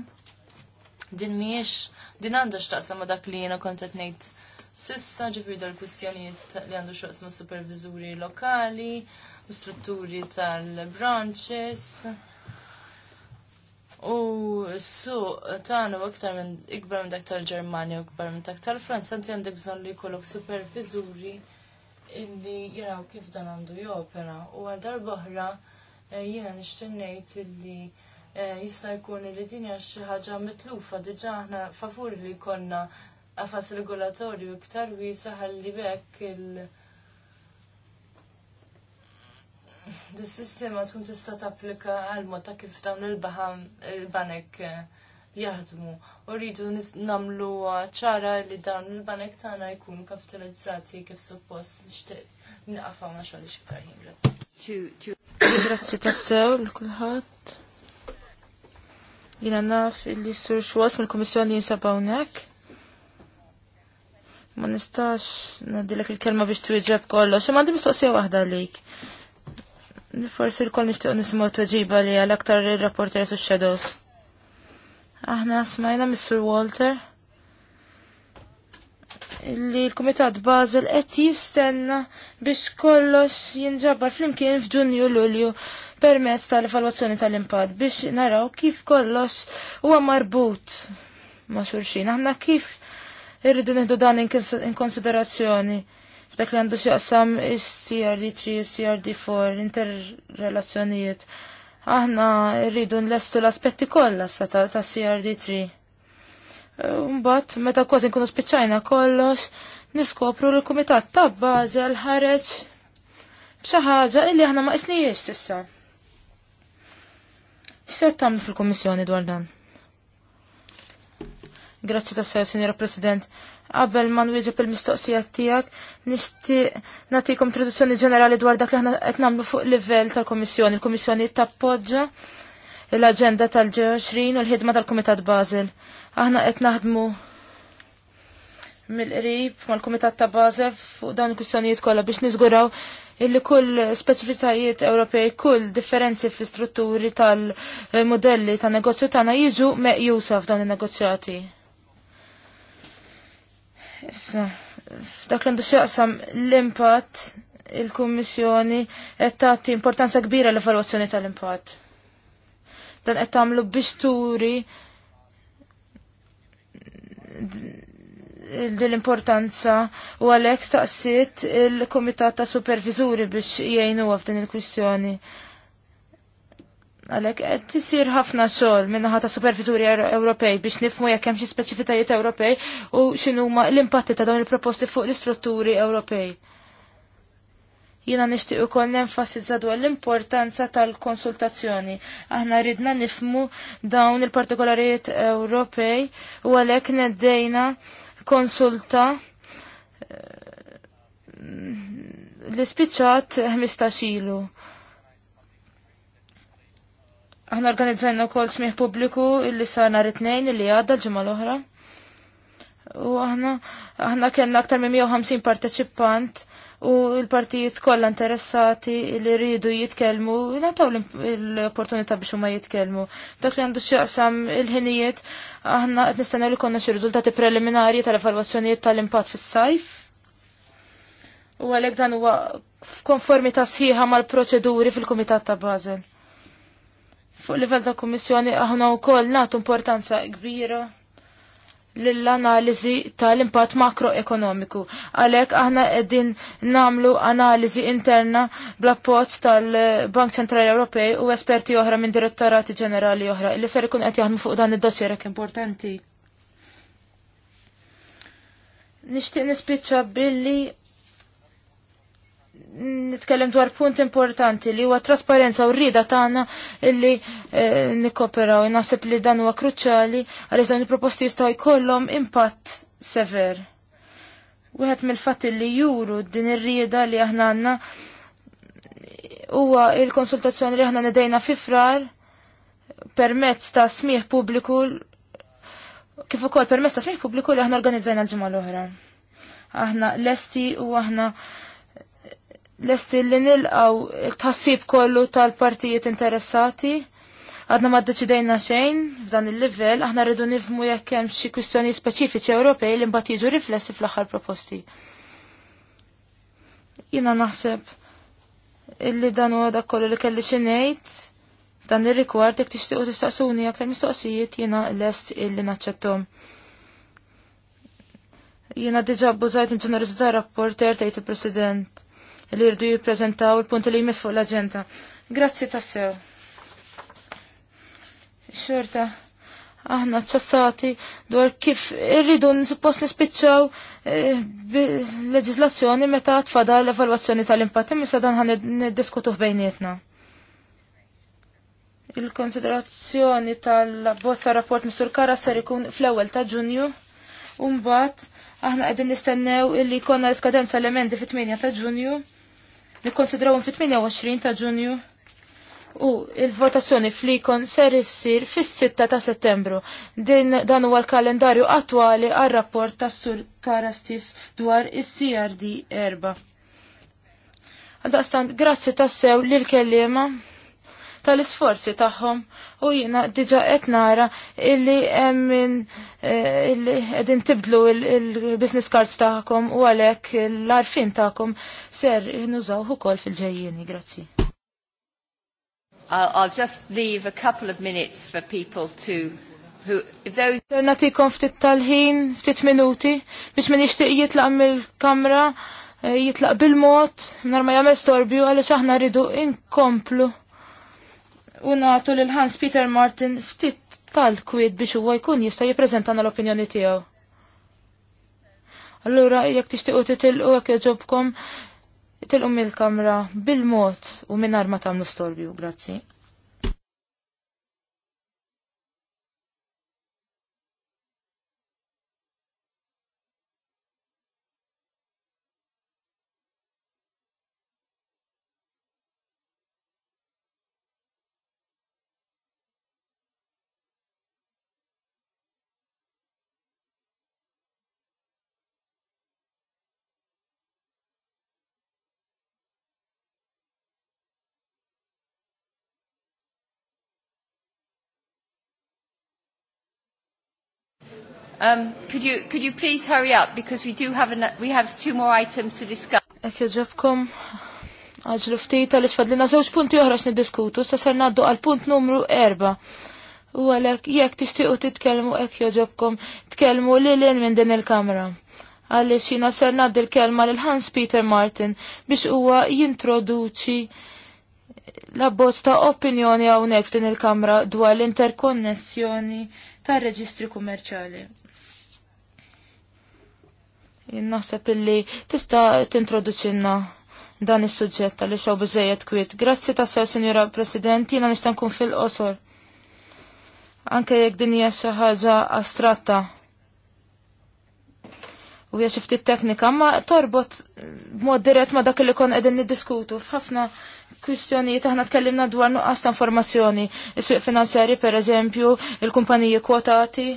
Din miex, din għandu xtaqsa ma dak li jena kontet nejt sissa ġifri dal-kustjonijiet li għandu xoqsma supervizuri lokali, strutturi tal-branches. U s tana tagħna aktar minn ikbar minn daktar Ġermani ġermanja u ikbar minn daktar tal-Franza inti għandek bżonn li jkollok superviżuri illi jiraw kif dan għandu jopera. U għal darba oħra eh, jiena nixtieq ngħid illi eh, jista' jkun li din hija xi ħaġa mitlufa diġà aħna favur li jkollna għafas regolatorju iktar wiesa ħalli bekk il- dis-sistema tkun tista' tapplika għal mod ta' kif dawn il-baħam il-banek eh, jaħdmu. U rridu namlu ċara li dawn il-banek tagħna jkunu kapitalizzati kif suppost nixtieq naqfa ma xogħol iktar ħin. Grazzi tassew l kulħadd. Jina naf illi sur xwas mill-Kummissjoni jinsab hawnhekk ma nistax nadilek il-kelma biex twieġeb kollox, ma għandi mistoqsija waħda għalik. Forsi l-kol nishtiq nisimaw tweġiba li għal-aktar il-rapporter su Shadows. Aħna smajna Mr. Walter li l-Komitat Basel qed jistenna biex kollox jinġabbar flimkien f'Ġunju Lulju permezz tal-evalwazzjoni tal-impatt biex naraw kif kollox huwa marbut ma' xurxin. Aħna kif irridu nieħdu dan in konsiderazzjoni. In dak li għandu xaqsam CRD3 u CRD4 interrelazzjonijiet. Aħna rridu nlestu l-aspetti kollha sa ta', ta CRD3. Mbagħad meta kważi nkunu spiċċajna kollox, niskopru l-kumitat ta' Basel ħareġ b'xi ħaġa illi aħna ma isnijiex s'issa. X'qed tagħmlu fil-Kummissjoni dwar dan? Grazzi tassew, Sinjora President. Qabel ma nwieġeb il-mistoqsija tiegħek nixtieq nagħtikom traduzzjoni ġenerali dwar dak li ħna qed nagħmlu fuq livell tal-Kummissjoni. il komissjoni tappoġġa l-aġenda tal-20 u l-ħidma tal-Kumitat Basel. Aħna qed naħdmu mill-qrib mal-Kumitat ta' Basel fuq dawn il-kwistjonijiet kollha biex niżguraw illi kull speċifitajiet Ewropej, kull differenzi fl-istrutturi tal-modelli tan negozju tagħna jiġu meqjusa f'dawn in-negozjati. Issa, f'dak l-għandu xaqsam l-impatt il-Kummissjoni qed tagħti importanza kbira l-evalwazzjoni tal-impatt. Dan qed tagħmlu biex turi l-importanza u għalhekk staqsit il-Kumitat ta' Supervizuri biex jgħinu għafdin il kwistjoni Għalek, eh, tisir ħafna xol minnaħa ta' supervizuri Ewropej biex nifmu jekk hemm xi speċifitajiet Ewropej u x'inhuma l-impatti ta' dawn il-proposti fuq l-istrutturi Ewropej. Jiena nixtieq ukoll nenfasizza dwar l-importanza tal-konsultazzjoni. Aħna ridna nifmu dawn il-partikolarijiet Ewropej u għalhekk neddejna konsulta eh, l-ispiċċat 15 ilu Aħna organizzajna wkoll smieħ pubbliku illi sar nhar it-tnejn illi għadda l-ġimgħa l-oħra. U aħna aħna kellna aktar minn 150 parteċipant u l-partijiet kollha interessati li rridu jitkellmu nataw l-opportunità biex huma jitkellmu. Dak li għandu x'jaqsam il-ħinijiet aħna qed nistennew li konna xi riżultati preliminarji tal-evalwazzjonijiet tal-impatt fis-sajf. U għalhekk dan huwa f'konformità sħiħa mal-proċeduri fil-Kumitat ta' Basel. Fuq livell ta' kummissjoni aħna wkoll nagħtu importanza kbira l-analizi tal-impatt makroekonomiku. Għalek aħna qegħdin namlu analizi interna bl-appoċ tal-Bank Centrali Ewropej u esperti oħra minn direttorati ġenerali oħra Illi ser ikun qed jaħdmu fuq dan id-dossier importanti. Nixtieq nispiċċa billi nitkellem dwar punt importanti li huwa trasparenza u rrida tagħna illi eh, nikkoperaw. Naħseb li dan huwa kruċjali għaliex dawn il-proposti jistgħu jkollhom impatt sever. Wieħed mill-fatt li juru din ir-rieda li aħna għandna huwa il-konsultazzjoni li aħna nedejna fi frar permezz ta' smieħ pubbliku kif ukoll permezz ta' smieħ pubbliku li aħna organizzajna l-ġimgħa l-oħra. Aħna lesti u aħna lesti li nilqaw tħassib kollu tal-partijiet interessati. Għadna ma deċidejna xejn f'dan il-livell, aħna rridu nifmu jekk hemm xi kwistjoni speċifiċi Ewropej li mbagħad jiġu riflessi fl-aħħar proposti. Jiena naħseb illi dan huwa dak kollu li kelli xi ngħid dan ir-rigward jekk tixtiequ tistaqsuni aktar mistoqsijiet jiena lest illi naċċettom. Jiena diġà bbużajt minn ġenerożità rapporter tgħid il-President li jirdu jippreżentaw il-punti li jmiss fuq l-aġenda. Grazzi tassew. Xorta, aħna ċassati dwar kif irridu suppost nispiċċaw eh, leġislazzjoni meta tfada l-evalwazzjoni tal-impatti, misa dan ħan diskutuħ bejnietna. Il-konsiderazzjoni tal-bozza rapport Mr. Kara ser ikun fl-ewwel ta' Ġunju, u mbagħad aħna qegħdin nistennew illi jkollna l-iskadenza l-emendi fit-8 ta' Ġunju nikkonsidrawhom fit-28 ta' Ġunju u il-votazzjoni fl-ikon ser issir fis-6 ta' Settembru. Din dan huwa l-kalendarju attwali għar-rapport tas Sur Karastis dwar is-CRD erba'. Għaldaqstant, grazzi tassew lil kelliema tal-isforzi tagħhom u jiena diġa qed nara illi hemm min eh, illi qegħdin tibdlu il-business cards tagħkom u għalhekk l-arfin tagħkom ser nużawh ukoll fil-ġejjieni. Grazzi. I'll just leave a couple of minutes for people to who if those natikom ftit tal-ħin ftit minuti biex min jixtieq jitlaq mill-kamra eh, jitlaq bil-mod nar ma jagħmel storbju għaliex aħna rridu inkomplu u natu lil Hans Peter Martin ftit tal-kwid biex huwa jkun jista' jippreżentana l-opinjoni tiegħu. Allura jekk tixtiequ titilqu jekk jogħġobkom tilqu mill-kamra bil-mod u mingħajr ma tagħmlu storbju, grazzi. Um, could you could you please hurry up because we do have an, we have two more items to discuss. Ekk ġobkom għaġlu ftit għal isfadlina żewġ punti oħra x'niddiskutu, sa ser ngħaddu għal punt numru erba. U għalhekk jekk tixtiequ titkellmu hekk joġobkom tkellmu in minn din il-kamra. Għaliex jiena ser ngħaddi l-kelma lil Hans Peter Martin biex huwa jintroduċi la bosta ta' opinjoni hawnhekk din il-kamra dwar l-interkonnessjoni tar-reġistri kummerċali. Naħseb illi tista' t-introduċinna dan is-suġġett tal xaw biżejjed kwiet. Grazzi ta' sew, Senjora President, jiena nista' nkun fil-qosor. Anke jekk din hija xi ħaġa astratta. U hija xi ftit teknika, ma torbot b'mod dirett ma dak li kon qegħdin niddiskutu f'ħafna kwistjonijiet aħna tkellimna dwar nuqqas ta' informazzjoni, is-swieq finanzjari per eżempju, il-kumpaniji kwotati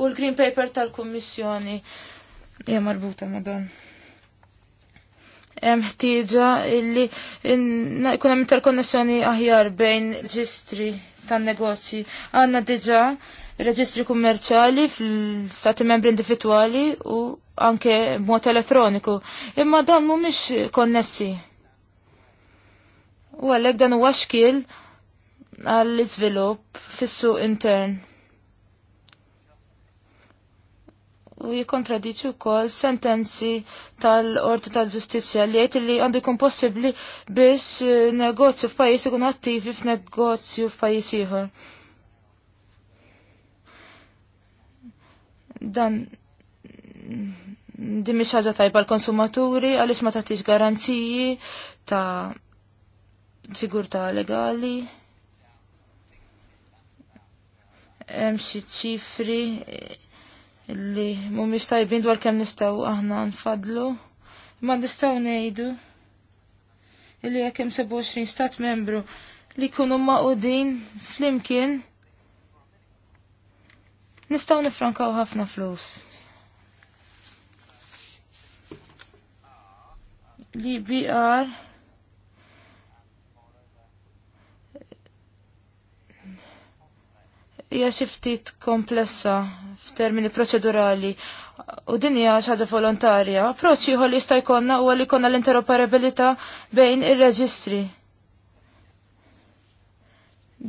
u l-green paper tal-kummissjoni hija marbuta ma' dan. Hemm ħtieġa illi jkun hemm interkonnessjoni aħjar bejn reġistri tan-negozji. Għandna diġà reġistri kummerċali fl-stati membri individwali u anke b'mod elettroniku. Imma dan mhumiex konnessi. U għalhekk dan huwa xkil għall-iżvilupp fis-suq intern. u jikontradiċi wkoll sentenzi tal-Qorti tal-Ġustizzja li jgħid li għandu jkun possibbli biex eh, negozju f'pajjiż ikun attivi f'negozju f'pajjiż ieħor. Dan di mhix ħaġa tajba l-konsumaturi għaliex ma tagħtix garanziji ta' sigurtà legali hemm xi ċifri Illi mhumiex tajbin dwar kemm nistgħu aħna nfadlu. Ma nistgħu ngħidu illi jekk hemm 27 stat membru li jkunu maqudin flimkien nistgħu nifrankaw ħafna flus. Li BR hija xi ftit komplessa f'termini proċedurali u din hija xi ħaġa volontarja. Approċċ ieħor li jista' jkollna huwa li jkollna l-interoperabilità bejn ir-reġistri.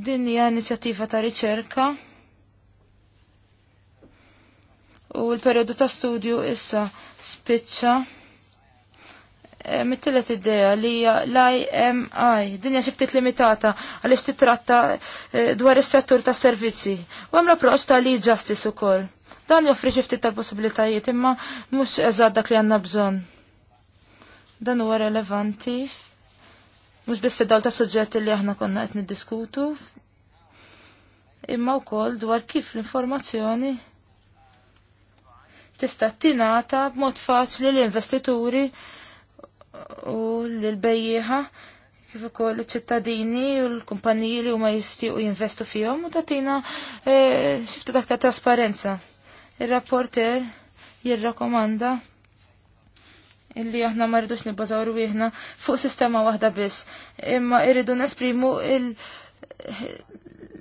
Din hija inizjattiva ta' riċerka u l-perjodu ta' studju issa spiċċa. Eh, mit-tillet id-deja li l-IMI, dinja xiftit limitata għaliex titratta eh, dwar is-settur ta' servizzi. U hemm l ta' li justice ukoll. Dan joffri xiftit tal-possibilitajiet imma mhux eżatt dak li għandna bżonn. Dan huwa relevanti mhux biss fid-dawl ta' suġġetti li aħna konna qed niddiskutu imma wkoll dwar kif l-informazzjoni tista' tingħata b'mod faċli l-investituri u l-bejjieħa kif ukoll iċ-ċittadini u l-kumpaniji li huma jistgħu jinvestu fihom u tagħtina e, xifta dak trasparenza. Ir-rapporter jirrakkomanda illi aħna ma rridux nibbażaw ruħna fuq sistema waħda biss, imma irridu nesprimu il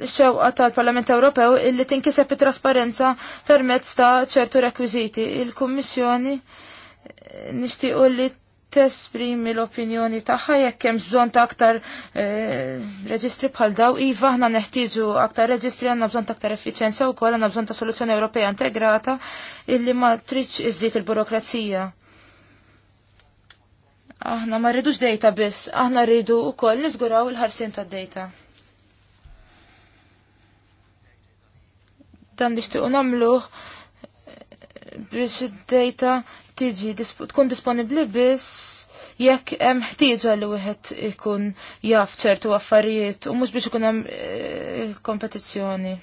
xewqa tal-Parlament Ewropew illi tinkiseb it-trasparenza permezz ta' ċertu rekwiżiti. Il-Kummissjoni nixtiequ li tesprimi l-opinjoni tagħha jekk hemm bżonn ta' aktar eh, reġistri bħal daw, iva aħna neħtieġu aktar reġistri għandna bżonn ta' aktar effiċjenza wkoll għandna bżonn ta' soluzzjoni Ewropea integrata illi ma tridx iżżid il-burokrazija. Aħna ma rridux dejta biss, aħna rridu wkoll niżguraw il-ħarsien tad-dejta. Dan nixtiequ nagħmluh biex id-data tiġi tkun disponibbli biss jekk hemm ħtieġa li wieħed ikun jaf ċertu affarijiet u mhux biex ikun hemm eh, kompetizzjoni.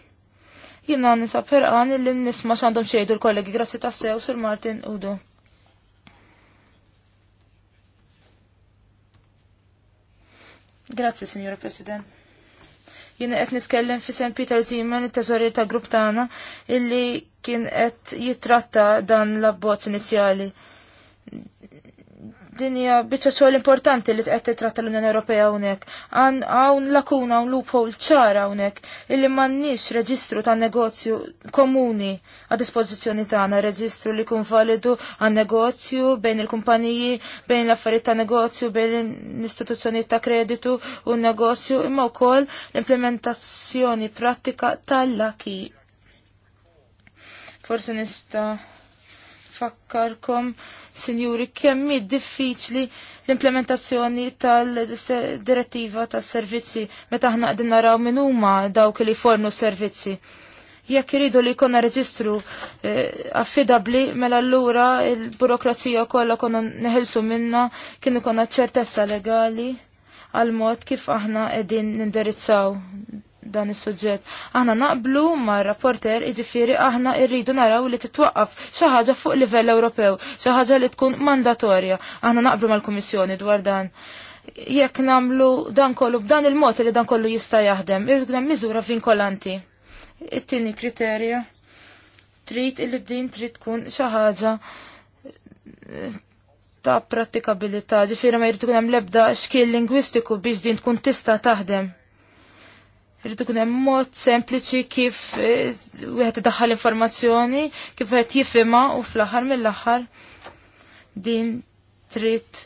Jiena nisab ħerqan li nisma' x'għandhom xejdu l-kollegi grazzi sew sur Martin Udo. Grazie, signora Presidente. Jien qed nitkellem fi St. Peter Zeman, it-teżorir ta' grupp tagħna, illi kien qed jitratta dan l-abbozz inizjali dinja bieċa xogħol importanti li t-għetti titratta l-Unjoni Ewropea hawnhekk. Hawn lakuna hawn loophole ċara hawnhekk illi m'għandniex reġistru ta' negozju komuni għad dispożizzjoni tagħna, reġistru li jkun validu għan negozju bejn il-kumpaniji, bejn l-affarijiet ta' negozju, bejn l istituzzjoni ta' kreditu u negozju imma wkoll l-implementazzjoni pratika tal-laki. Forsi nista' Fakkarkom sinjuri, kemmi diffiċli l-implementazzjoni tal-direttiva tas-servizzi meta aħna qegħdin naraw minn huma dawk li fornu servizzi. Jekk iridu li jkollna reġistru eh, affidabli mela allura il-burokrazija kollha konna neħilsu minna kien ikonna ċertezza legali għal mod kif aħna qegħdin nindirizzaw dan is-suġġett. Aħna naqblu ma' rapporter iġifieri aħna rridu naraw li titwaqqaf xi ħaġa fuq livell Ewropew, xi ħaġa li tkun mandatorja. Aħna naqblu mal-Kummissjoni dwar dan. Jekk namlu dan kollu b'dan il-mod li dan kollu jista' jaħdem, irridu miżura vinkolanti. It-tieni kriterja trid illi din trid tkun xi ħaġa eh, ta' pratikabilità, ġifieri ma jrid tkun hemm l-ebda xkil lingwistiku biex din tkun tista' taħdem rridu ikun hemm mod sempliċi kif eh, wieħed idaħħal informazzjoni, kif wieħed jifhimha u fl-aħħar mill-aħħar din trid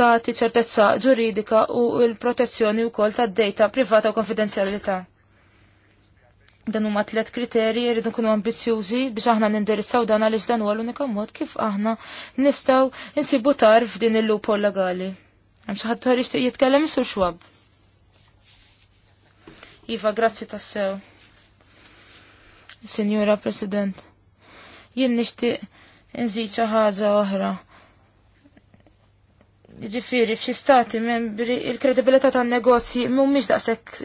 tagħti ċertezza ġuridika u l-protezzjoni wkoll tad-dejta privata u konfidenzjalità. Dan huma tliet kriterji rridu nkunu ambizjużi biex aħna nindirizzaw dan għaliex dan huwa l-unika mod kif aħna nistgħu insibu tarf din il-lupol legali. Hemm xi ħadd jixtieq jitkellem is xwab. Iva, grazzi tassew. Signora President, jien nixtieq nżid ħaġa oħra. Ġifiri, f'xi stati membri il-kredibilità tan-negozji mhumiex daqshekk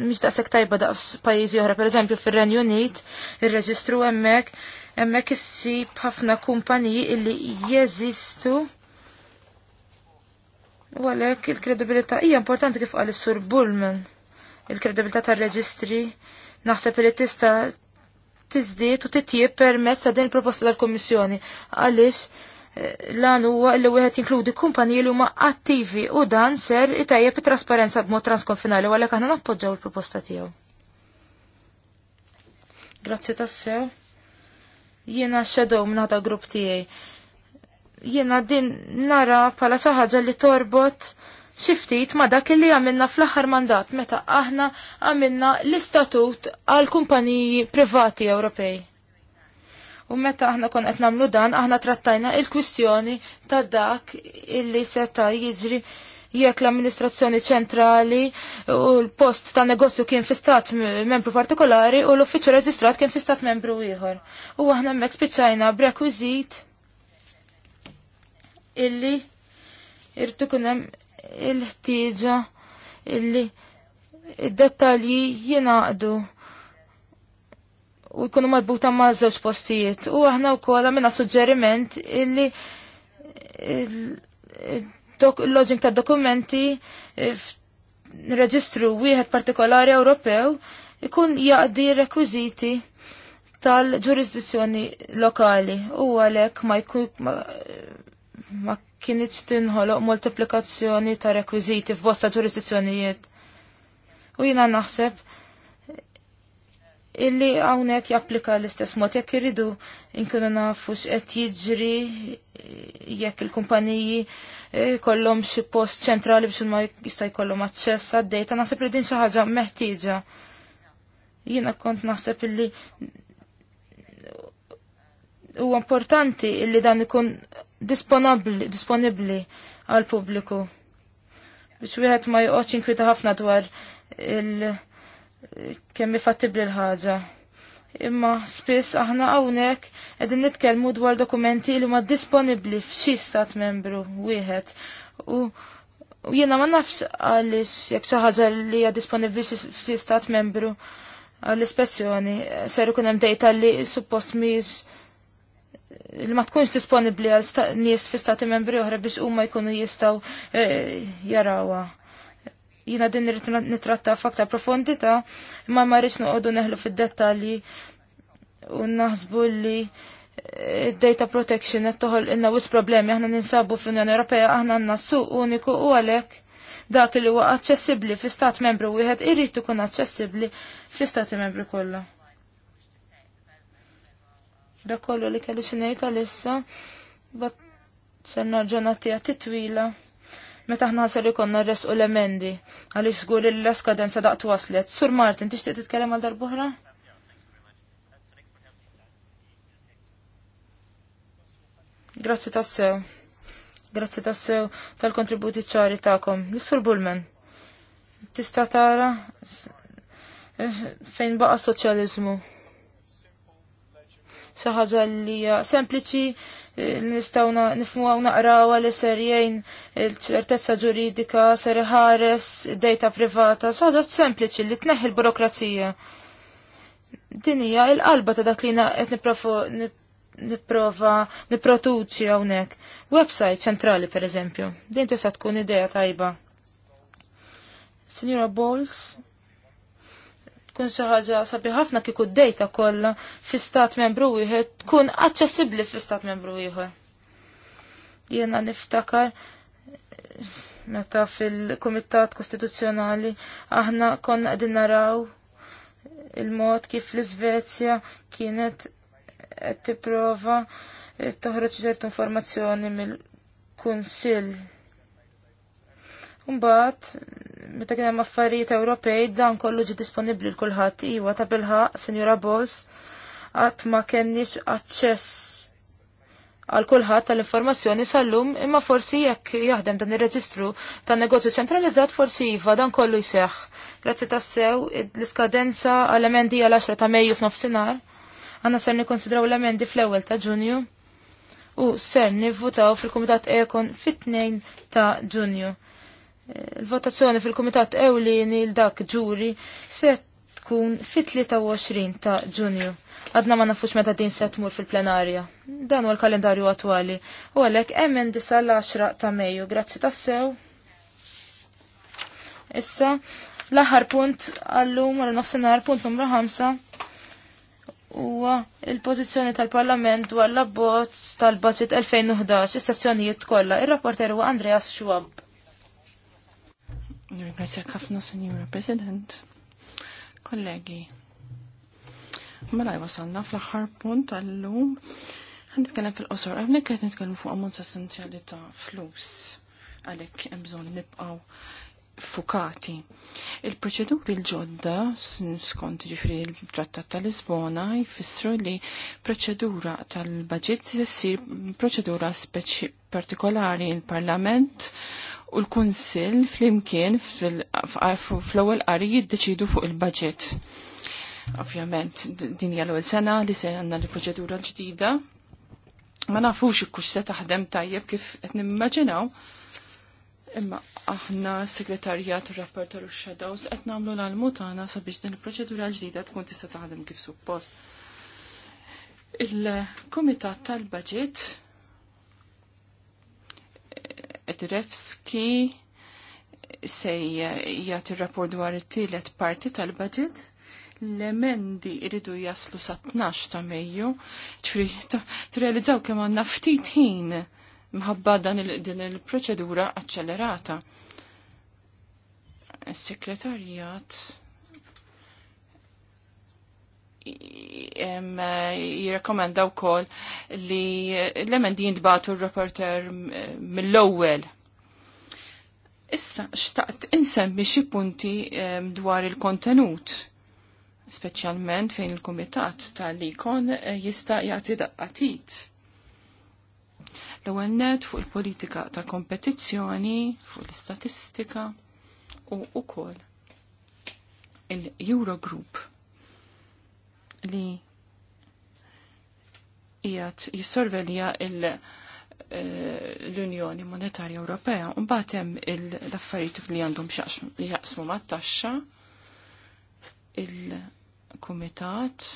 mhix daqshekk tajba daqs pajjiżi oħra, pereżempju fir-Renju Unit, ir-reġistru hemmhekk hemmhekk issib ħafna kumpaniji illi jeżistu u għalhekk il-kredibilità hija importanti kif qal is-Sur Bullman il-kredibilità tar-reġistri naħseb li tista' tiżdied u titjieb permezz ta' din il-proposta tal kummissjoni Għaliex eh, lan huwa li wieħed jinkludi kumpaniji li huma attivi u dan ser itajjeb it-trasparenza b'mod transkonfinali għalhekk aħna nappoġġaw il-proposta tiegħu. Grazzi tassew. Jiena xedow minn ta' grupp tiegħi. Jiena din nara pala xi ħaġa li torbot xiftit ma dak li għamilna fl-aħħar mandat meta aħna għamilna l-istatut għal kumpaniji privati Ewropej. U meta aħna kon qed nagħmlu dan, aħna trattajna il-kwistjoni ta' dak illi seta jiġri jekk l-amministrazzjoni ċentrali u l-post ta' negozju kien fi stat membru partikolari u l-uffiċċju reġistrat kien fi stat membru ieħor. U aħna hemmhekk spiċċajna b'rekwiżit illi irtu kunem il-ħtieġa illi id-dettalji jinaqdu u jkunu marbuta ma' żewġ postijiet. U aħna wkoll għamilna suġġeriment illi il-loġing ta' dokumenti reġistru wieħed partikolari Ewropew ikun jaqdi rekwiżiti tal-ġurisdizzjoni lokali u għalhekk ma jkun ma kienet tinħoloq multiplikazzjoni ta' rekwiziti f'bosta ġurisdizzjonijiet. U jina naħseb illi għawnek japplika l-istess mod jekk iridu inkunu nafu x'qed jiġri jekk il-kumpaniji eh, kollhom xi post ċentrali biex ma jista' jkollhom aċċess għad-dejta naħseb li din xi ħaġa meħtieġa. Jiena kont naħseb illi huwa importanti illi dan ikun disponibli għal pubbliku biex wieħed ma joqgħodx inkwita ħafna dwar il kemm ifattibli l-ħaġa. Imma spiss aħna hawnhekk qegħdin nitkellmu dwar dokumenti li huma disponibbli f'xi stat membru wieħed u jiena ma nafx għaliex jekk xi ħaġa li hija disponibbli f'xi stat membru għall-ispezzjoni ser ikun hemm dejta li suppost mhijiex li ma tkunx disponibli għal nies fi stati membri oħra biex huma jkunu jistaw eh, jarawa. Jina din irid nitratta f'aktar profondità, ma ma rridx noqogħdu neħlu fid-dettalji u naħsbu li eh, data protection qed toħol inna wis problemi aħna ninsabu fl-Unjoni Ewropea aħna għandna suq uniku u għalhekk dak li huwa aċċessibbli fi stat membru wieħed irid ikun aċċessibbli fl-istati membri kollha. Da kollu li kelli xinejta għalissa, bat senna ġonati titwila. Meta ħna ser ikonna res u l-emendi, għalix zgur il-leskadenza daqt waslet. Sur Martin, tixtieq titkellem għal darbuħra? Grazzi tassew. Grazzi tassew tal-kontributi ċari ta'kom. Nissur sur Bullman, tista tara eh, fejn baqa soċjalizmu saħħaġa li hija sempliċi eh, nistgħu nifhmuha u naqrawha li ser jgħin ċertezza ġuridika serħares, data dejta privata, saħħaġa sempliċi li tneħħi l-burokrazija. Din hija l-qalba ta' dak li qed nipprova nipprotuċi hawnhekk. Website ċentrali pereżempju, din tista' tkun idea tajba. Signora Bowles, tkun xi ħaġa sabi ħafna kieku d-dejta kollha fi stat membru wieħed tkun aċċessibbli fi stat membru ieħor. Jiena niftakar meta fil-Kumitat Kostituzzjonali aħna konna qegħdin naraw il-mod kif l-Iżvezja kienet qed tipprova toħroġ ċertu informazzjoni mill-Kunsill Mbagħad meta kien hemm affarijiet Ewropej dan kollu ġi disponibbli l kulħadd iwa ta' bilħaq, Sinjura Bowles, qatt ma kenniex aċċess għal kulħadd tal-informazzjoni sal-lum imma forsi jekk jaħdem dan ir-reġistru tan-negozju ċentralizzat forsi iva dan kollu jseħħ. Grazzi tassew l-iskadenza għal emendi għal 10 ta' Mejju f'nofsinhar. Għanna ser nikkonsidraw l-emendi fl-ewwel ta' Ġunju u ser nivvutaw fil-Kumitat Ekon fit-2 ta' Ġunju l-votazzjoni fil-Kumitat Ewlieni l dak ġuri se tkun fit-23 ta' Ġunju. Għadna ma nafux meta din se tmur fil-plenarja. Dan huwa l-kalendarju attwali. U għalhekk emmen disa l-10 ta' Mejju. Grazzi tas-sew. Issa, l-aħħar punt għallum għal nofsinhar punt numru 5 huwa il-pożizzjoni tal-Parlament dwar l-abbozz tal-Budget 2011, is-sessjonijiet kollha. Ir-rapporter huwa Andreas Schwab. Ringrazzjak ħafna, Senjura President. Kollegi, mela jwasalna fl-aħħar punt tal-lum. Għan nitkellem fil-qosor, għamnek qed nitkellem fuq ammont sensjali ta' flus għalhekk hemm bżonn nibqgħu fukati. Il-proċeduri l-ġodda, skont ġifri l-Trattat tal-Lisbona, jfissru li proċedura tal-budget issir proċedura partikolari il-Parlament u l-Kunsill flimkien fl-ewwel qari jiddeċidu fuq il-budget. Ovvjament, din hija l-ewwel sena li se għandna l-proċedura ġdida. Ma nafux ikkux se taħdem tajjeb kif qed nimmaġinaw. Imma aħna segretarjat rapporter u shadows qed nagħmlu l-almutana sabiex din il-proċedura ġdida tkun tista' taħdem kif suppost. Il-Kumitat tal budget Edrevski se jgħati rapport dwar it-tielet parti tal-budget l-emendi iridu jaslu sa' 12 ta' Mejju, t-realizzaw kemm għandna ftit ħin mħabba din il-proċedura accelerata. il sekretarjat jirrekomenda wkoll li l-emendi jintbatu r-reporter mill-ewwel. Issa, xtaqt insemmi xi punti dwar il-kontenut, speċjalment fejn il-Kumitat tal kon eh, jista' jagħti daqqatit l-ewwel net fuq il-politika ta' kompetizzjoni, fuq l-istatistika u wkoll il-Eurogroup li jgħat jissorvelja eh, l-Unjoni Monetarja Ewropea un batem l-affarijiet li għandhom jaqsmu mat-taxxa il-Kumitat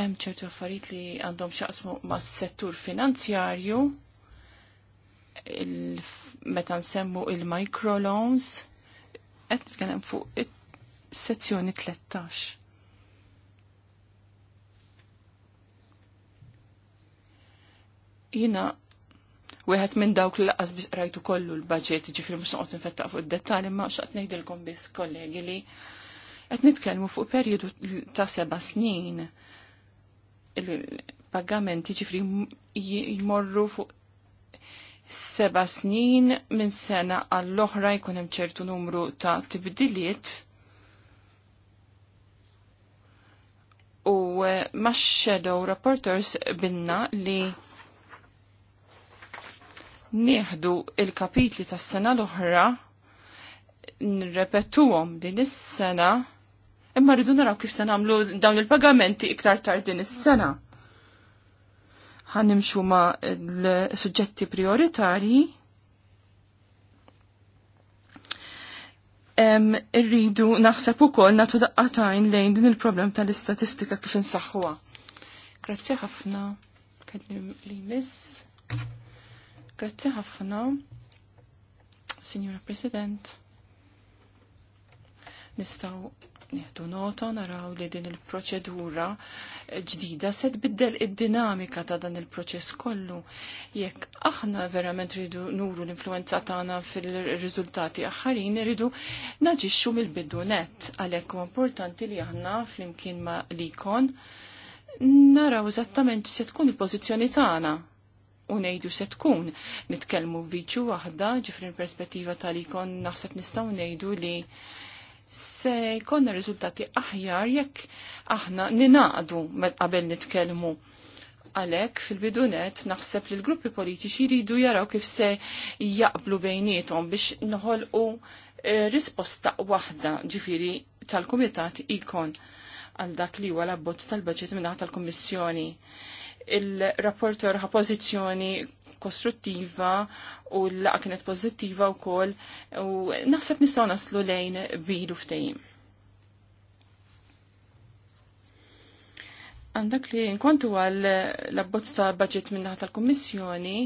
hemm ċertu affarijiet li għandhom xaqsmu mas-settur finanzjarju meta nsemmu il-microloans qed nitkellem fuq sezzjoni 13. Jina Wieħed minn dawk li laqas biss rajtu kollu l-budget, ġifri mhux noqgħod nfettaq fuq id-dettall, ma xaqt ngħidilkom biss kollegi li qed nitkellmu fuq perjodu ta' seba' snin il-pagamenti ġifri jmorru fuq seba snin minn sena għall-oħra jkun hemm ċertu numru ta' tibdiliet u eh, ma' shadow reporters binna li nieħdu il-kapitli tas-sena l-oħra nirrepetuhom din is-sena Imma rridu naraw kif se nagħmlu dawn il-pagamenti iktar tard din is-sena. Ħanimxu ma' l-suġġetti prioritarji. Irridu naħseb ukoll nagħtu daqqatajn lejn din il-problem tal-istatistika kif insaħħuha. Grazzi ħafna. Kellim li miss. Grazzi ħafna. Signora President, nistaw neħdu nota naraw li din il-proċedura ġdida se tbiddel id-dinamika ta' dan il-proċess kollu. Jekk aħna verament ridu nuru l-influenza tagħna fil-riżultati aħħarin iridu naġixxu mill-bidu net għalhekk huwa importanti li aħna flimkien ma' likon naraw eżattament se tkun il-pożizzjoni tagħna u nejdu se tkun. nitkellmu f'viġu waħda ġifri perspettiva tal-ikon naħseb nistaw nejdu li se jkollna riżultati aħjar jekk aħna ninaqdu qabel nitkellmu. Għalek fil-bidunet naħseb li l-gruppi politiċi jridu jaraw kif se jaqblu bejnietom biex noħolqu eh, risposta waħda ġifiri tal-Kumitat ikon għal dak li huwa l-abbozz tal-budget minnaħ tal-Kummissjoni. Il-rapporter ħa pożizzjoni kostruttiva u l-laqa kienet pozittiva u kol u naħseb nistaw naslu lejn bidu ftejim. Għandak li nkontu għal l-abbozz ta' budget minn naħa tal-Kommissjoni,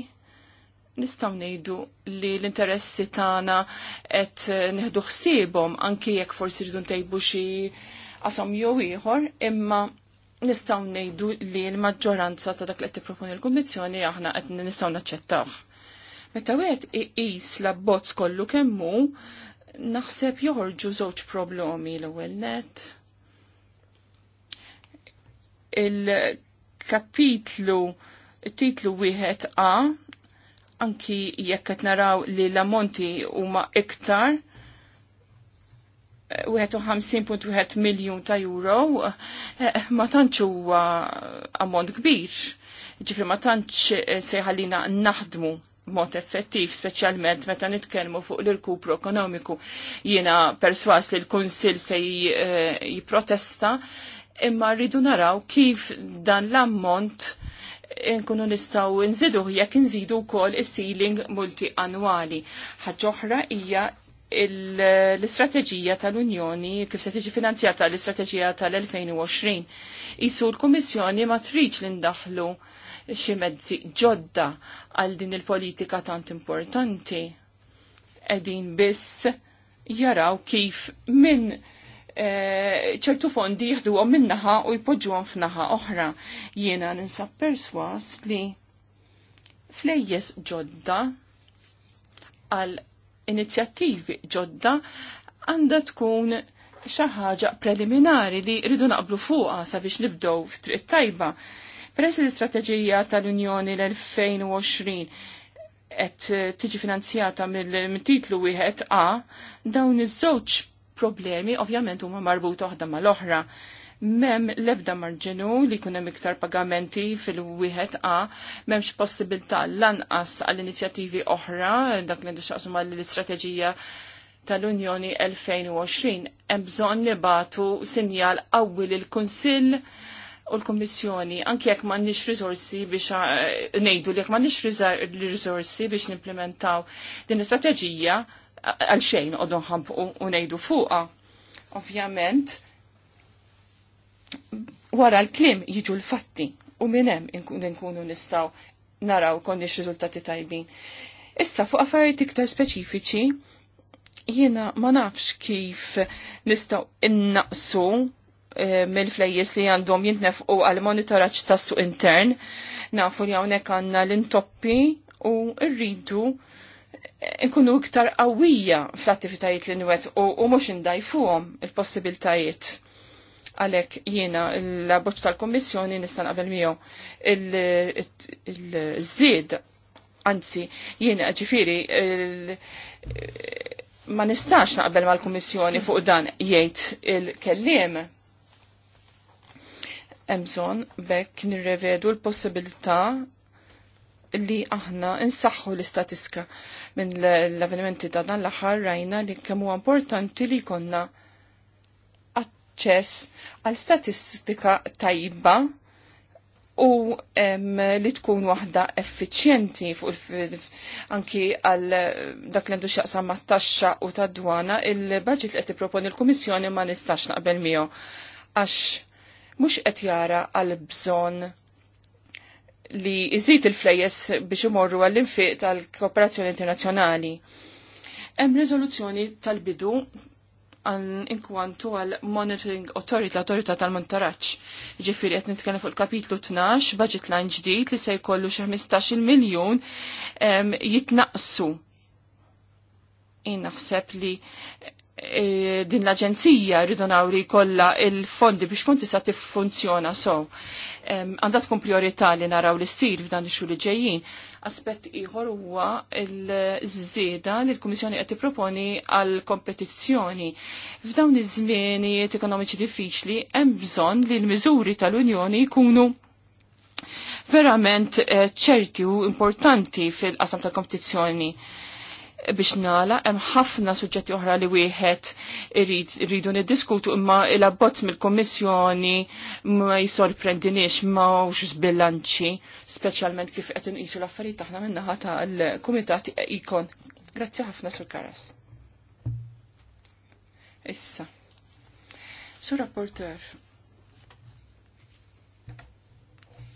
nistaw nejdu li l-interessi tagħna qed neħdu ħsiebhom anke jekk forsi rridu ntejbu xi qasam jew ieħor, imma nistaw nejdu li l-maġġoranza ta' dak li qed tipproponi l-Kummissjoni aħna qed nistgħu naċċettaw. Meta wieħed iqis l-abbozz kollu kemmu, naħseb joħorġu żewġ problemi l-ewwel net. Il-kapitlu titlu wieħed A anki jekk qed naraw li l-ammonti huma iktar 51.1 miljon ta' euro eh, eh, ma tantx huwa ammont kbir. Ġifri ma tantx eh, seħalina naħdmu mod effettiv, speċjalment meta nitkellmu fuq l-irkupru ekonomiku. Jiena perswas li l kunsill se jipprotesta, imma rridu naraw kif dan l-ammont nkunu nistaw nżidu jekk nżidu wkoll is-ceiling multi annwali. Ħaġa oħra hija l-istrateġija tal-Unjoni, kif se tiġi finanzjata l-istrateġija tal-2020. Isu l-Kummissjoni ma triċ li ndaħlu xi mezzi ġodda għal din il-politika tant importanti. Edin biss jaraw kif minn eh, ċertu fondi jihdu għom minnaħa u jpoġġuhom f'naħa oħra. Jiena ninsab perswas li flejjes ġodda għal inizjattivi ġodda għandha tkun xaħġa ħaġa preliminari li rridu naqblu fuqa sabiex nibdew f'triq tajba. Peress l-istrateġija tal-Unjoni l-2020 qed tiġi finanzjata mill-titlu wieħed A, dawn iż-żewġ problemi ovvjament huma marbuta waħda mal-oħra mem lebda marġinu li kunem iktar pagamenti fil-wieħed A, memx possibilità lanqas għall inizjativi oħra, dak li xaqsuma l-istrateġija tal-Unjoni 2020, hemm bżonn nibatu sinjal qawwi lill kunsill u l-Kommissjoni, anki jekk m'għandniex riżorsi biex eh, ngħidu li jekk m'għandniex riżorsi biex nimplementaw din l-istrateġija għal xejn qogħdu nħampqu u ngħidu fuqha. Ovvjament, wara l-klim jiġu l-fatti u minnem nkunu nistaw naraw konniex rizultati tajbin. Issa fuq affarijiet iktar speċifiċi jiena ma nafx kif nistaw innaqsu eh, mill-flejjes li għandhom jintnefqu għal monitoraġġ tas-suq intern, nafu li hawnhekk għandna l-intoppi u rridu eh, nkunu iktar qawwija fl-attivitajiet li nwet u, u mhux indajfuhom il-possibiltajiet Għalek jiena l-abbozz tal-Kommissjoni nistan għabel miegħu il-żied anzi jiena ġifieri ma nistax naqbel mal-Kummissjoni fuq dan jgħid il-kelliem. Emżon bekk nirrevedu l-possibilità li aħna insaħħu l istatiska minn l-avvenimenti ta' dan l-aħħar rajna li kemm huwa importanti li konna aċċess għal statistika tajba u li tkun waħda effiċjenti anki għal dak li għandu xaqsa ma' taxxa u ta' dwana il-budget li qed tipproponi l-Kummissjoni ma nistax naqbel miegħu għax mhux qed jara għal bżonn li jżid il-flejjes biex imorru għall-infiq tal-Kooperazzjoni Internazzjonali. Hemm riżoluzzjoni tal-bidu inkwantu għal Monitoring Authority, l autorita tal montaraċ Ġifiri qed nitkellem fuq il-kapitlu 12, budget line ġdid li se jkollu xi 15 miljun jitnaqsu. Jien naħseb li E, din l-aġenzija rridu nawri kollha il-fondi biex kunti tista' tiffunzjona so. Għandha tkun priorità li naraw li ssir f'dan ix-xhur li ġejjin. Aspett ieħor huwa l-żieda li l-Kummissjoni qed tipproponi għal kompetizzjoni. F'dawn iż-żmienijiet ekonomiċi diffiċli hemm bżonn li l-miżuri tal-Unjoni jkunu verament eh, ċerti u importanti fil-qasam tal-kompetizzjoni biex nala, hemm ħafna suġġetti oħra li wieħed iridu niddiskutu imma il-abbozz mill-Kommissjoni ma jisorprendinix mawx bilanċi, speċjalment kif qed inqisu l-affarijiet aħna naħa tal-Kumitat ikon. Grazzi ħafna sur Karas. Issa. Sur rapporter.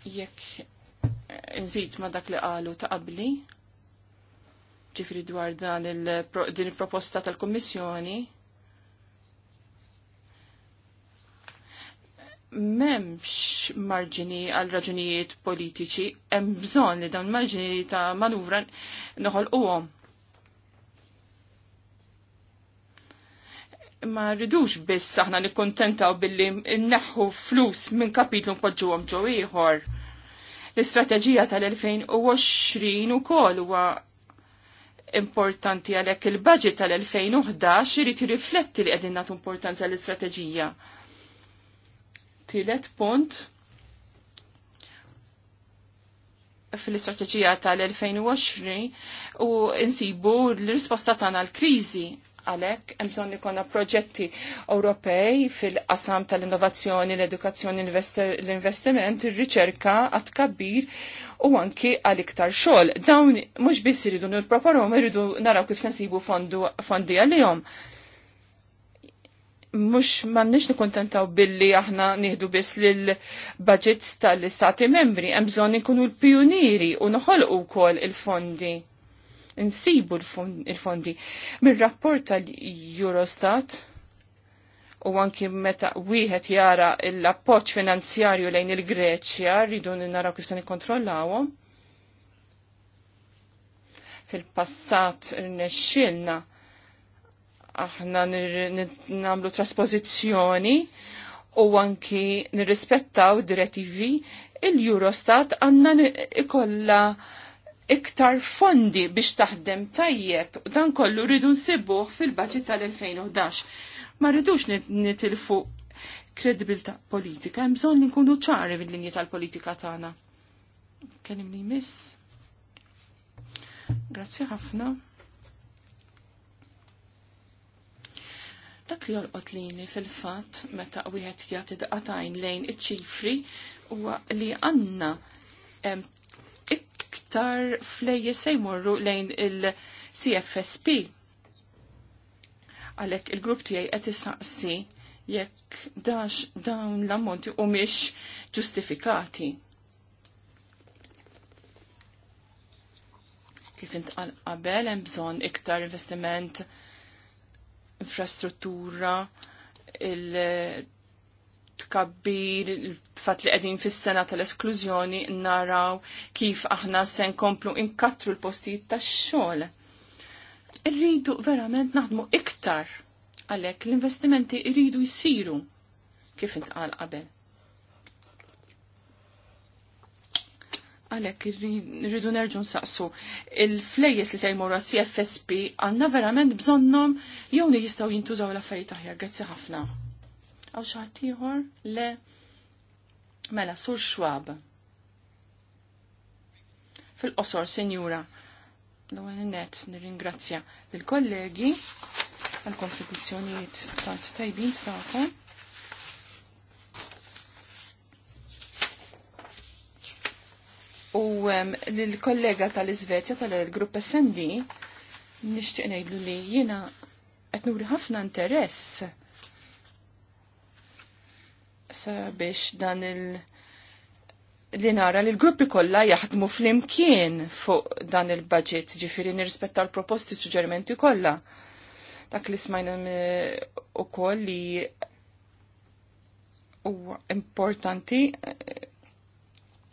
Jekk nżid ma dak li qalu ta' qabli, ġifri dwar dan din il-proposta tal-Kommissjoni. Memx marġini għal raġunijiet politiċi, hemm bżonn li dawn marġini ta' manuvra noħol uwom. Ma rridux biss aħna nikkontentaw billi neħħu flus minn kapitlu npoġġuhom ġo ieħor. L-istrateġija tal-2020 ukoll huwa importanti għalhekk il-budget tal-2011 irid jirrifletti li qegħdin nagħtu importanza l-istrateġija. Tielet punt fil-istrateġija tal-2020 u insibu l-risposta tagħna l-kriżi għalhekk hemm bżonn proġetti Ewropej fil-qasam tal-innovazzjoni, l-edukazzjoni, l-investiment, ir-riċerka għat kabbir u anki għal iktar xogħol. Dawn mhux biss iridu ma iridu naraw kif sensibu fondi fondi għalihom. Mux mannix nikontentaw billi aħna nieħdu biss lil budgets tal-istati membri, hemm bżonn l pioniri u noħolqu wkoll il-fondi insibu l-fondi. Mir-rapport tal-Eurostat u anki meta wieħed jara l-appoġġ finanzjarju lejn il-Greċja rridu naraw kif se nikkontrollawhom. Fil-passat irnexxielna aħna nagħmlu traspożizzjoni u anki nirrispettaw direttivi il-Eurostat għandna ikolla iktar fondi biex taħdem tajjeb dan kollu rridu nsibuh fil-baċi tal-2011. Ma rridux nitilfu kredibilta politika, jemżon bżonn li nkunu ċari mill-linji tal-politika tagħna. Kellim li miss. Grazzi ħafna. Dak li jolqot lini fil-fatt meta jħet jagħti daqatajn lejn iċ-ċifri huwa li għandna iktar flejje se jmorru lejn il-CFSP. Għalek il-grupp tijaj għet saqsi jekk dax dawn l-ammonti u miex ġustifikati. Kif intqal qabel hemm bżonn iktar investiment infrastruttura il tkabbir fat li qegħdin fis-sena tal-esklużjoni naraw kif aħna se nkomplu inkattru l-postijiet tax-xogħol. Irridu verament naħdmu iktar għalhekk l-investimenti irridu jsiru kif intqal qabel. għalek rridu nerġu nsaqsu il-flejjes li se jmorru CFSP għanna verament bżonnom jew li jistaw jintużaw l-affarijiet aħjar. Grazzi ħafna. Għaw xaħtiħor le mela sur xwab. Fil-qosor, senjura, l-għan net nir-ingrazzja l-kollegi għal-kontribuzzjoniet tant tajbin ta'kom. U l-kollega tal-Izvezja tal-grupp SND nishtiq ngħidlu li jiena qed nuri ħafna interess sabiex dan il- li nara li l-gruppi kollha jaħdmu fl-imkien fuq dan il-budget, ġifiri nirrispetta l-proposti suġġerimenti kollha. Dak li smajna u koll li u importanti eh,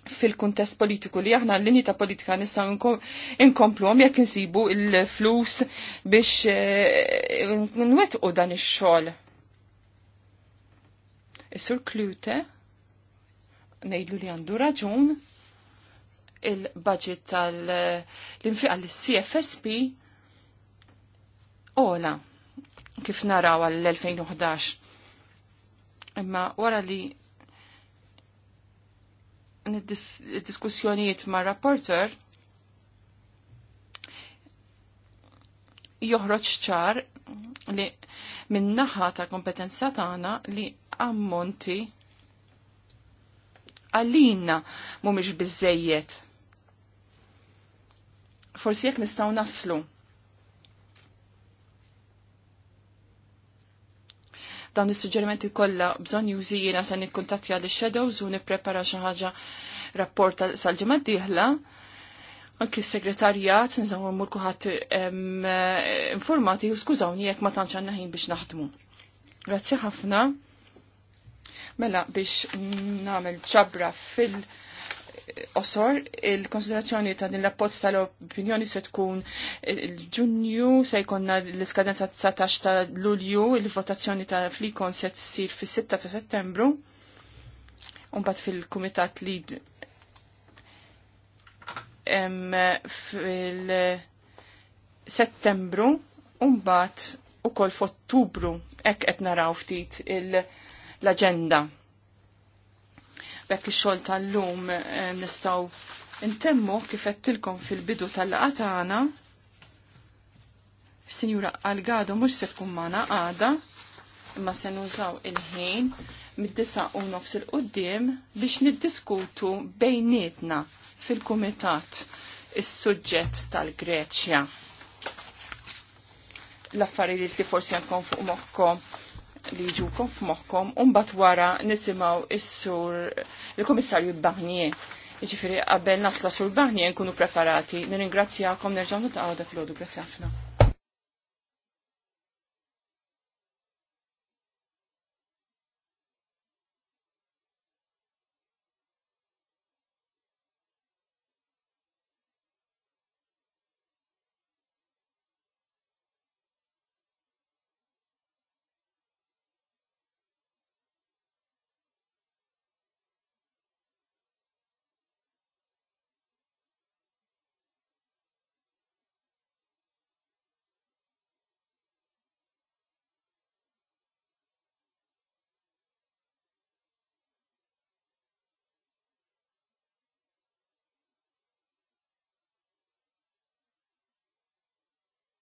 fil-kuntest politiku li aħna l-linji ta' politika nistaw għom jekk insibu il-flus biex eh, nwetqu dan ix-xogħol Is-sur Klute ngħidlu li għandu raġun il-budget tal-infiqa għal cfsp ola kif naraw għall-2011. Imma wara li diskussjonijiet ma' rapporter joħroġ ċar li minnaħa ta' kompetenza tagħna li ammonti għallina mumiex bizzejiet. Forsi jek nistaw naslu. Dawn is-suġġerimenti kollha bżonn jużi jiena se nikkuntattja li shadows u nipprepara xi ħaġa rapport sal-ġimgħa d-dieħla. Anki s-segretarjat nżaw mmur kulħadd eh, informati u skużawni jekk ma tantx għandna ħin biex naħdmu. Grazzi ħafna. Mela biex nagħmel ċabra fil- osor il-konsiderazzjoni ta' din l-appozz tal-opinjoni se tkun il-ġunju, se jkonna l-iskadenza 19 ta' lulju, il-votazzjoni ta' flikon se tsir fis-6 ta' settembru, bat fil-kumitat lid fil-settembru, bat u kol f'ottubru, ek etnaraw ftit il- l-agenda. Bekk il xogħol tal-lum eh, nistgħu intemmu kif qedtilkom fil-bidu tal qatana tagħna. Algado mhux se tkun magħna għada, imma se nużaw il-ħin mid-disa u nofs il-qoddim biex niddiskutu bejnietna fil-kumitat is-suġġett tal-Greċja. L-affarijiet li forsi għandkom fuq moħħkom li ġukom f'moħkom unbat wara nisimaw il sur il-komissarju Barnier. Iġifiri, qabel nasla sur Barnier nkunu preparati. Nirringrazzjakom, nerġaw nitqawda fl-ħodu. Grazzi ħafna.